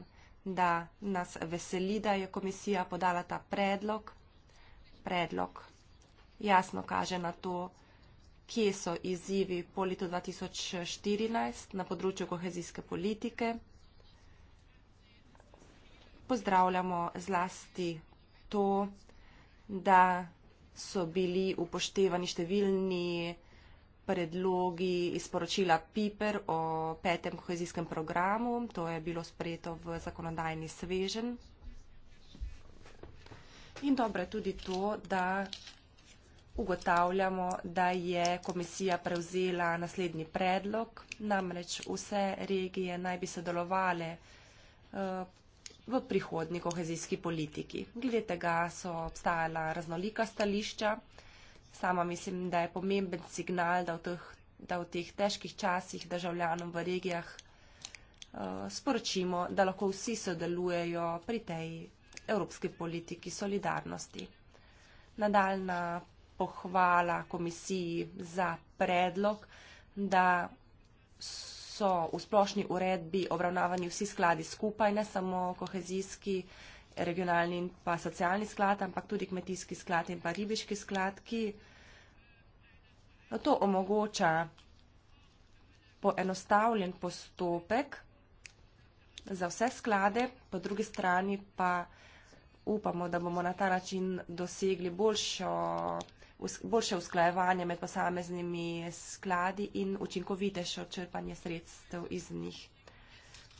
da nas veseli, da je komisija podala ta predlog. Predlog jasno kaže na to, kje so izzivi po letu 2014 na področju kohezijske politike. Pozdravljamo zlasti to, da so bili upoštevani številni predlogi iz poročila PIPER o petem kohezijskem programu. To je bilo sprejeto v zakonodajni svežen. In dobro je tudi to, da ugotavljamo, da je komisija prevzela naslednji predlog, namreč vse regije naj bi sodelovale eh, v prihodni kohezijski politiki. Glede tega so obstajala raznolika stališča sama mislim, da je pomemben signal, da v teh, da v teh težkih časih državljanom v regijah uh, sporočimo, da lahko vsi sodelujejo pri tej evropski politiki solidarnosti. Nadaljna pohvala komisiji za predlog, da so v splošni uredbi obravnavani vsi skladi skupaj, ne samo kohezijski. Uh, regionalni in pa socialni sklad, ampak tudi kmetijski sklad in pa ribiški sklad, ki to omogoča poenostavljen postopek za vse sklade, po drugi strani pa upamo, da bomo na ta način dosegli boljšo, boljše usklajevanje med posameznimi skladi in učinkovitejšo črpanje sredstev iz njih.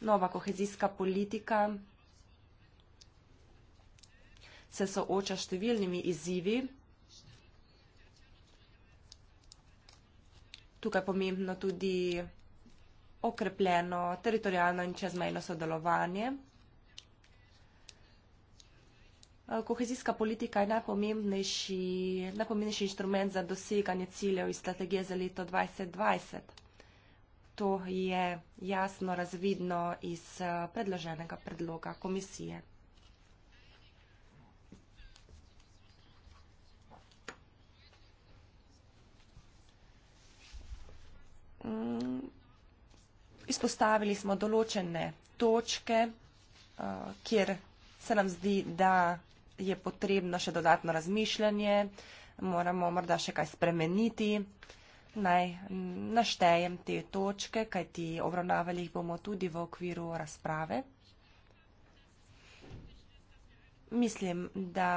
Nova kohezijska politika se sooča številnimi izzivi. Tukaj je pomembno tudi okrepljeno teritorijalno in čezmejno sodelovanje. Eh, kohezijska politika je najpomembnejši, najpomembnejši inštrument za doseganje ciljev iz strategije za leto 2020. To je jasno razvidno iz eh, predloženega predloga komisije. Mm, izpostavili smo določene točke, uh, kjer se nam zdi, da je potrebno še dodatno razmišljanje, moramo morda še kaj spremeniti. Naj naštejem te točke, kajti obravnavali jih bomo tudi v okviru razprave. Mislim, da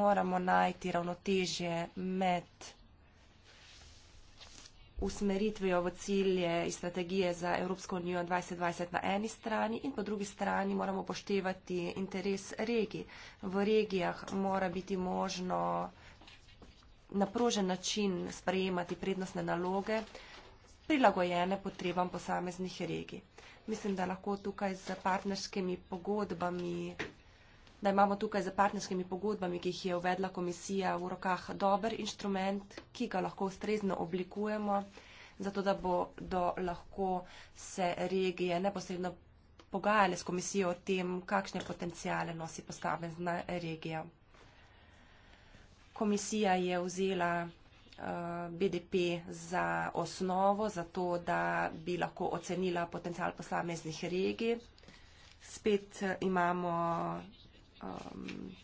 moramo najti ravnotežje med vsega, usmeritvijo v cilje iz strategije za Evropsko unijo 2020 na eni strani in po drugi strani moramo poštevati interes regij. V regijah mora biti možno na prožen način sprejemati prednostne naloge, prilagojene potrebam posameznih regij. Mislim, da lahko tukaj z partnerskimi pogodbami da imamo tukaj z partnerskimi pogodbami, ki jih je uvedla komisija v rokah, dober inštrument, ki ga lahko ustrezno oblikujemo, zato da bodo lahko se regije neposredno pogajale s komisijo o tem, kakšne potencijale nosi posamezna regija. Komisija je vzela eh, BDP za osnovo, zato da bi lahko ocenila potencial posameznih regij. Spet eh, imamo um,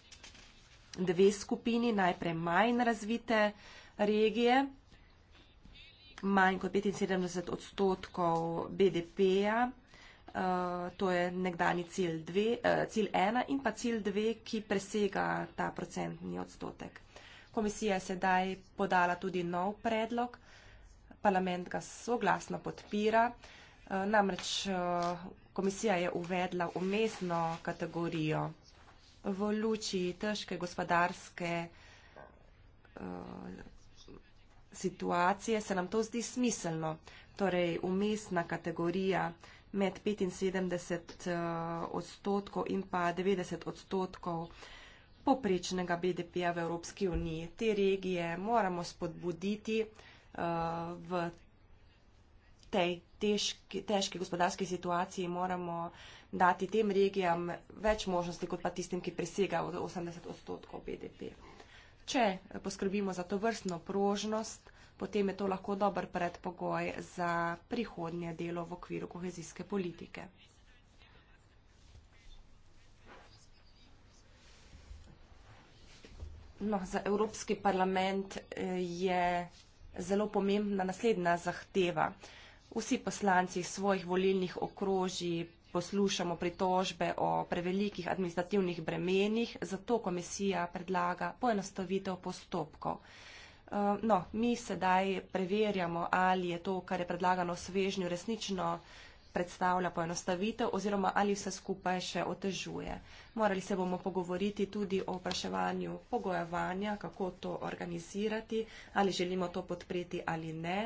dve skupini, najprej manj razvite regije, manj kot 75 odstotkov BDP-ja, uh, to je nekdani cilj, dve, uh, cilj ena in pa cilj dve, ki presega ta procentni odstotek. Komisija je sedaj podala tudi nov predlog, parlament ga soglasno podpira, uh, namreč uh, komisija je uvedla umestno kategorijo v luči težke gospodarske eh, situacije se nam to zdi smiselno, torej umestna kategorija med 75 eh, odstotkov in pa 90 odstotkov poprečnega BDP-ja v Evropski uniji. Te regije moramo spodbuditi eh, v tej težki gospodarski situaciji, moramo spodbuditi dati tem regijam več možnosti, kot pa tistim, ki presegajo 80 odstotkov BDP. Če poskrbimo za to vrstno prožnost, potem je to lahko dober predpogoj za prihodnje delo v okviru kohezijske politike. No, za Evropski parlament eh, je zelo pomembna naslednja zahteva. Vsi poslanci svojih volilnih okrožij poslušamo pritožbe o prevelikih administrativnih bremenih, zato komisija predlaga poenostavitev postopkov. Eh, no, mi sedaj preverjamo, ali je to, kar je predlagano v svežnju, resnično predstavlja poenostavitev oziroma ali vse skupaj še otežuje. Morali se bomo pogovoriti tudi o vpraševanju pogojevanja, kako to organizirati, ali želimo to podpreti ali ne.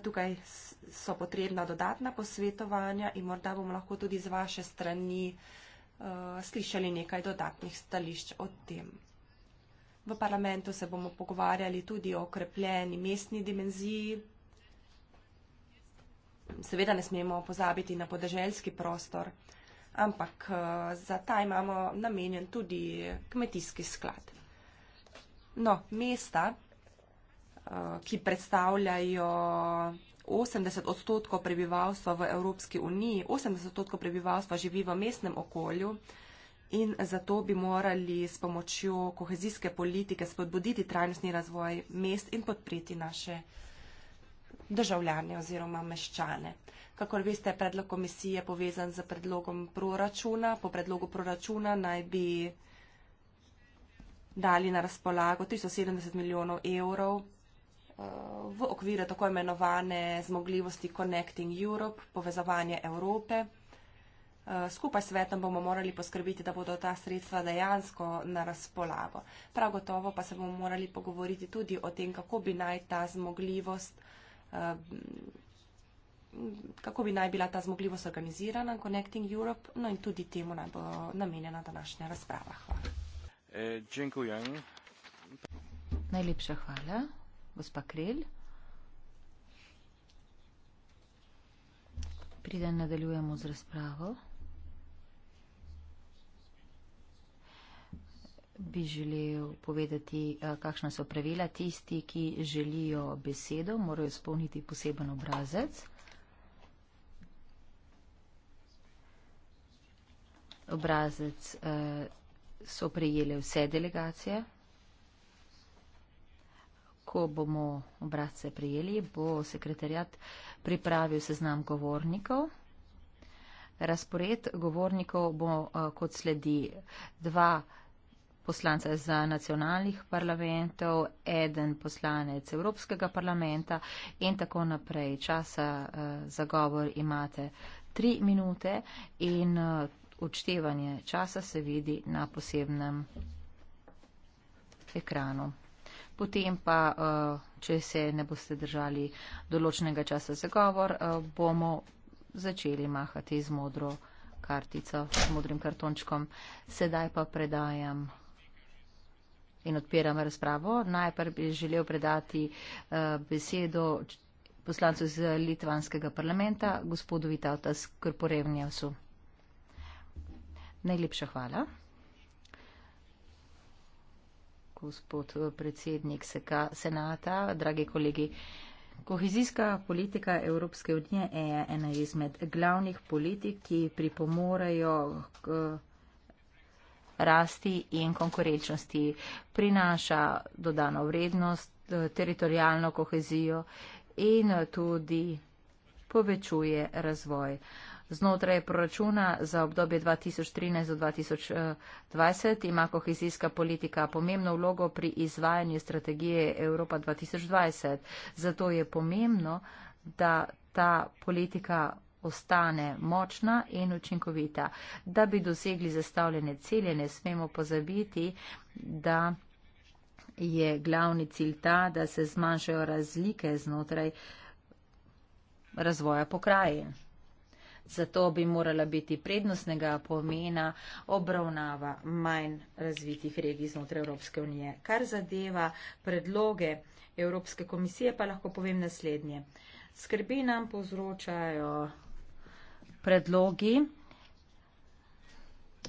Tukaj so potrebna dodatna posvetovanja in morda bomo lahko tudi z vaše strani eh, slišali nekaj dodatnih stališč o tem. V parlamentu se bomo pogovarjali tudi o okrepljeni mestni dimenziji. Seveda ne smemo pozabiti na podeželjski prostor, ampak eh, za ta imamo namenjen tudi kmetijski sklad. No, mesta Eh, ki predstavljajo 80 odstotkov prebivalstva v Evropski uniji, 80 odstotkov prebivalstva živi v mestnem okolju in zato bi morali s pomočjo kohezijske politike spodbuditi trajnostni razvoj mest in podpreti naše državljane oziroma meščane. Kakor veste, predlog komisije je povezan z predlogom proračuna. Po predlogu proračuna naj bi dali na razpolago 370 milijonov evrov v okviru tako imenovane zmogljivosti Connecting Europe, povezovanje Evrope. Eh, skupaj s svetom bomo morali poskrbiti, da bodo ta sredstva dejansko na razpolago. Prav gotovo pa se bomo morali pogovoriti tudi o tem, kako bi naj ta zmogljivost, eh, kako bi naj bila ta zmogljivost organizirana, Connecting Europe, no in tudi temu naj bo namenjena današnja razprava. Hvala. E, eh, Najlepša hvala gospa Krelj. Preden nadaljujemo z razpravo, bi želel povedati, eh, kakšna so pravila. Tisti, ki želijo besedo, morajo spolniti poseben obrazec. Obrazec eh, so prejele vse delegacije ko bomo obrazce prijeli, bo sekretarjat pripravil seznam govornikov. Razpored govornikov bo eh, kot sledi dva poslanca za nacionalnih parlamentov, eden poslanec Evropskega parlamenta in tako naprej. Časa eh, za govor imate tri minute in eh, odštevanje časa se vidi na posebnem ekranu potem pa, eh, če se ne boste držali določenega časa za govor, eh, bomo začeli mahati z modro kartico, z modrim kartončkom. Sedaj pa predajam in odpiram razpravo. Najprej bi želel predati eh, besedo poslancu iz litvanskega parlamenta, gospodu Vitautas Krporevnjevsu. Najlepša hvala gospod eh, predsednik senata, dragi kolegi. Kohezijska politika Evropske unije je ena izmed glavnih politik, ki pripomorejo k eh, rasti in konkurenčnosti. Prinaša dodano vrednost, eh, teritorijalno kohezijo in tudi povečuje razvoj. Znotraj proračuna za obdobje 2013-2020 ima kohezijska politika pomembno vlogo pri izvajanju strategije Evropa 2020. Zato je pomembno, da ta politika ostane močna in učinkovita. Da bi dosegli zastavljene cilje, ne smemo pozabiti, da je glavni cilj ta, da se zmanjšajo razlike znotraj razvoja pokrajin zato bi morala biti prednostnega pomena obravnava manj razvitih regij znotraj Evropske unije. Kar zadeva predloge Evropske komisije, pa lahko povem naslednje. Skrbi nam povzročajo predlogi,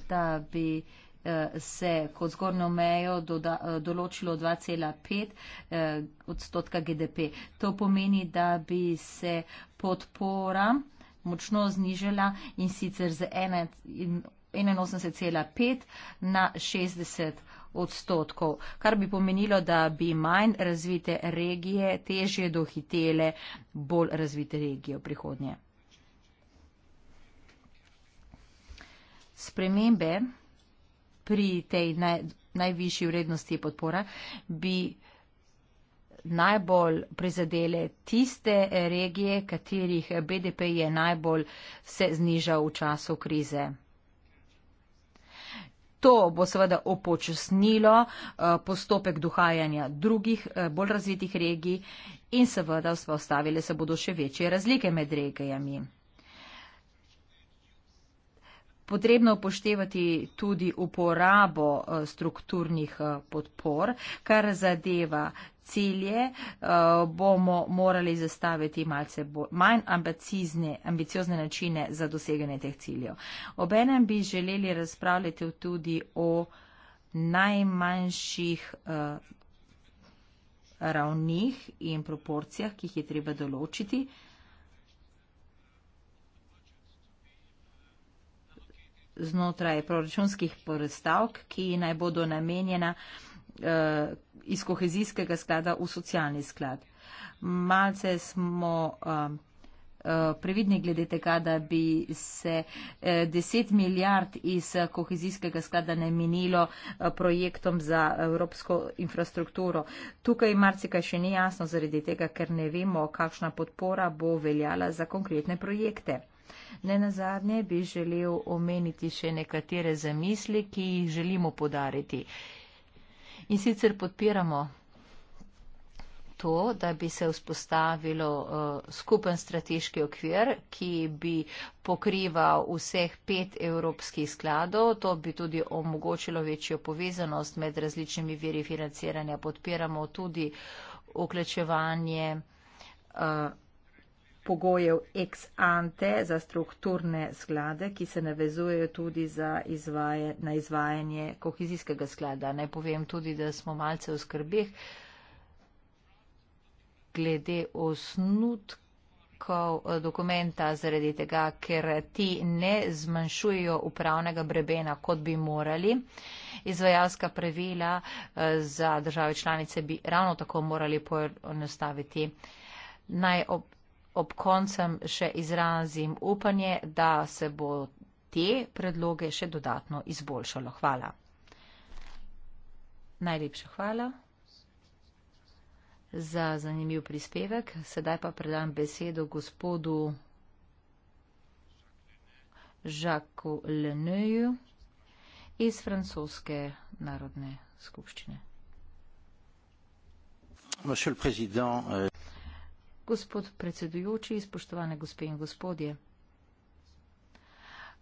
da bi eh, se kot zgornjo mejo doda, eh, določilo 2,5 eh, odstotka GDP. To pomeni, da bi se podpora močno znižala in sicer z 81,5 na 60 odstotkov, kar bi pomenilo, da bi manj razvite regije težje dohitele bolj razvite regije v prihodnje. Spremembe pri tej naj, najvišji vrednosti podpora bi najbolj prizadele tiste regije, katerih BDP je najbolj se znižal v času krize. To bo seveda upočasnilo eh, postopek duhajanja drugih eh, bolj razvitih regij in seveda vzpostavile se bodo še večje razlike med regijami potrebno upoštevati tudi uporabo eh, strukturnih eh, podpor, kar zadeva cilje, eh, bomo morali zastaviti malce manj ambiciozne načine za doseganje teh ciljev. Obenem bi želeli razpravljati tudi o najmanjših ravnih in proporcijah, ki jih je treba določiti. znotraj proračunskih predstavk, ki naj bodo namenjena eh, iz kohezijskega sklada v socialni sklad. Malce smo eh, eh previdni glede tega, da bi se eh, 10 milijard iz kohezijskega sklada namenilo eh, projektom za evropsko infrastrukturo. Tukaj marsikaj še ni jasno, zaradi tega, ker ne vemo, kakšna podpora bo veljala za konkretne projekte. Ne na zadnje bi želel omeniti še nekatere zamisli, ki jih želimo podariti. In sicer podpiramo to, da bi se vzpostavilo eh, skupen strateški okvir, ki bi pokrival vseh pet evropskih skladov. To bi tudi omogočilo večjo povezanost med različnimi veri financiranja. Podpiramo tudi uključevanje eh, pogojev ex ante za strukturne sklade, ki se navezujejo tudi izvaje, na izvajanje kohezijskega sklada. Naj povem tudi, da smo malce v skrbeh glede osnutkov eh, dokumenta, zaradi tega, ker ti ne zmanjšujejo upravnega brebena, kot bi morali. Izvajalska pravila eh, za države članice bi ravno tako morali poenostaviti. Naj ob ob koncem še izrazim upanje, da se bo te predloge še dodatno izboljšalo. Hvala. Najlepša hvala za zanimiv prispevek. Sedaj pa predam besedo gospodu Žaku Leneju iz francoske narodne skupščine. Gospod predsedujoči, spoštovane gospe in gospodje.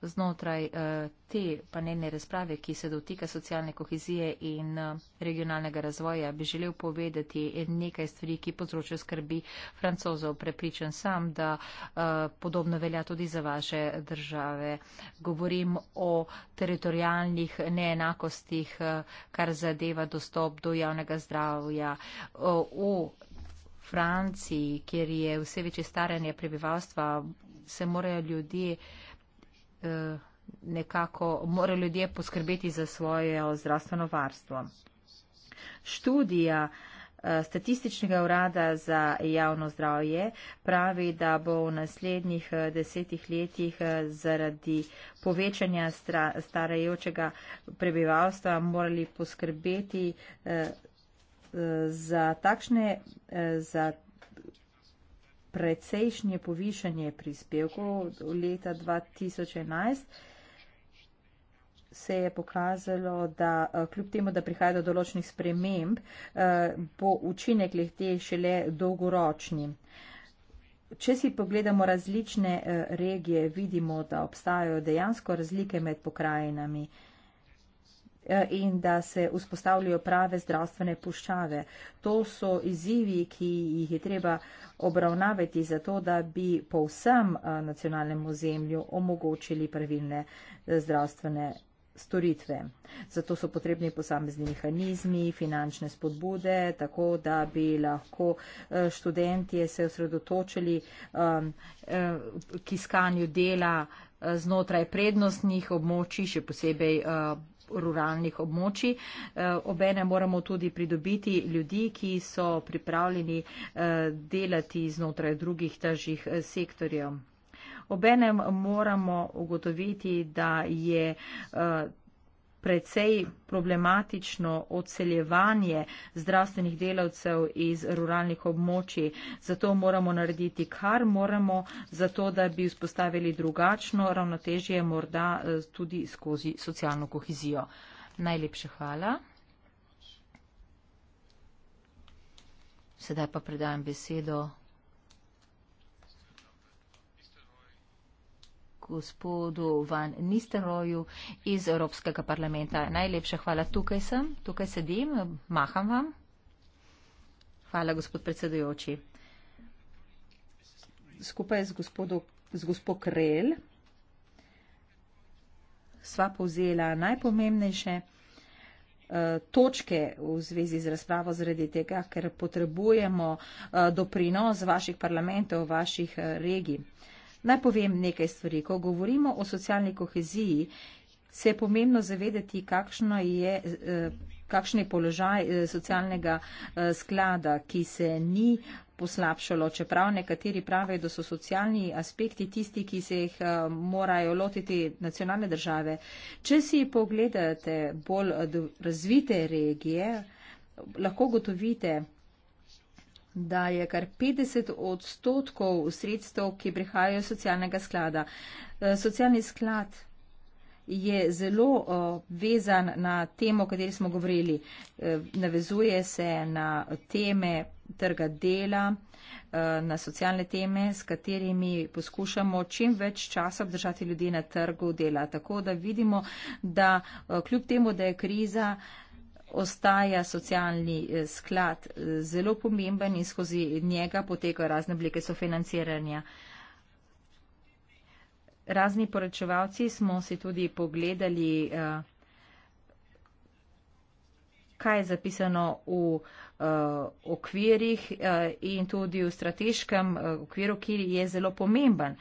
Znotraj uh, te panelne razprave, ki se dotika socialne kohezije in uh, regionalnega razvoja, bi želel povedati nekaj stvari, ki povzročajo skrbi francozov. Prepričan sem, da uh, podobno velja tudi za vaše države. Govorim o teritorijalnih neenakostih, uh, kar zadeva dostop do javnega zdravja. Uh, Franciji, kjer je vse večje staranje prebivalstva, se morajo ljudje eh, nekako, morajo ljudje poskrbeti za svoje zdravstveno varstvo. Študija eh, Statističnega urada za javno zdravje pravi, da bo v naslednjih eh, desetih letih zaradi povečanja starajočega prebivalstva morali poskrbeti za takšne, za precejšnje povišanje prispevkov v leta 2011 se je pokazalo, da kljub temu, da prihaja do določenih sprememb, bo učinek lehte šele dolgoročni. Če si pogledamo različne regije, vidimo, da obstajajo dejansko razlike med pokrajinami. Eh, in da se vzpostavljajo prave zdravstvene puščave. To so izzivi, ki jih je treba obravnavati zato, da bi po vsem eh, nacionalnemu zemlju omogočili pravilne eh, zdravstvene storitve. Zato so potrebni posamezni mehanizmi, finančne spodbude, tako da bi lahko študentje se osredotočili ehm, k iskanju dela znotraj prednostnih območij, še posebej ruralnih območij. Eh, obene moramo tudi pridobiti ljudi, ki so pripravljeni eh, delati znotraj drugih težjih eh, sektorjev. Obenem moramo ugotoviti, da je precej problematično odseljevanje zdravstvenih delavcev iz ruralnih območij. Zato moramo narediti, kar moramo, zato da bi vzpostavili drugačno ravnotežje, morda eh, tudi skozi socialno kohezijo. Najlepše hvala. Sedaj pa predajam besedo gospodu Van Nisteroju iz Evropskega parlamenta. Najlepša hvala, tukaj sem, tukaj sedim, maham vam. Hvala, gospod predsedujoči. Skupaj z, gospodo, z gospod Krel sva povzela najpomembnejše eh, točke v zvezi z razpravo zaradi tega, ker potrebujemo eh, doprinos vaših parlamentov, vaših eh, regij. Naj povem nekaj stvari. Ko govorimo o socialni koheziji, se je pomembno zavedati, kakšno je. Eh, kakšen je položaj eh, socialnega eh, sklada, ki se ni poslabšalo, čeprav nekateri pravijo, da so socialni aspekti tisti, ki se jih morajo lotiti nacionalne države. Če si pogledate bolj razvite regije, lahko gotovite, da je kar 50 odstotkov sredstev, ki prihajajo iz socialnega sklada. E, socialni sklad je zelo e, vezan na temo, o kateri smo govorili. E, navezuje se na teme trga dela, na socialne teme, s katerimi poskušamo čim več časa obdržati ljudi na trgu dela. Tako da vidimo, da kljub temu, da je kriza, ostaja socialni eh, sklad eh, zelo pomemben in skozi njega potekajo razne oblike sofinanciranja. Razni poročevalci smo si tudi pogledali, eh, kaj je zapisano v okvirih in tudi v strateškem okviru, ki je zelo pomemben.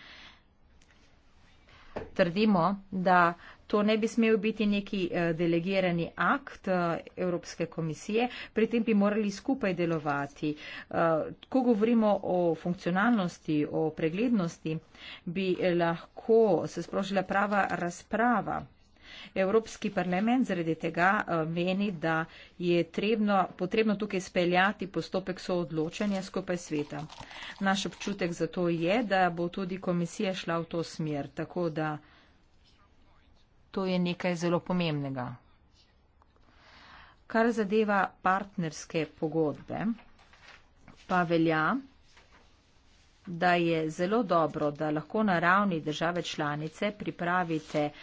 Trdimo, da To ne bi smel biti neki eh, delegirani akt eh, Evropske komisije, pri tem bi morali skupaj delovati. Eh, ko govorimo o funkcionalnosti, o preglednosti, bi lahko se sprožila prava razprava. Evropski parlament zaradi tega meni, da je trebno, potrebno tukaj speljati postopek soodločanja skupaj sveta. Naš občutek za to je, da bo tudi komisija šla v to smer. Tako da. To je nekaj zelo pomembnega. Kar zadeva partnerske pogodbe, pa velja, da je zelo dobro, da lahko na ravni države članice pripravite eh,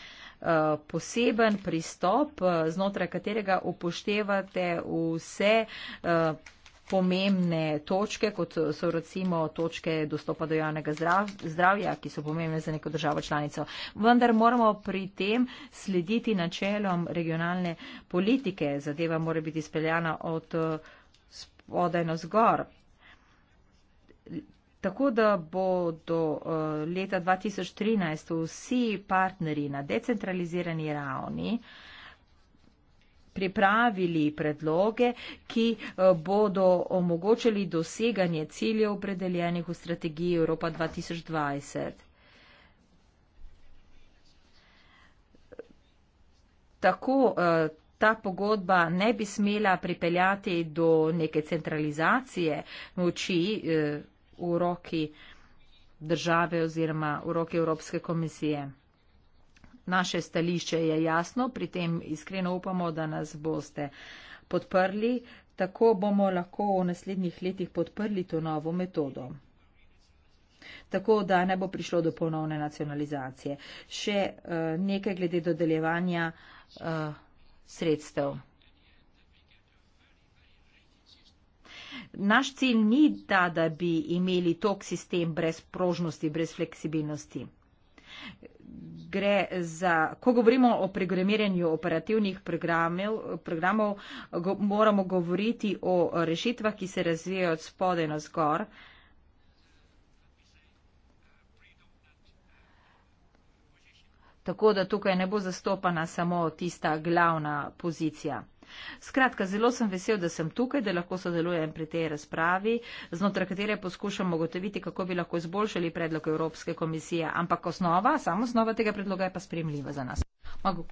poseben pristop, eh, znotraj katerega upoštevate vse eh, pomembne točke, kot so recimo točke dostopa do javnega zdravja, ki so pomembne za neko državo članico. Vendar moramo pri tem slediti načelom regionalne politike. Zadeva mora biti speljana od spodaj na zgor. Tako da bo do eh, leta 2013 vsi partneri na decentralizirani ravni pripravili predloge, ki eh, bodo omogočili doseganje ciljev opredeljenih v strategiji Evropa 2020. Tako eh, ta pogodba ne bi smela pripeljati do neke centralizacije moči eh, v roki države oziroma v roki Evropske komisije. Naše stališče je jasno, pri tem iskreno upamo, da nas boste podprli, tako bomo lahko v naslednjih letih podprli to novo metodo. Tako da ne bo prišlo do ponovne nacionalizacije. Še uh, nekaj glede dodeljevanja uh, sredstev. Naš cilj ni ta, da bi imeli tok sistem brez prožnosti, brez fleksibilnosti gre za, ko govorimo o pregremerjanju operativnih programev, programov, go, moramo govoriti o rešitvah, ki se razvijajo od spodaj na zgor. Tako da tukaj ne bo zastopana samo tista glavna pozicija. Skratka, zelo sem vesel, da sem tukaj, da lahko sodelujem pri tej razpravi, znotraj katere poskušamo ugotoviti, kako bi lahko izboljšali predlog Evropske komisije. Ampak osnova, samo osnova tega predloga je pa spremljiva za nas. Magu.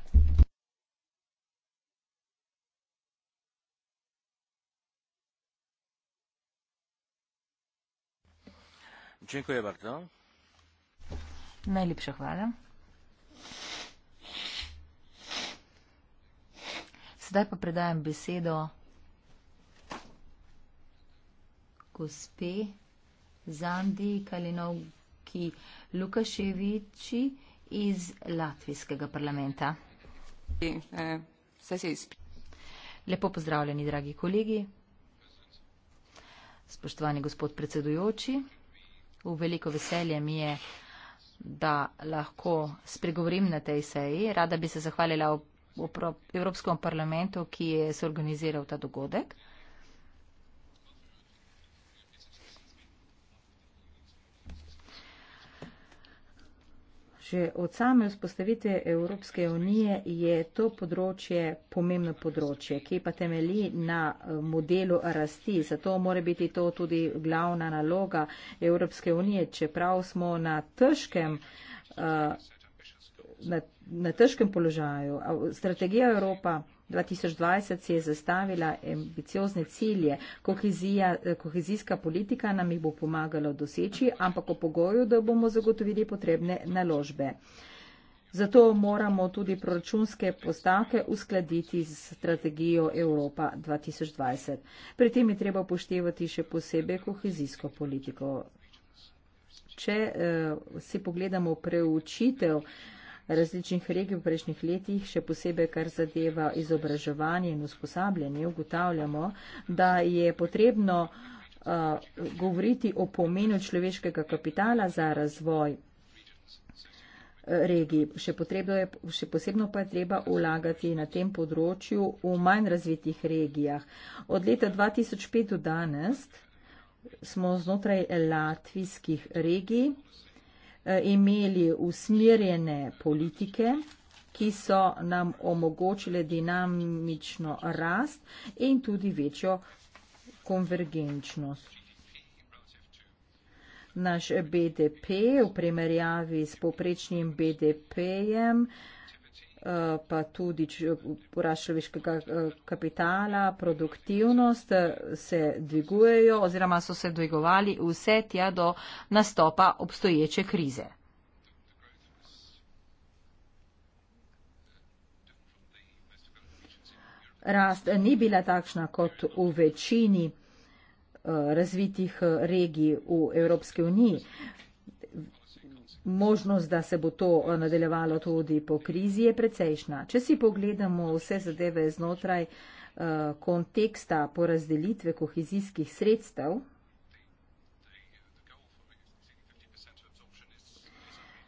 Najlepša hvala. Sedaj pa predajam besedo gospe Zandi Kalinovki Lukaševiči iz Latvijskega parlamenta. Lepo pozdravljeni, dragi kolegi. Spoštovani gospod predsedujoči, v veliko veselje mi je, da lahko spregovorim na tej seji. Rada bi se zahvalila v Evropskem parlamentu, ki je se organiziral ta dogodek. Že od same vzpostavitve Evropske unije je to področje pomembno področje, ki pa temeli na eh, modelu rasti. Zato mora biti to tudi glavna naloga Evropske unije, čeprav smo na težkem, eh, na na težkem položaju. Strategija Evropa 2020 si je zastavila ambiciozne cilje. Kohezija, eh, kohezijska politika nam jih bo pomagala doseči, ampak o pogoju, da bomo zagotovili potrebne naložbe. Zato moramo tudi proračunske postavke uskladiti z strategijo Evropa 2020. Pri tem je treba upoštevati še posebej kohezijsko politiko. Če eh, si pogledamo preučitev eh, različnih regij v prejšnjih letih, še posebej kar zadeva izobraževanje in usposabljanje, ugotavljamo, da je potrebno uh, govoriti o pomenu človeškega kapitala za razvoj uh, regiji. Še, še posebno pa je treba ulagati na tem področju v manj razvitih regijah. Od leta 2005 do danes smo znotraj latvijskih regij Eh, imeli usmerjene politike, ki so nam omogočile dinamično rast in tudi večjo konvergenčnost. Naš BDP v primerjavi s poprečnim BDP-jem Eh, pa tudi porast človeškega eh, kapitala, produktivnost eh, se dvigujejo oziroma so se dvigovali vse tja do nastopa obstoječe krize. Rast ni bila takšna kot v večini razvitih regij v Evropske uniji možnost, da se bo to eh, nadaljevalo tudi po krizi, je precejšna. Če si pogledamo vse zadeve znotraj eh, konteksta porazdelitve kohezijskih sredstev,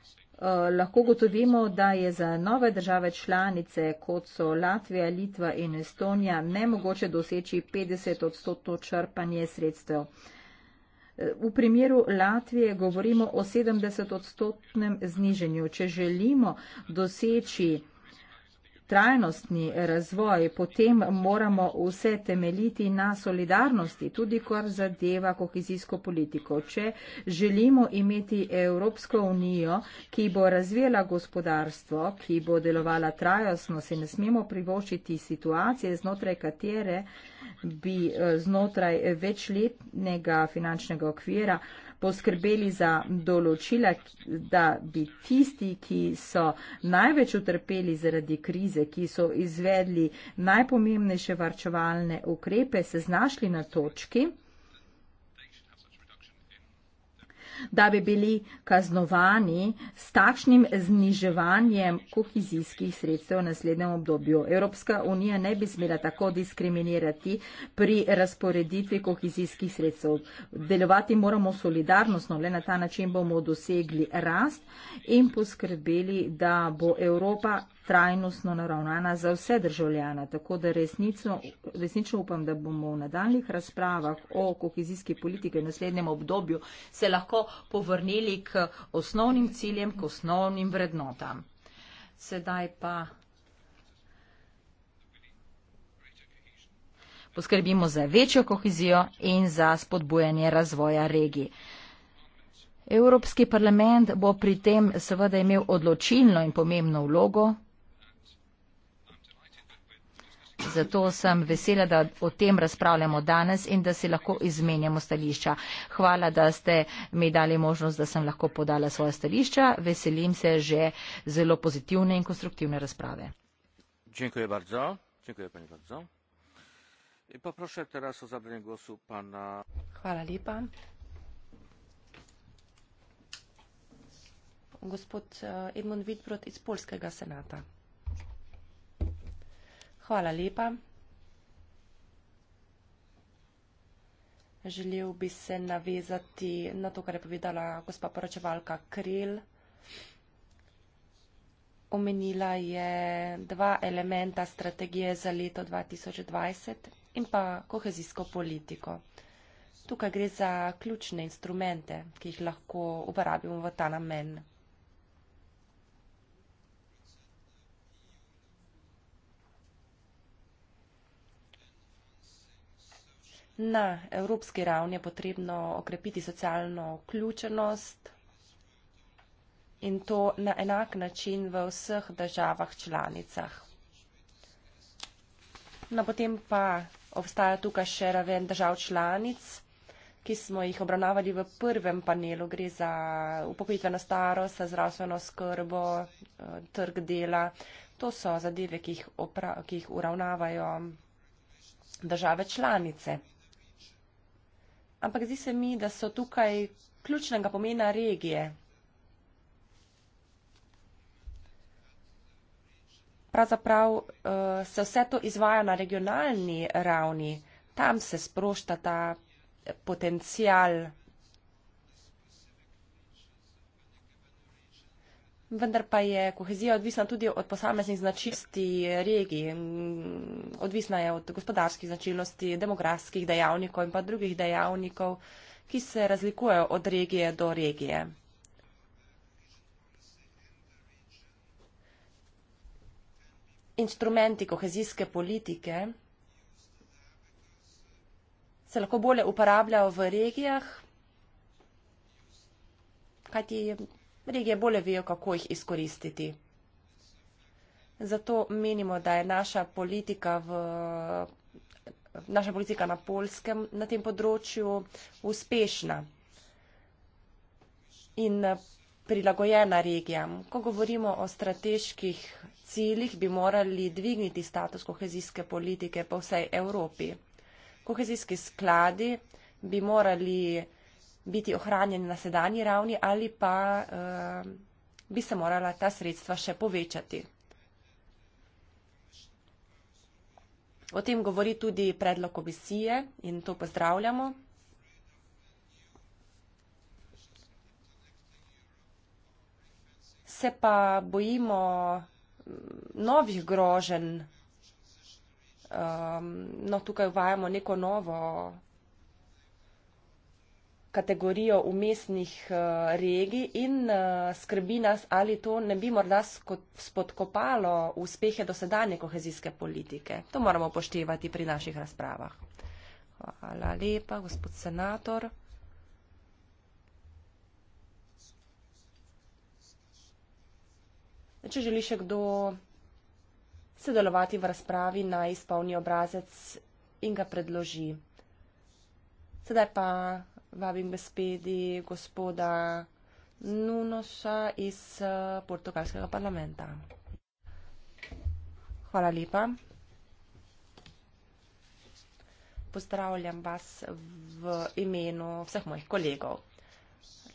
eh, lahko gotovimo, da je za nove države članice, kot so Latvija, Litva in Estonija, nemogoče doseči 50 odstotno črpanje sredstev. V primeru Latvije govorimo o 70-odstotnem znižanju. Če želimo doseči trajnostni razvoj, potem moramo vse temeljiti na solidarnosti, tudi kar zadeva kohezijsko politiko. Če želimo imeti Evropsko unijo, ki bo razvijala gospodarstvo, ki bo delovala trajnostno, si ne smemo privoščiti situacije, znotraj katere bi eh, znotraj večletnega finančnega okvira poskrbeli za določila, da bi tisti, ki so največ utrpeli zaradi krize, ki so izvedli najpomembnejše varčevalne ukrepe, se znašli na točki, da bi bili kaznovani s takšnim zniževanjem kohizijskih sredstev v naslednjem obdobju. Evropska unija ne bi smela tako diskriminirati pri razporeditvi kohizijskih sredstev. Delovati moramo solidarnostno, le na ta način bomo dosegli rast in poskrbeli, da bo Evropa trajnostno naravnana za vse državljane. Tako da resnico, resnično upam, da bomo v nadaljnih razpravah o kohezijski politiki v naslednjem obdobju se lahko povrnili k osnovnim ciljem, k osnovnim vrednotam. Sedaj pa. Poskrbimo za večjo kohezijo in za spodbujanje razvoja regij. Evropski parlament bo pri tem seveda imel odločilno in pomembno vlogo, Zato sem vesela, da o tem razpravljamo danes in da si lahko izmenjamo stališča. Hvala, da ste mi dali možnost, da sem lahko podala svoje stališča. Veselim se že zelo pozitivne in konstruktivne razprave. Dziękuję bardzo. Dziękuję pani bardzo. I poproszę teraz o zabranie głosu pana. Hvala lepa. Gospod eh, Edmund Witbrod iz Polskega senata. Hvala lepa. Želel bi se navezati na to, kar je povedala gospa poročevalka Krel. Omenila je dva elementa strategije za leto 2020 in pa kohezijsko politiko. Tukaj gre za ključne instrumente, ki jih lahko uporabimo v ta namen. Na evropski ravni je potrebno okrepiti socialno vključenost in to na enak način v vseh državah članicah. No, potem pa obstaja tukaj še raven držav članic, ki smo jih obravnavali v prvem panelu. Gre za upokojitveno starost, zdravstveno skrbo, eh, trg dela. To so zadeve, ki jih, opra, ki jih uravnavajo države članice ampak zdi se mi, da so tukaj ključnega pomena regije. Pravzaprav uh, se vse to izvaja na regionalni ravni, tam se sprošta ta eh, potencial vendar pa je kohezija odvisna tudi od posameznih značilnosti regij. Odvisna je od gospodarskih značilnosti, demografskih dejavnikov in pa drugih dejavnikov, ki se razlikujejo od regije do regije. Instrumenti kohezijske politike se lahko bolje uporabljajo v regijah, kajti regije bolje vejo, kako jih izkoristiti. Zato menimo, da je naša politika, v, naša politika na polskem na tem področju uspešna in prilagojena regijam. Ko govorimo o strateških ciljih, bi morali dvigniti status kohezijske politike po vsej Evropi. Kohezijski skladi bi morali biti ohranjen na sedanji ravni ali pa uh, bi se morala ta sredstva še povečati. O tem govori tudi predlog komisije in to pozdravljamo. Se pa bojimo mm, novih groženj. Um, no, tukaj uvajamo neko novo kategorijo umestnih uh, regij in uh, skrbi nas, ali to ne bi morda spodkopalo uspehe dosedanje kohezijske politike. To moramo poštevati pri naših razpravah. Hvala lepa, gospod senator. Če želi še kdo sodelovati v razpravi, naj izpolni obrazec in ga predloži. Sedaj pa vabim gospedi gospoda Nunoša iz eh, portugalskega parlamenta. Hvala lepa. Pozdravljam vas v imenu vseh mojih kolegov.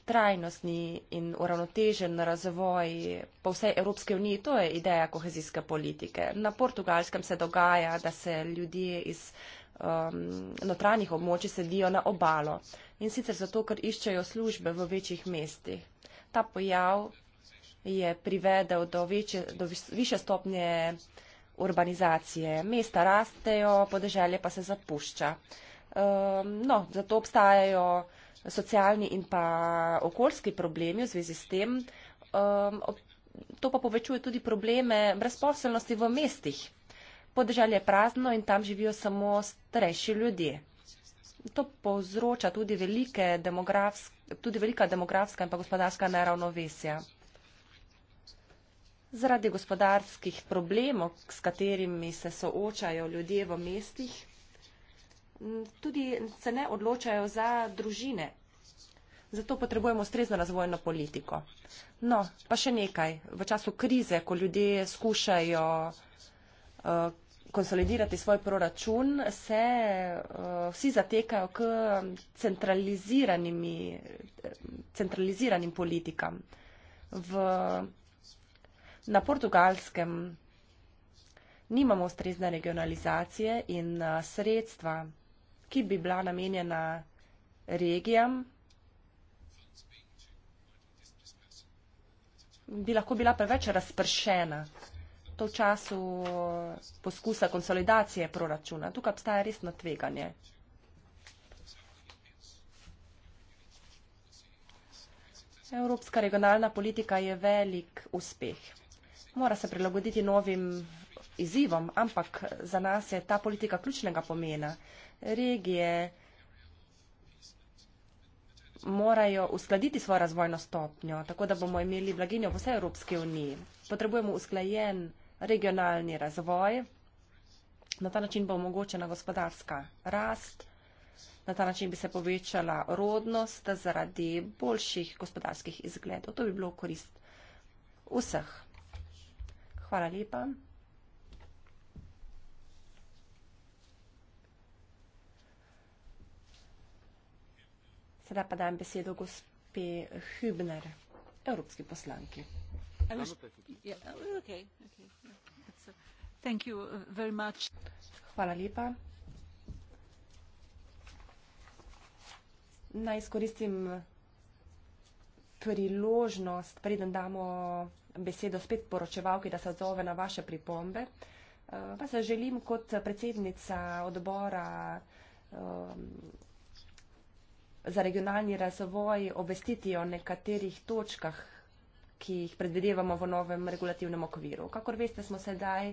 Trajnostni in uravnotežen razvoj po vsej Evropske uniji, to je ideja kohezijske politike. Na portugalskem se dogaja, da se ljudje iz um, notranjih območij sedijo na obalo in sicer zato, ker iščejo službe v večjih mestih. Ta pojav je privedel do, večje, do više stopnje urbanizacije. Mesta rastejo, podeželje pa se zapušča. Um, no, zato obstajajo socialni in pa okoljski problemi v zvezi s tem. Um, to pa povečuje tudi probleme brezposelnosti v mestih podeželje je prazno in tam živijo samo starejši ljudje. To povzroča tudi, demografsk, tudi velika demografska in pa gospodarska neravnovesja. Zaradi gospodarskih problemov, s katerimi se soočajo ljudje v mestih, tudi se ne odločajo za družine. Zato potrebujemo ustrezno razvojno politiko. No, pa še nekaj. V času krize, ko ljudje skušajo uh, konsolidirati svoj proračun, se uh, vsi zatekajo k centraliziranim politikam. V, na portugalskem nimamo ustrezne regionalizacije in uh, sredstva, ki bi bila namenjena regijam, bi lahko bila preveč razpršena to času eh, poskusa konsolidacije proračuna. Tukaj obstaja resno tveganje. Evropska regionalna politika je velik uspeh. Mora se prilagoditi novim izzivom, ampak za nas je ta politika ključnega pomena. Regije morajo uskladiti svojo razvojno stopnjo, tako da bomo imeli blaginjo v vse Evropske unije. Potrebujemo usklajen proračun regionalni razvoj, na ta način bo omogočena gospodarska rast, na ta način bi se povečala rodnost zaradi boljših gospodarskih izgledov. To bi bilo v korist vseh. Hvala lepa. Sedaj pa dajem besedo gospe Hübner, evropski poslanki. Oh, uh, Naj izkoristim priložnost, preden damo besedo spet poročevalki, da se odzove na vaše pripombe. Eh, pa se želim kot predsednica odbora ehm, za regionalni razvoj obvestiti o nekaterih točkah ki jih predvidevamo v novem regulativnem okviru. Kakor veste, smo sedaj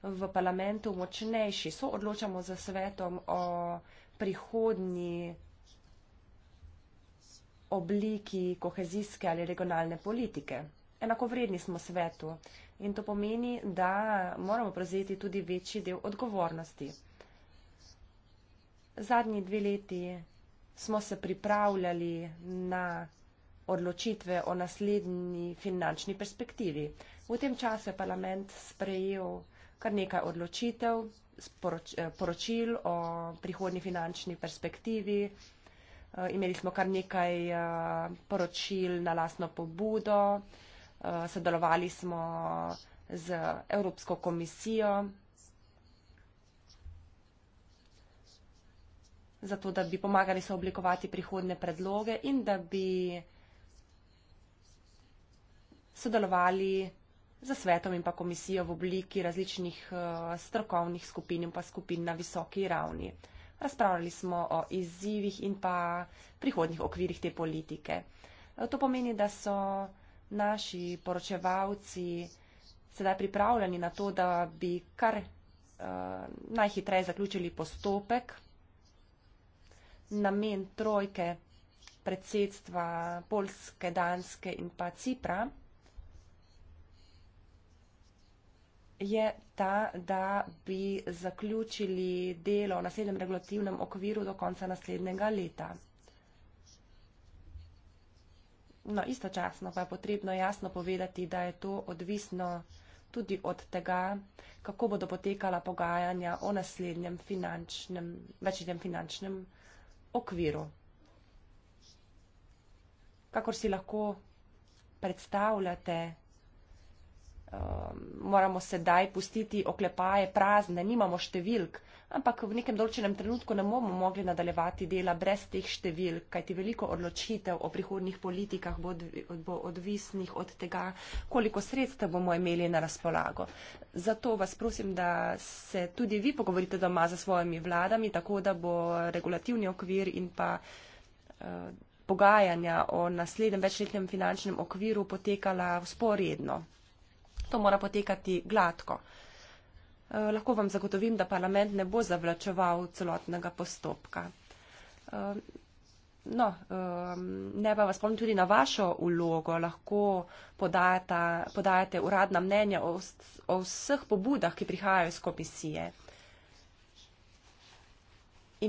v parlamentu močnejši, so odločamo za svetom o prihodnji obliki kohezijske ali regionalne politike. Enako vredni smo svetu in to pomeni, da moramo prevzeti tudi večji del odgovornosti. Zadnji dve leti smo se pripravljali na odločitve o naslednji finančni perspektivi. V tem času je parlament sprejel kar nekaj odločitev, poroč, eh, poročil o prihodnji finančni perspektivi. Eh, imeli smo kar nekaj eh, poročil na lastno pobudo, sodelovali smo z Evropsko komisijo, zato da bi pomagali sooblikovati prihodne predloge in da bi sodelovali za svetom in pa komisijo v obliki različnih eh, strokovnih skupin in pa skupin na visoki ravni. Razpravljali smo o izzivih in pa prihodnih okvirih te politike. Eh, to pomeni, da so naši poročevalci sedaj pripravljeni na to, da bi kar eh, najhitreje zaključili postopek. Namen trojke predsedstva Polske, Danske in pa Cipra. je ta, da bi zaključili delo v naslednjem regulativnem okviru do konca naslednjega leta. No, istočasno pa je potrebno jasno povedati, da je to odvisno tudi od tega, kako bodo potekala pogajanja o naslednjem finančnem, večjem finančnem okviru. Kakor si lahko predstavljate, Ehm, moramo sedaj pustiti oklepaje prazne, nimamo številk, ampak v nekem določenem trenutku ne bomo mogli nadaljevati dela brez teh številk, kajti veliko odločitev o prihodnih politikah bo odvisnih od tega, koliko sredstev bomo imeli na razpolago. Zato vas prosim, da se tudi vi pogovorite doma za svojimi vladami, tako da bo regulativni okvir in pa eh, pogajanja o naslednjem večletnem finančnem okviru potekala sporedno to mora potekati gladko. Eh, lahko vam zagotovim, da parlament ne bo zavlačeval celotnega postopka. Eh, no, eh, ne pa vas spomnim tudi na vašo ulogo, lahko podajate uradna mnenja o vseh pobudah, ki prihajajo iz komisije.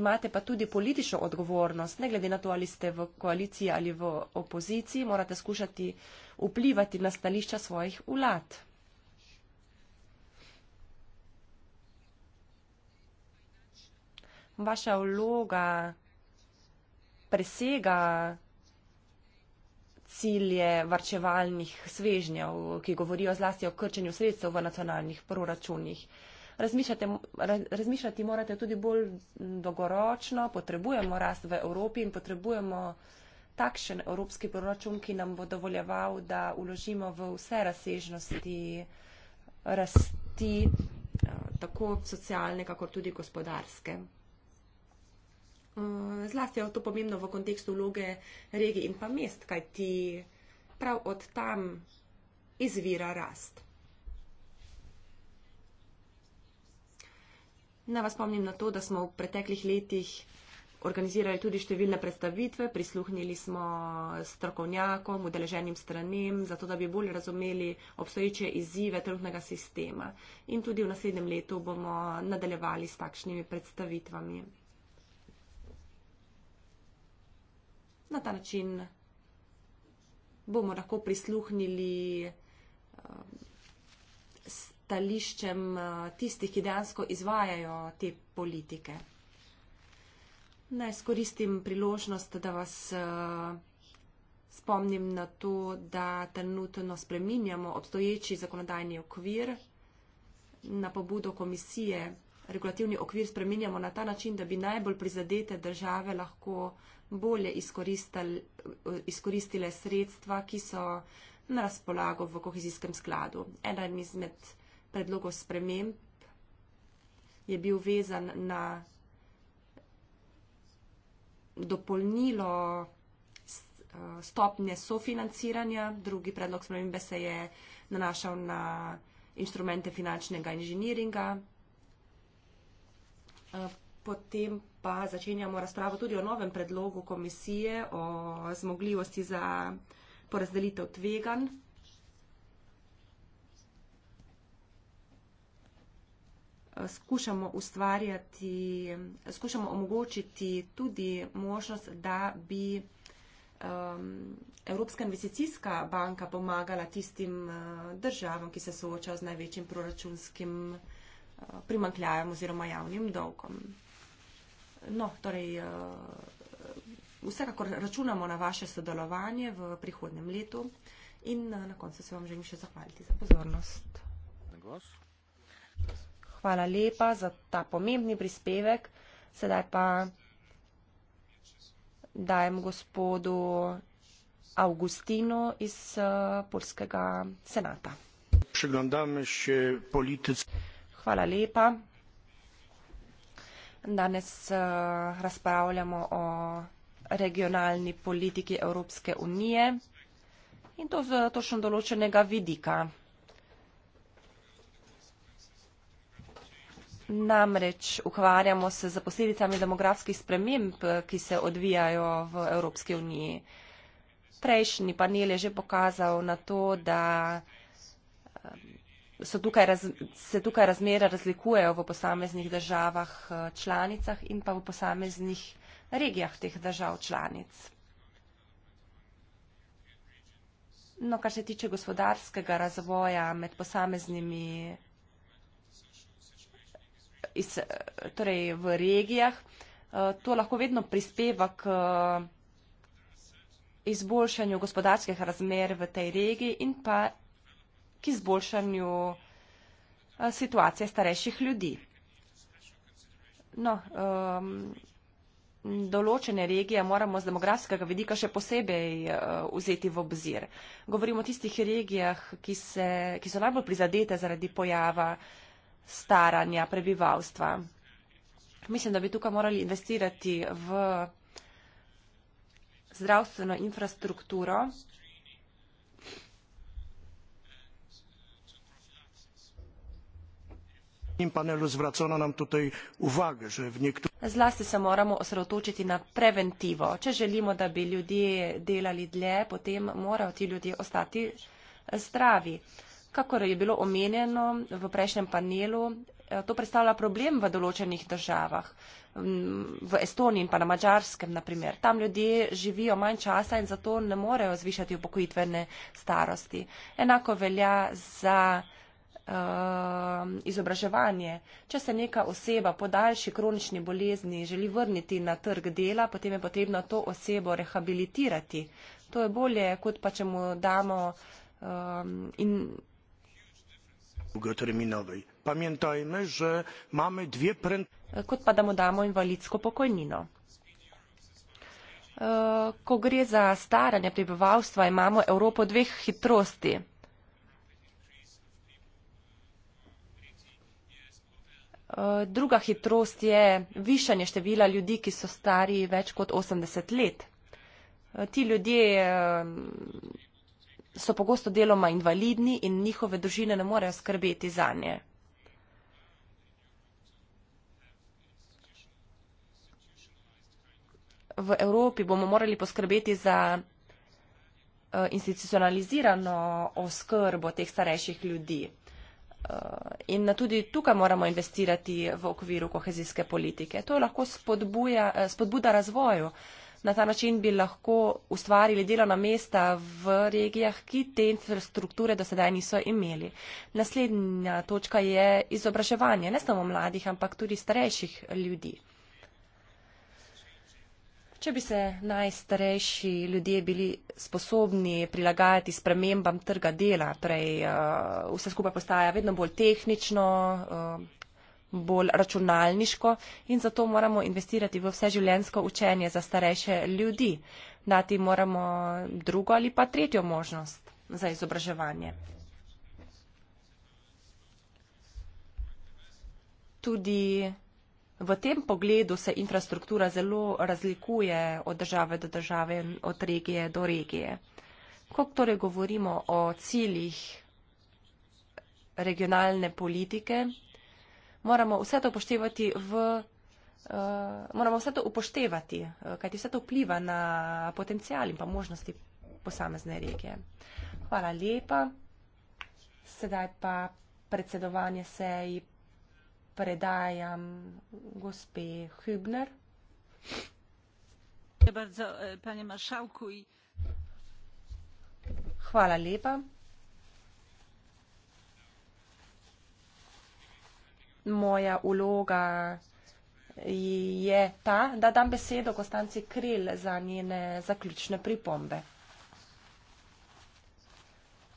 Imate pa tudi politično odgovornost, ne glede na to, ali ste v koaliciji ali v opoziciji, morate skušati vplivati na stališča svojih vlad. vaša vloga presega cilje varčevalnih svežnjev, ki govorijo zlasti o krčenju sredstev v nacionalnih proračunih. Razmišljati morate tudi bolj dolgoročno, potrebujemo rast v Evropi in potrebujemo takšen evropski proračun, ki nam bo dovoljeval, da uložimo v vse razsežnosti rasti, eh, tako socialne, kako tudi gospodarske. Eh, zlasti je to pomembno v kontekstu vloge regij in pa mest, kaj ti prav od tam izvira rast. Na vas spomnim na to, da smo v preteklih letih organizirali tudi številne predstavitve, prisluhnili smo strokovnjakom, udeleženim stranem, zato da bi bolje razumeli obstoječe izzive trenutnega sistema. In tudi v naslednjem letu bomo nadaljevali s takšnimi predstavitvami. na ta način bomo lahko prisluhnili um, stališčem uh, tistih, ki dejansko izvajajo te politike. Naj skoristim priložnost, da vas uh, spomnim na to, da trenutno spreminjamo obstoječi zakonodajni okvir na pobudo komisije regulativni okvir spreminjamo na ta način, da bi najbolj prizadete države lahko bolje izkoristile sredstva, ki so na razpolago v kohezijskem skladu. Eden izmed predlogov sprememb je bil vezan na dopolnilo eh, stopnje sofinanciranja, drugi predlog spremembe se je nanašal na inštrumente finančnega inženiringa, Eh, potem pa začenjamo razpravo tudi o novem predlogu komisije o zmogljivosti za porazdelitev tvegan. Eh, skušamo ustvarjati, skušamo omogočiti tudi možnost, da bi um, Evropska investicijska banka pomagala tistim uh, državam, ki se soočajo z največjim proračunskim problemom primankljajem oziroma javnim dolgom. No, torej, eh, vsekakor računamo na vaše sodelovanje v prihodnem letu in eh, na koncu se vam želim še zahvaliti za pozornost. Hvala lepa za ta pomembni prispevek. Sedaj pa dajem gospodu Augustinu iz eh, Polskega senata. Przeglądamy się polityce. Hvala lepa. Danes uh, razpravljamo o regionalni politiki Evropske unije in to z točno določenega vidika. Namreč ukvarjamo se z posledicami demografskih sprememb, ki se odvijajo v Evropski uniji. Prejšnji panel je že pokazal na to, da so tukaj raz, se tukaj razmere razlikujejo v posameznih državah eh, članicah in pa v posameznih regijah teh držav članic. No, kar se tiče gospodarskega razvoja med posameznimi iz, eh, torej v regijah, eh, to lahko vedno prispeva k izboljšanju gospodarskih razmer v tej regiji in pa k izboljšanju eh, situacije starejših ljudi. No, um, določene regije moramo z demografskega vidika še posebej eh, vzeti v obzir. Govorimo o tistih regijah, ki, se, ki so najbolj prizadete zaradi pojava staranja prebivalstva. Mislim, da bi tukaj morali investirati v zdravstveno infrastrukturo, in panelu zvracano nam tutaj uvage, že v nek. Zlasti se moramo osredotočiti na preventivo. Če želimo, da bi ljudje delali dlje, potem morajo ti ljudje ostati eh, zdravi. Kakor je bilo omenjeno v prejšnjem panelu, eh, to predstavlja problem v določenih državah. Mm, v Estoniji in pa na Mačarskem, naprimer. Tam ljudje živijo manj časa in zato ne morejo zvišati upokojitvene starosti. Enako velja za. Um, izobraževanje. Če se neka oseba po daljši kronični bolezni želi vrniti na trg dela, potem je potrebno to osebo rehabilitirati. To je bolje, kot pa če mu damo um, in. Terminovi. Pamjentajme, že imamo dve prent. Kot pa da mu damo invalidsko pokojnino. Uh, ko gre za staranje prebivalstva, imamo Evropo dveh hitrosti. Eh, druga hitrost je višanje števila ljudi, ki so stari več kot 80 let. Eh, ti ljudje eh, so pogosto deloma invalidni in njihove družine ne morejo skrbeti za nje. V Evropi bomo morali poskrbeti za institucionalizirano oskrbo teh starejših ljudi. Eh, in tudi tukaj moramo investirati v okviru kohezijske politike. To je lahko spodbuja, eh, spodbuda razvoju. Na ta način bi lahko ustvarili delovna mesta v regijah, ki te infrastrukture do sedaj niso imeli. Naslednja točka je izobraževanje ne samo mladih, ampak tudi starejših ljudi. Če bi se najstarejši ljudje bili sposobni prilagajati spremembam trga dela, torej eh, vse skupaj postaja vedno bolj tehnično, eh, bolj računalniško in zato moramo investirati v vseživljensko učenje za starejše ljudi. Dati moramo drugo ali pa tretjo možnost za izobraževanje. Tudi V tem pogledu se infrastruktura zelo razlikuje od države do države in od regije do regije. Ko torej govorimo o ciljih regionalne politike, moramo vse to upoštevati v eh, moramo vse to upoštevati, eh, kajti vse to vpliva na potencial in pa možnosti posamezne regije. Hvala lepa. Sedaj pa predsedovanje seji predajam gospe Hübner. Ja, e, Hvala lepa. Moja uloga je ta, da dam besedo Konstanci Kril za njene zaključne pripombe.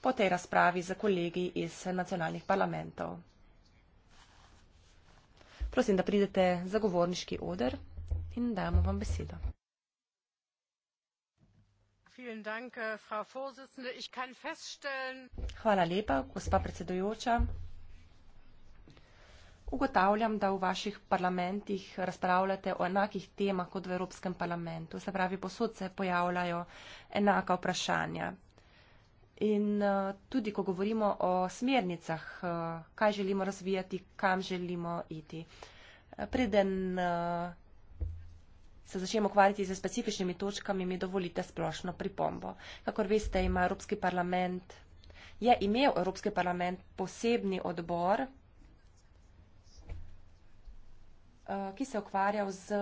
Po tej razpravi za kolegi iz nacionalnih parlamentov. Prosim, da pridete za govorniški odr in dajemo vam besedo. Äh, Hvala lepa, gospa predsedujoča. Ugotavljam, da v vaših parlamentih razpravljate o enakih temah kot v Evropskem parlamentu. Se pravi, posod se pojavljajo enaka vprašanja. In eh, tudi, ko govorimo o smernicah, eh, kaj želimo razvijati, kam želimo iti. Eh, preden se začnemo ukvarjati z specifičnimi točkami, mi dovolite splošno pripombo. Kakor veste, ima Evropski parlament, je imel Evropski parlament posebni odbor, ki se je ukvarjal z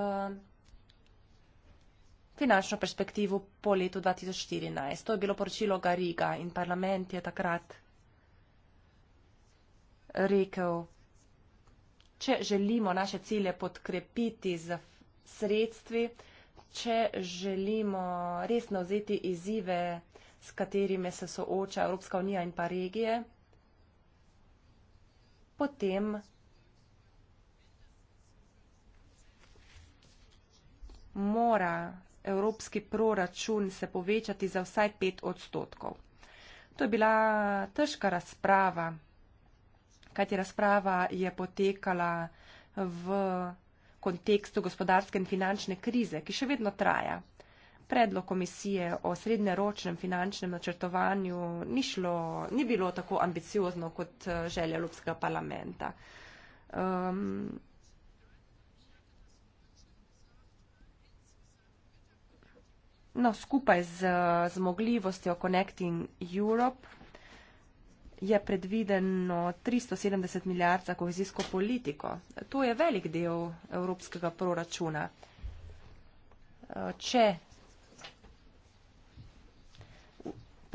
finančno perspektivo po letu 2014. To je bilo poročilo Gariga in parlament je takrat rekel, če želimo naše cilje podkrepiti z sredstvi, če želimo resno vzeti izzive, s katerimi se sooča Evropska unija in pa regije, potem mora evropski proračun se povečati za vsaj pet odstotkov. To je bila težka razprava, kajti razprava je potekala v kontekstu gospodarske in finančne krize, ki še vedno traja. Predlog komisije o srednjeročnem finančnem načrtovanju ni, šlo, ni bilo tako ambiciozno kot eh, želja Evropskega parlamenta. Um, no, skupaj z eh, zmogljivostjo Connecting Europe je predvideno 370 milijard za kohezijsko politiko. To je velik del evropskega proračuna. Eh, če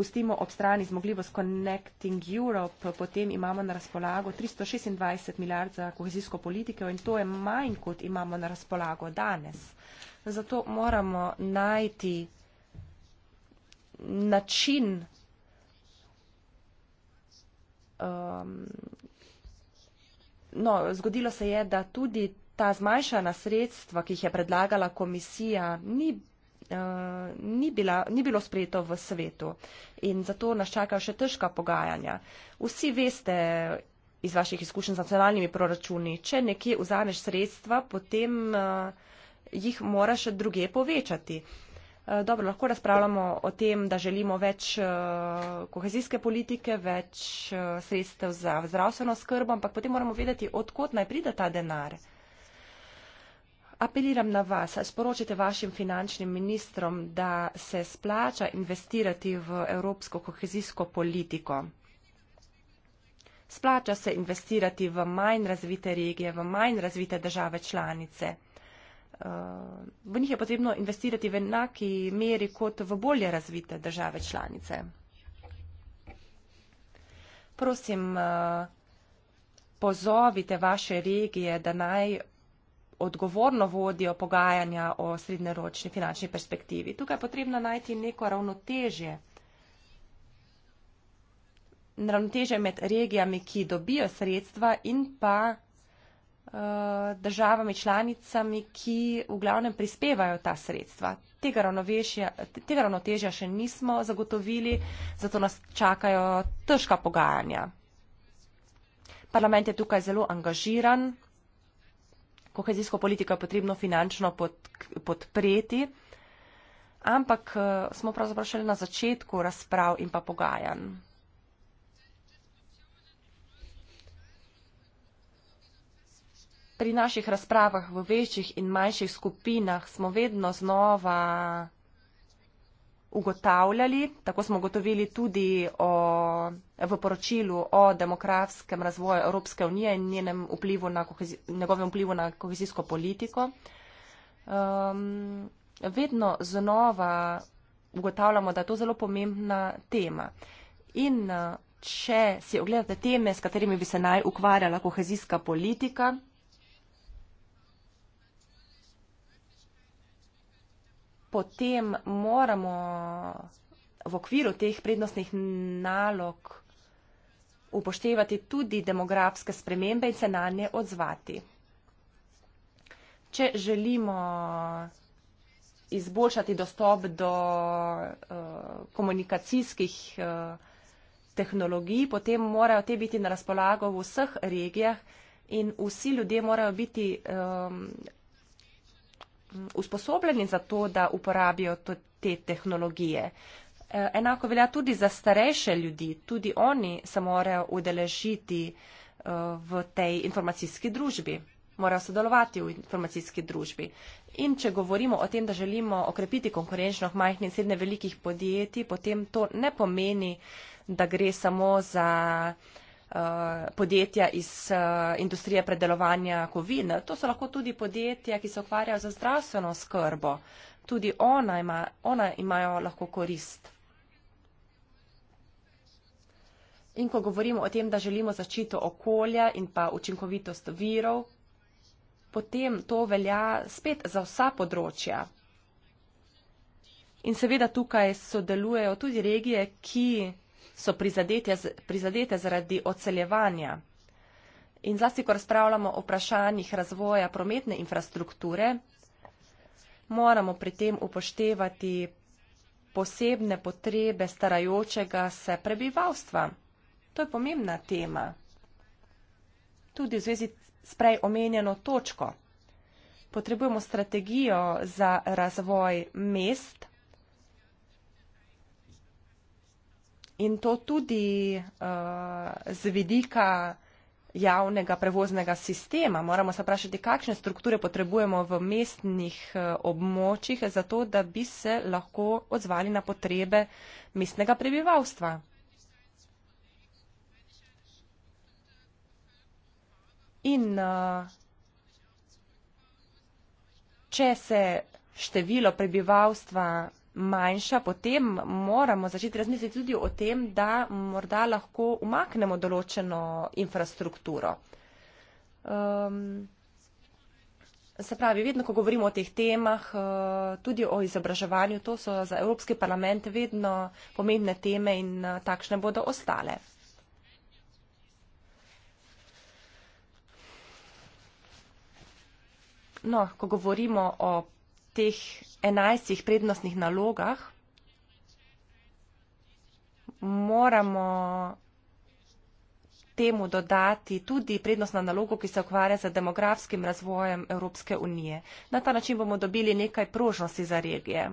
pustimo ob strani zmogljivost Connecting Europe, potem imamo na razpolago 326 milijard za kohezijsko politiko in to je manj, kot imamo na razpolago danes. Zato moramo najti način, um, no, zgodilo se je, da tudi ta zmanjšana sredstva, ki jih je predlagala komisija, ni Eh, ni, bila, ni bilo sprejeto v svetu in zato nas čakajo še težka pogajanja. Vsi veste iz vaših izkušenj z nacionalnimi proračuni, če nekje vzameš sredstva, potem eh, jih moraš druge povečati. Eh, dobro, lahko razpravljamo o tem, da želimo več kohezijske politike, več sredstev za zdravstveno skrbo, ampak potem moramo vedeti, odkot naj pride ta denar apeliram na vas, sporočite vašim finančnim ministrom, da se splača investirati v evropsko kohezijsko politiko. Splača se investirati v manj razvite regije, v manj razvite države članice. Uh, v njih je potrebno investirati v enaki meri kot v bolje razvite države članice. Prosim, uh, pozovite vaše regije, da naj odgovorno vodijo pogajanja o srednjeročni finančni perspektivi. Tukaj je potrebno najti neko ravnotežje. Ravnotežje med regijami, ki dobijo sredstva in pa eh, državami članicami, ki v glavnem prispevajo ta sredstva. Tega, tega ravnotežja še nismo zagotovili, zato nas čakajo težka pogajanja. Parlament je tukaj zelo angažiran kohezijsko politiko je potrebno finančno pod, podpreti, ampak eh, smo pravzaprav šele na začetku razprav in pa pogajanj. Pri naših razpravah v večjih in manjših skupinah smo vedno znova ugotavljali, tako smo ugotovili tudi o, v poročilu o demografskem razvoju Evropske unije in njenem vplivu na, kohezi, njegovem vplivu na kohezijsko politiko. Um, vedno znova ugotavljamo, da je to zelo pomembna tema. In eh, če si ogledate teme, s katerimi bi se naj ukvarjala kohezijska politika, potem moramo v okviru teh prednostnih nalog upoštevati tudi demografske spremembe in se na nje odzvati. Če želimo izboljšati dostop do uh, komunikacijskih uh, tehnologij, potem morajo te biti na razpolago v vseh regijah in vsi ljudje morajo biti um, usposobljeni za to, da uporabijo to, te tehnologije. E, enako velja tudi za starejše ljudi, tudi oni se morajo udeležiti e, v tej informacijski družbi, morajo sodelovati v informacijski družbi. In če govorimo o tem, da želimo okrepiti konkurenčnost majhnih in srednje velikih podjetij, potem to ne pomeni, da gre samo za Eh, podjetja iz uh, industrije predelovanja kovin. To so lahko tudi podjetja, ki se ukvarjajo z zdravstveno skrbo. Tudi ona ima, ona imajo lahko korist. In ko govorimo o tem, da želimo zaščito okolja in pa učinkovitost virov, potem to velja spet za vsa področja. In seveda tukaj sodelujejo tudi regije, ki so prizadete, prizadete zaradi odseljevanja. In zlasti, ko razpravljamo o vprašanjih razvoja prometne infrastrukture, moramo pri tem upoštevati posebne potrebe starajočega se prebivalstva. To je pomembna tema. Tudi v zvezi s prej omenjeno točko. Potrebujemo strategijo za razvoj mest, in to tudi uh, z vidika javnega prevoznega sistema. Moramo se vprašati, kakšne strukture potrebujemo v mestnih eh, območjih, zato da bi se lahko odzvali na potrebe mestnega prebivalstva. In uh, če se število prebivalstva manjša, potem moramo začeti razmisliti tudi o tem, da morda lahko umaknemo določeno infrastrukturo. Um, se pravi, vedno, ko govorimo o teh temah, eh, tudi o izobraževanju, to so za Evropski parlament vedno pomembne teme in eh, takšne bodo ostale. No, ko govorimo o teh enajstih prednostnih nalogah moramo temu dodati tudi prednostno nalogo, ki se ukvarja z demografskim razvojem Evropske unije. Na ta način bomo dobili nekaj prožnosti za regije.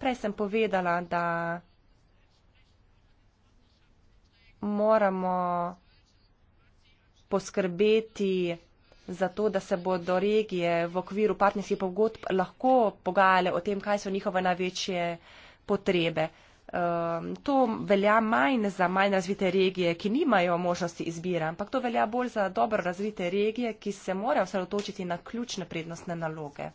Prej sem povedala, da moramo poskrbeti zato, da se bodo regije v okviru partnerskih pogodb lahko pogajale o tem, kaj so njihove največje potrebe. Ehm, to velja manj za manj razvite regije, ki nimajo možnosti izbira, ampak to velja bolj za dobro razvite regije, ki se morajo osredotočiti na ključne prednostne naloge. Ehm,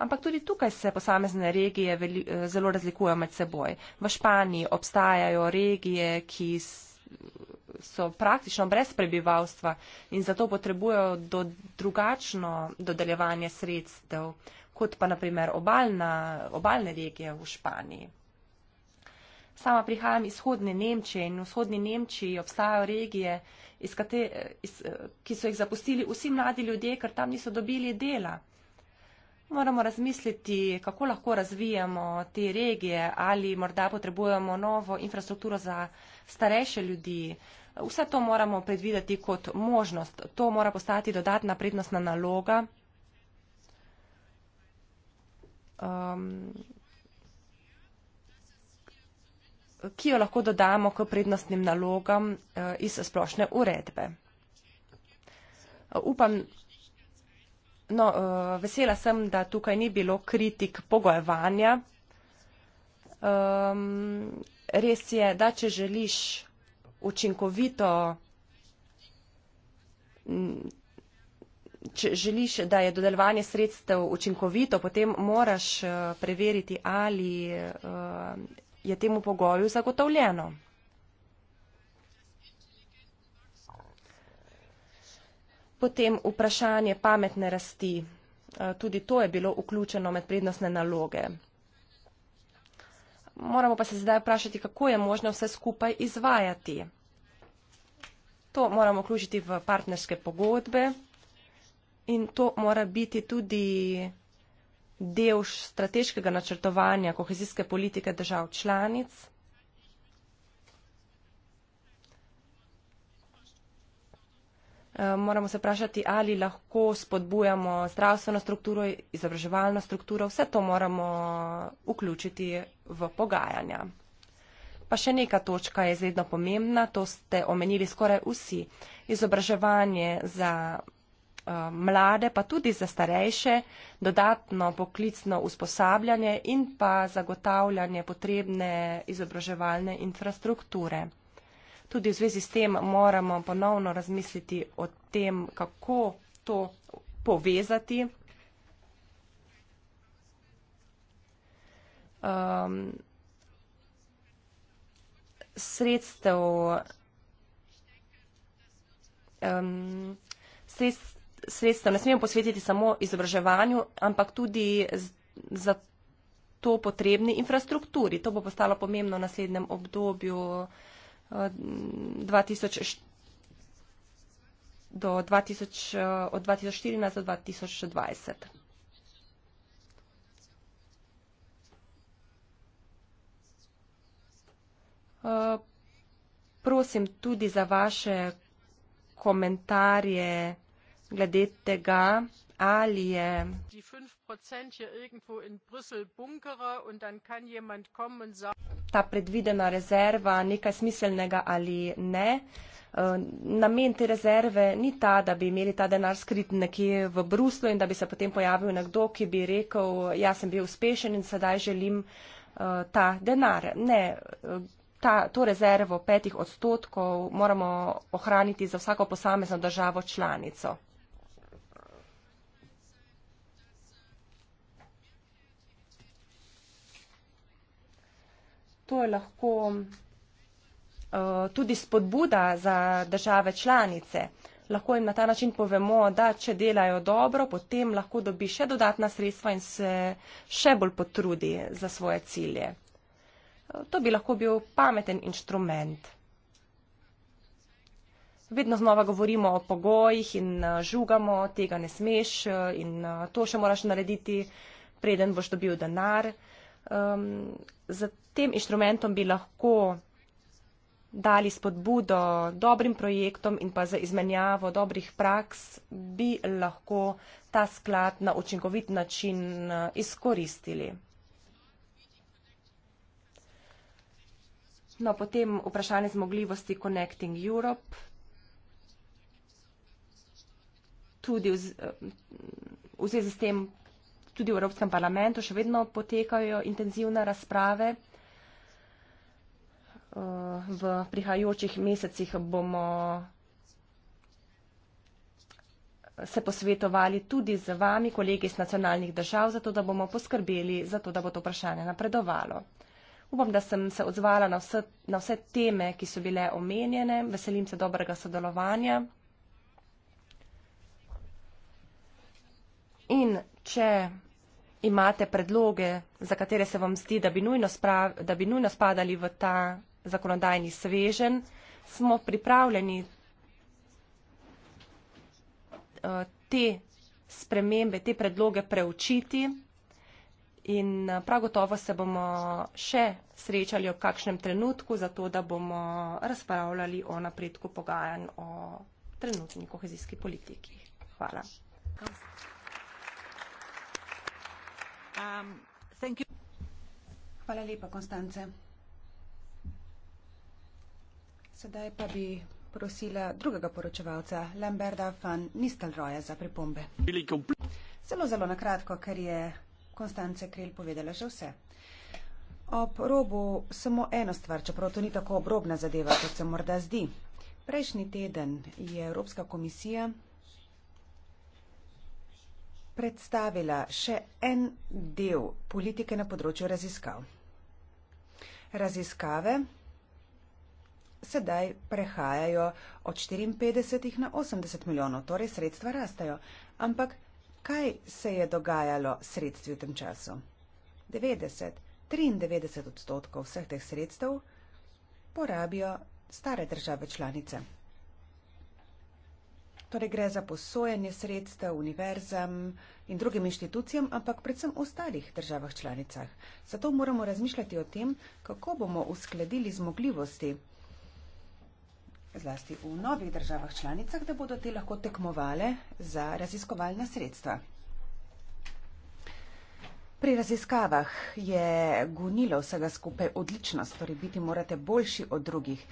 ampak tudi tukaj se posamezne regije eh, zelo razlikujejo med seboj. V Španiji obstajajo regije, ki so praktično brez prebivalstva in zato potrebujejo do drugačno dodeljevanje sredstev, kot pa naprimer obalna, obalne regije v Španiji. Sama prihajam iz vzhodne Nemčije in v vzhodni Nemčiji obstajajo regije, iz kate, iz, ki so jih zapustili vsi mladi ljudje, ker tam niso dobili dela. Moramo razmisliti, kako lahko razvijamo te regije ali morda potrebujemo novo infrastrukturo za starejše ljudi, Vse to moramo predvideti kot možnost, to mora postati dodatna prednostna naloga. Um, ki jo lahko dodamo k prednostnim nalogam uh, iz splošne uredbe. Upam, no, uh, vesela sem, da tukaj ni bilo kritik pogojevanja. Um, res je, da če želiš učinkovito, če želiš, da je dodeljevanje sredstev učinkovito, potem moraš eh, preveriti, ali eh, je temu pogoju zagotovljeno. Potem vprašanje pametne rasti. Eh, tudi to je bilo vključeno med prednostne naloge. Moramo pa se zdaj vprašati, kako je možno vse skupaj izvajati. To moramo vključiti v partnerske pogodbe in to mora biti tudi del strateškega načrtovanja kohezijske politike držav članic. Eh, moramo se vprašati, ali lahko spodbujamo zdravstveno strukturo, izobraževalno strukturo, vse to moramo vključiti v pogajanja. Pa še neka točka je izredno pomembna, to ste omenili skoraj vsi. Izobraževanje za eh, mlade, pa tudi za starejše, dodatno poklicno usposabljanje in pa zagotavljanje potrebne izobraževalne infrastrukture tudi v zvezi s tem moramo ponovno razmisliti o tem, kako to povezati. Um, sredstev, um, sredstev, sredstev ne smemo posvetiti samo izobraževanju, ampak tudi za to potrebni infrastrukturi. To bo postalo pomembno v naslednjem obdobju. Uh, 2000, eh, do 2000, eh, od 2014 do 2020. Uh, eh, prosim tudi za vaše komentarje glede tega, ali je. Ta predvidena rezerva nekaj smiselnega ali ne. Namen te rezerve ni ta, da bi imeli ta denar skrit nekje v Bruslu in da bi se potem pojavil nekdo, ki bi rekel, jaz sem bil uspešen in sedaj želim ta denar. Ne, ta, to rezervo petih odstotkov moramo ohraniti za vsako posamezno državo članico. to je lahko eh, tudi spodbuda za države članice. Lahko jim na ta način povemo, da če delajo dobro, potem lahko dobi še dodatna sredstva in se še bolj potrudi za svoje cilje. Eh, to bi lahko bil pameten inštrument. Vedno znova govorimo o pogojih in eh, žugamo, tega ne smeš in to še moraš narediti, preden boš dobil denar um, z tem inštrumentom bi lahko dali spodbudo dobrim projektom in pa za izmenjavo dobrih praks bi lahko ta sklad na učinkovit način uh, izkoristili. No, potem vprašanje zmogljivosti Connecting Europe. Tudi v zvezi s tem tudi v Evropskem parlamentu še vedno potekajo intenzivne razprave. Eh, v prihajajočih mesecih bomo se posvetovali tudi z vami, kolegi iz nacionalnih držav, zato da bomo poskrbeli za to, da bo to vprašanje napredovalo. Upam, da sem se odzvala na vse, na vse teme, ki so bile omenjene. Veselim se dobrega sodelovanja. In če imate predloge, za katere se vam zdi, da bi nujno, sprav, da bi nujno spadali v ta zakonodajni svežen, smo pripravljeni eh, te spremembe, te predloge preučiti in eh, prav gotovo se bomo še srečali v kakšnem trenutku, zato da bomo razpravljali o napredku pogajanj o trenutni kohezijski politiki. Hvala. Hvala. Um, Hvala lepa, Konstance. Sedaj pa bi prosila drugega poročevalca, Lamberta van Nistelrooya, za pripombe. Zelo, zelo na kratko, ker je Konstance Krel povedala že vse. Ob robu samo eno stvar, čeprav to ni tako obrobna zadeva, kot se morda zdi. Prejšnji teden je Evropska komisija predstavila še en del politike na področju raziskav. Raziskave sedaj prehajajo od 54 na 80 milijonov, torej sredstva rastajo. Ampak kaj se je dogajalo s sredstvi v tem času? 90, 93 odstotkov vseh teh sredstev porabijo stare države članice. Torej gre za posojanje sredstev univerzam in drugim inštitucijam, ampak predvsem v ostalih državah članicah. Zato moramo razmišljati o tem, kako bomo uskladili zmogljivosti zlasti v novih državah članicah, da bodo te lahko tekmovale za raziskovalna sredstva. Pri raziskavah je gonilo vsega skupaj odličnost, torej biti morate boljši od drugih.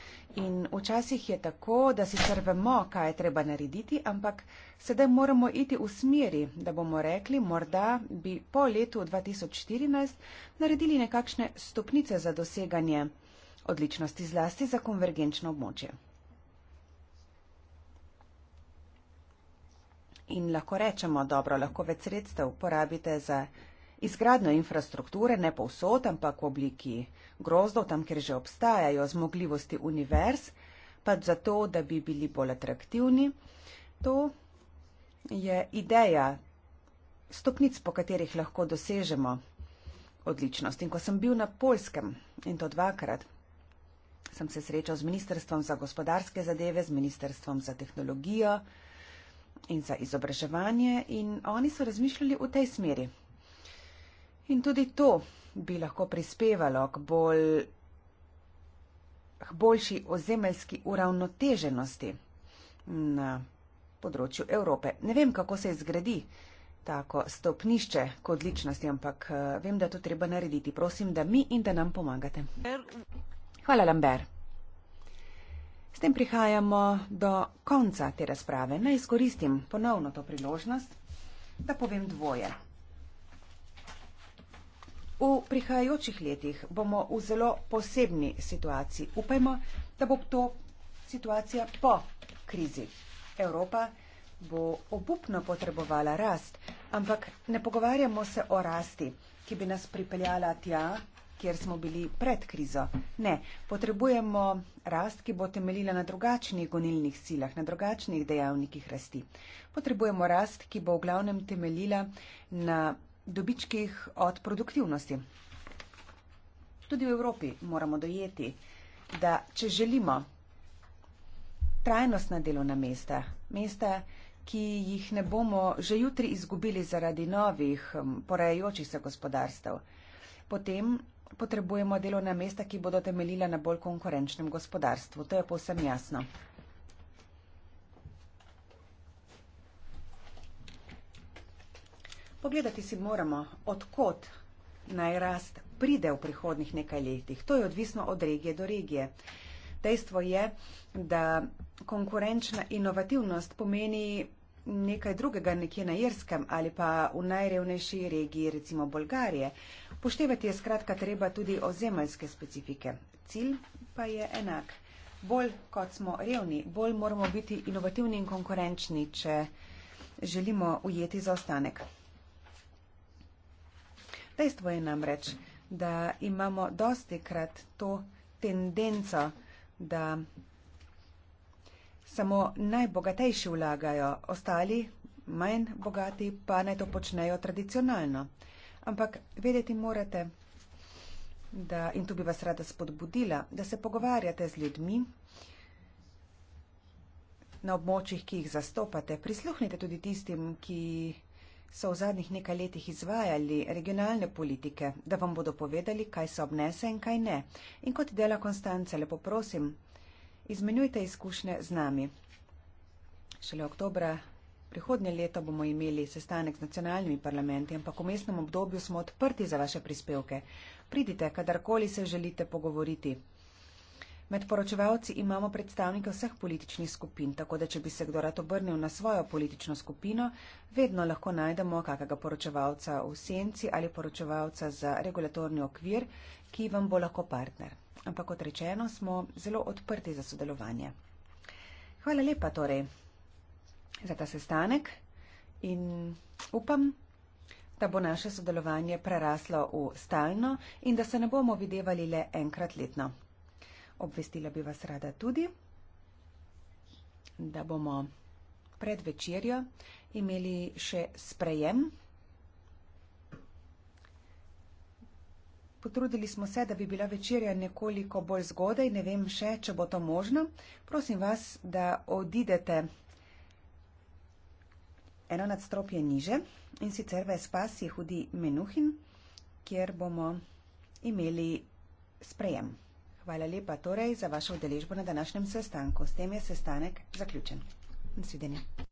In včasih je tako, da sicer vemo, kaj je treba narediti, ampak sedaj moramo iti v smeri, da bomo rekli, morda bi po letu 2014 naredili nekakšne stopnice za doseganje odličnosti zlasti za konvergenčno območje. In lahko rečemo, dobro, lahko več sredstev porabite za izgradnjo infrastrukture, ne povsod, ampak v obliki grozdov, tam, kjer že obstajajo zmogljivosti univerz, pač zato, da bi bili bolj atraktivni. To je ideja stopnic, po katerih lahko dosežemo odličnost. In ko sem bil na Poljskem in to dvakrat, sem se srečal z Ministrstvom za gospodarske zadeve, z Ministrstvom za tehnologijo in za izobraževanje in oni so razmišljali v tej smeri. In tudi to bi lahko prispevalo k bolj k boljši ozemeljski uravnoteženosti na področju Evrope. Ne vem, kako se zgradi tako stopnišče k odličnosti, ampak eh, vem, da to treba narediti. Prosim, da mi in da nam pomagate. Hvala, Lambert. S tem prihajamo do konca te razprave. Naj izkoristim ponovno to priložnost, da povem dvoje. V prihajajočih letih bomo v zelo posebni situaciji. Upajmo, da bo to situacija po krizi. Evropa bo obupno potrebovala rast, ampak ne pogovarjamo se o rasti, ki bi nas pripeljala tja, kjer smo bili pred krizo. Ne, potrebujemo rast, ki bo temeljila na drugačnih gonilnih silah, na drugačnih dejavnikih rasti. Potrebujemo rast, ki bo v glavnem temeljila na dobičkih od produktivnosti. Tudi v Evropi moramo dojeti, da če želimo trajnostna delovna mesta, mesta, ki jih ne bomo že jutri izgubili zaradi novih um, porajajočih se gospodarstv, potem potrebujemo delovna mesta, ki bodo temeljila na bolj konkurenčnem gospodarstvu. To je povsem jasno. Pogledati si moramo, odkot naj rast pride v prihodnih nekaj letih. To je odvisno od regije do regije. Dejstvo je, da konkurenčna inovativnost pomeni nekaj drugega nekje na Irskem ali pa v najrevnejši regiji, recimo Bolgarije. Poštevati je skratka treba tudi ozemeljske specifike. Cilj pa je enak. Bolj kot smo revni, bolj moramo biti inovativni in konkurenčni, če želimo ujeti za ostanek. Dejstvo je namreč, da imamo dosti krat to tendenco, da samo najbogatejši vlagajo, ostali, manj bogati, pa naj to počnejo tradicionalno. Ampak vedeti morate, da, in tu bi vas rada spodbudila, da se pogovarjate z ljudmi na območjih, ki jih zastopate. Prisluhnite tudi tistim, ki so v zadnjih nekaj letih izvajali regionalne politike, da vam bodo povedali, kaj se obnese in kaj ne. In kot dela Konstance, lepo prosim, izmenjujte izkušnje z nami. Šele oktobra prihodnje leto bomo imeli sestanek z nacionalnimi parlamenti, ampak v mestnem obdobju smo odprti za vaše prispevke. Pridite, kadarkoli se želite pogovoriti. Med poročevalci imamo predstavnike vseh političnih skupin, tako da če bi se kdo rad obrnil na svojo politično skupino, vedno lahko najdemo kakega poročevalca v senci ali poročevalca za regulatorni okvir, ki vam bo lahko partner. Ampak kot rečeno, smo zelo odprti za sodelovanje. Hvala lepa torej za ta sestanek in upam, da bo naše sodelovanje preraslo v stalno in da se ne bomo videvali le enkrat letno. Obvestila bi vas rada tudi, da bomo pred večerjo imeli še sprejem. Potrudili smo se, da bi bila večerja nekoliko bolj zgodaj, ne vem še, če bo to možno. Prosim vas, da odidete eno nadstropje niže in sicer v espas je hudi menuhin, kjer bomo imeli sprejem. Hvala lepa torej za vašo udeležbo na današnjem sestanku. S tem je sestanek zaključen. Nasvidenje.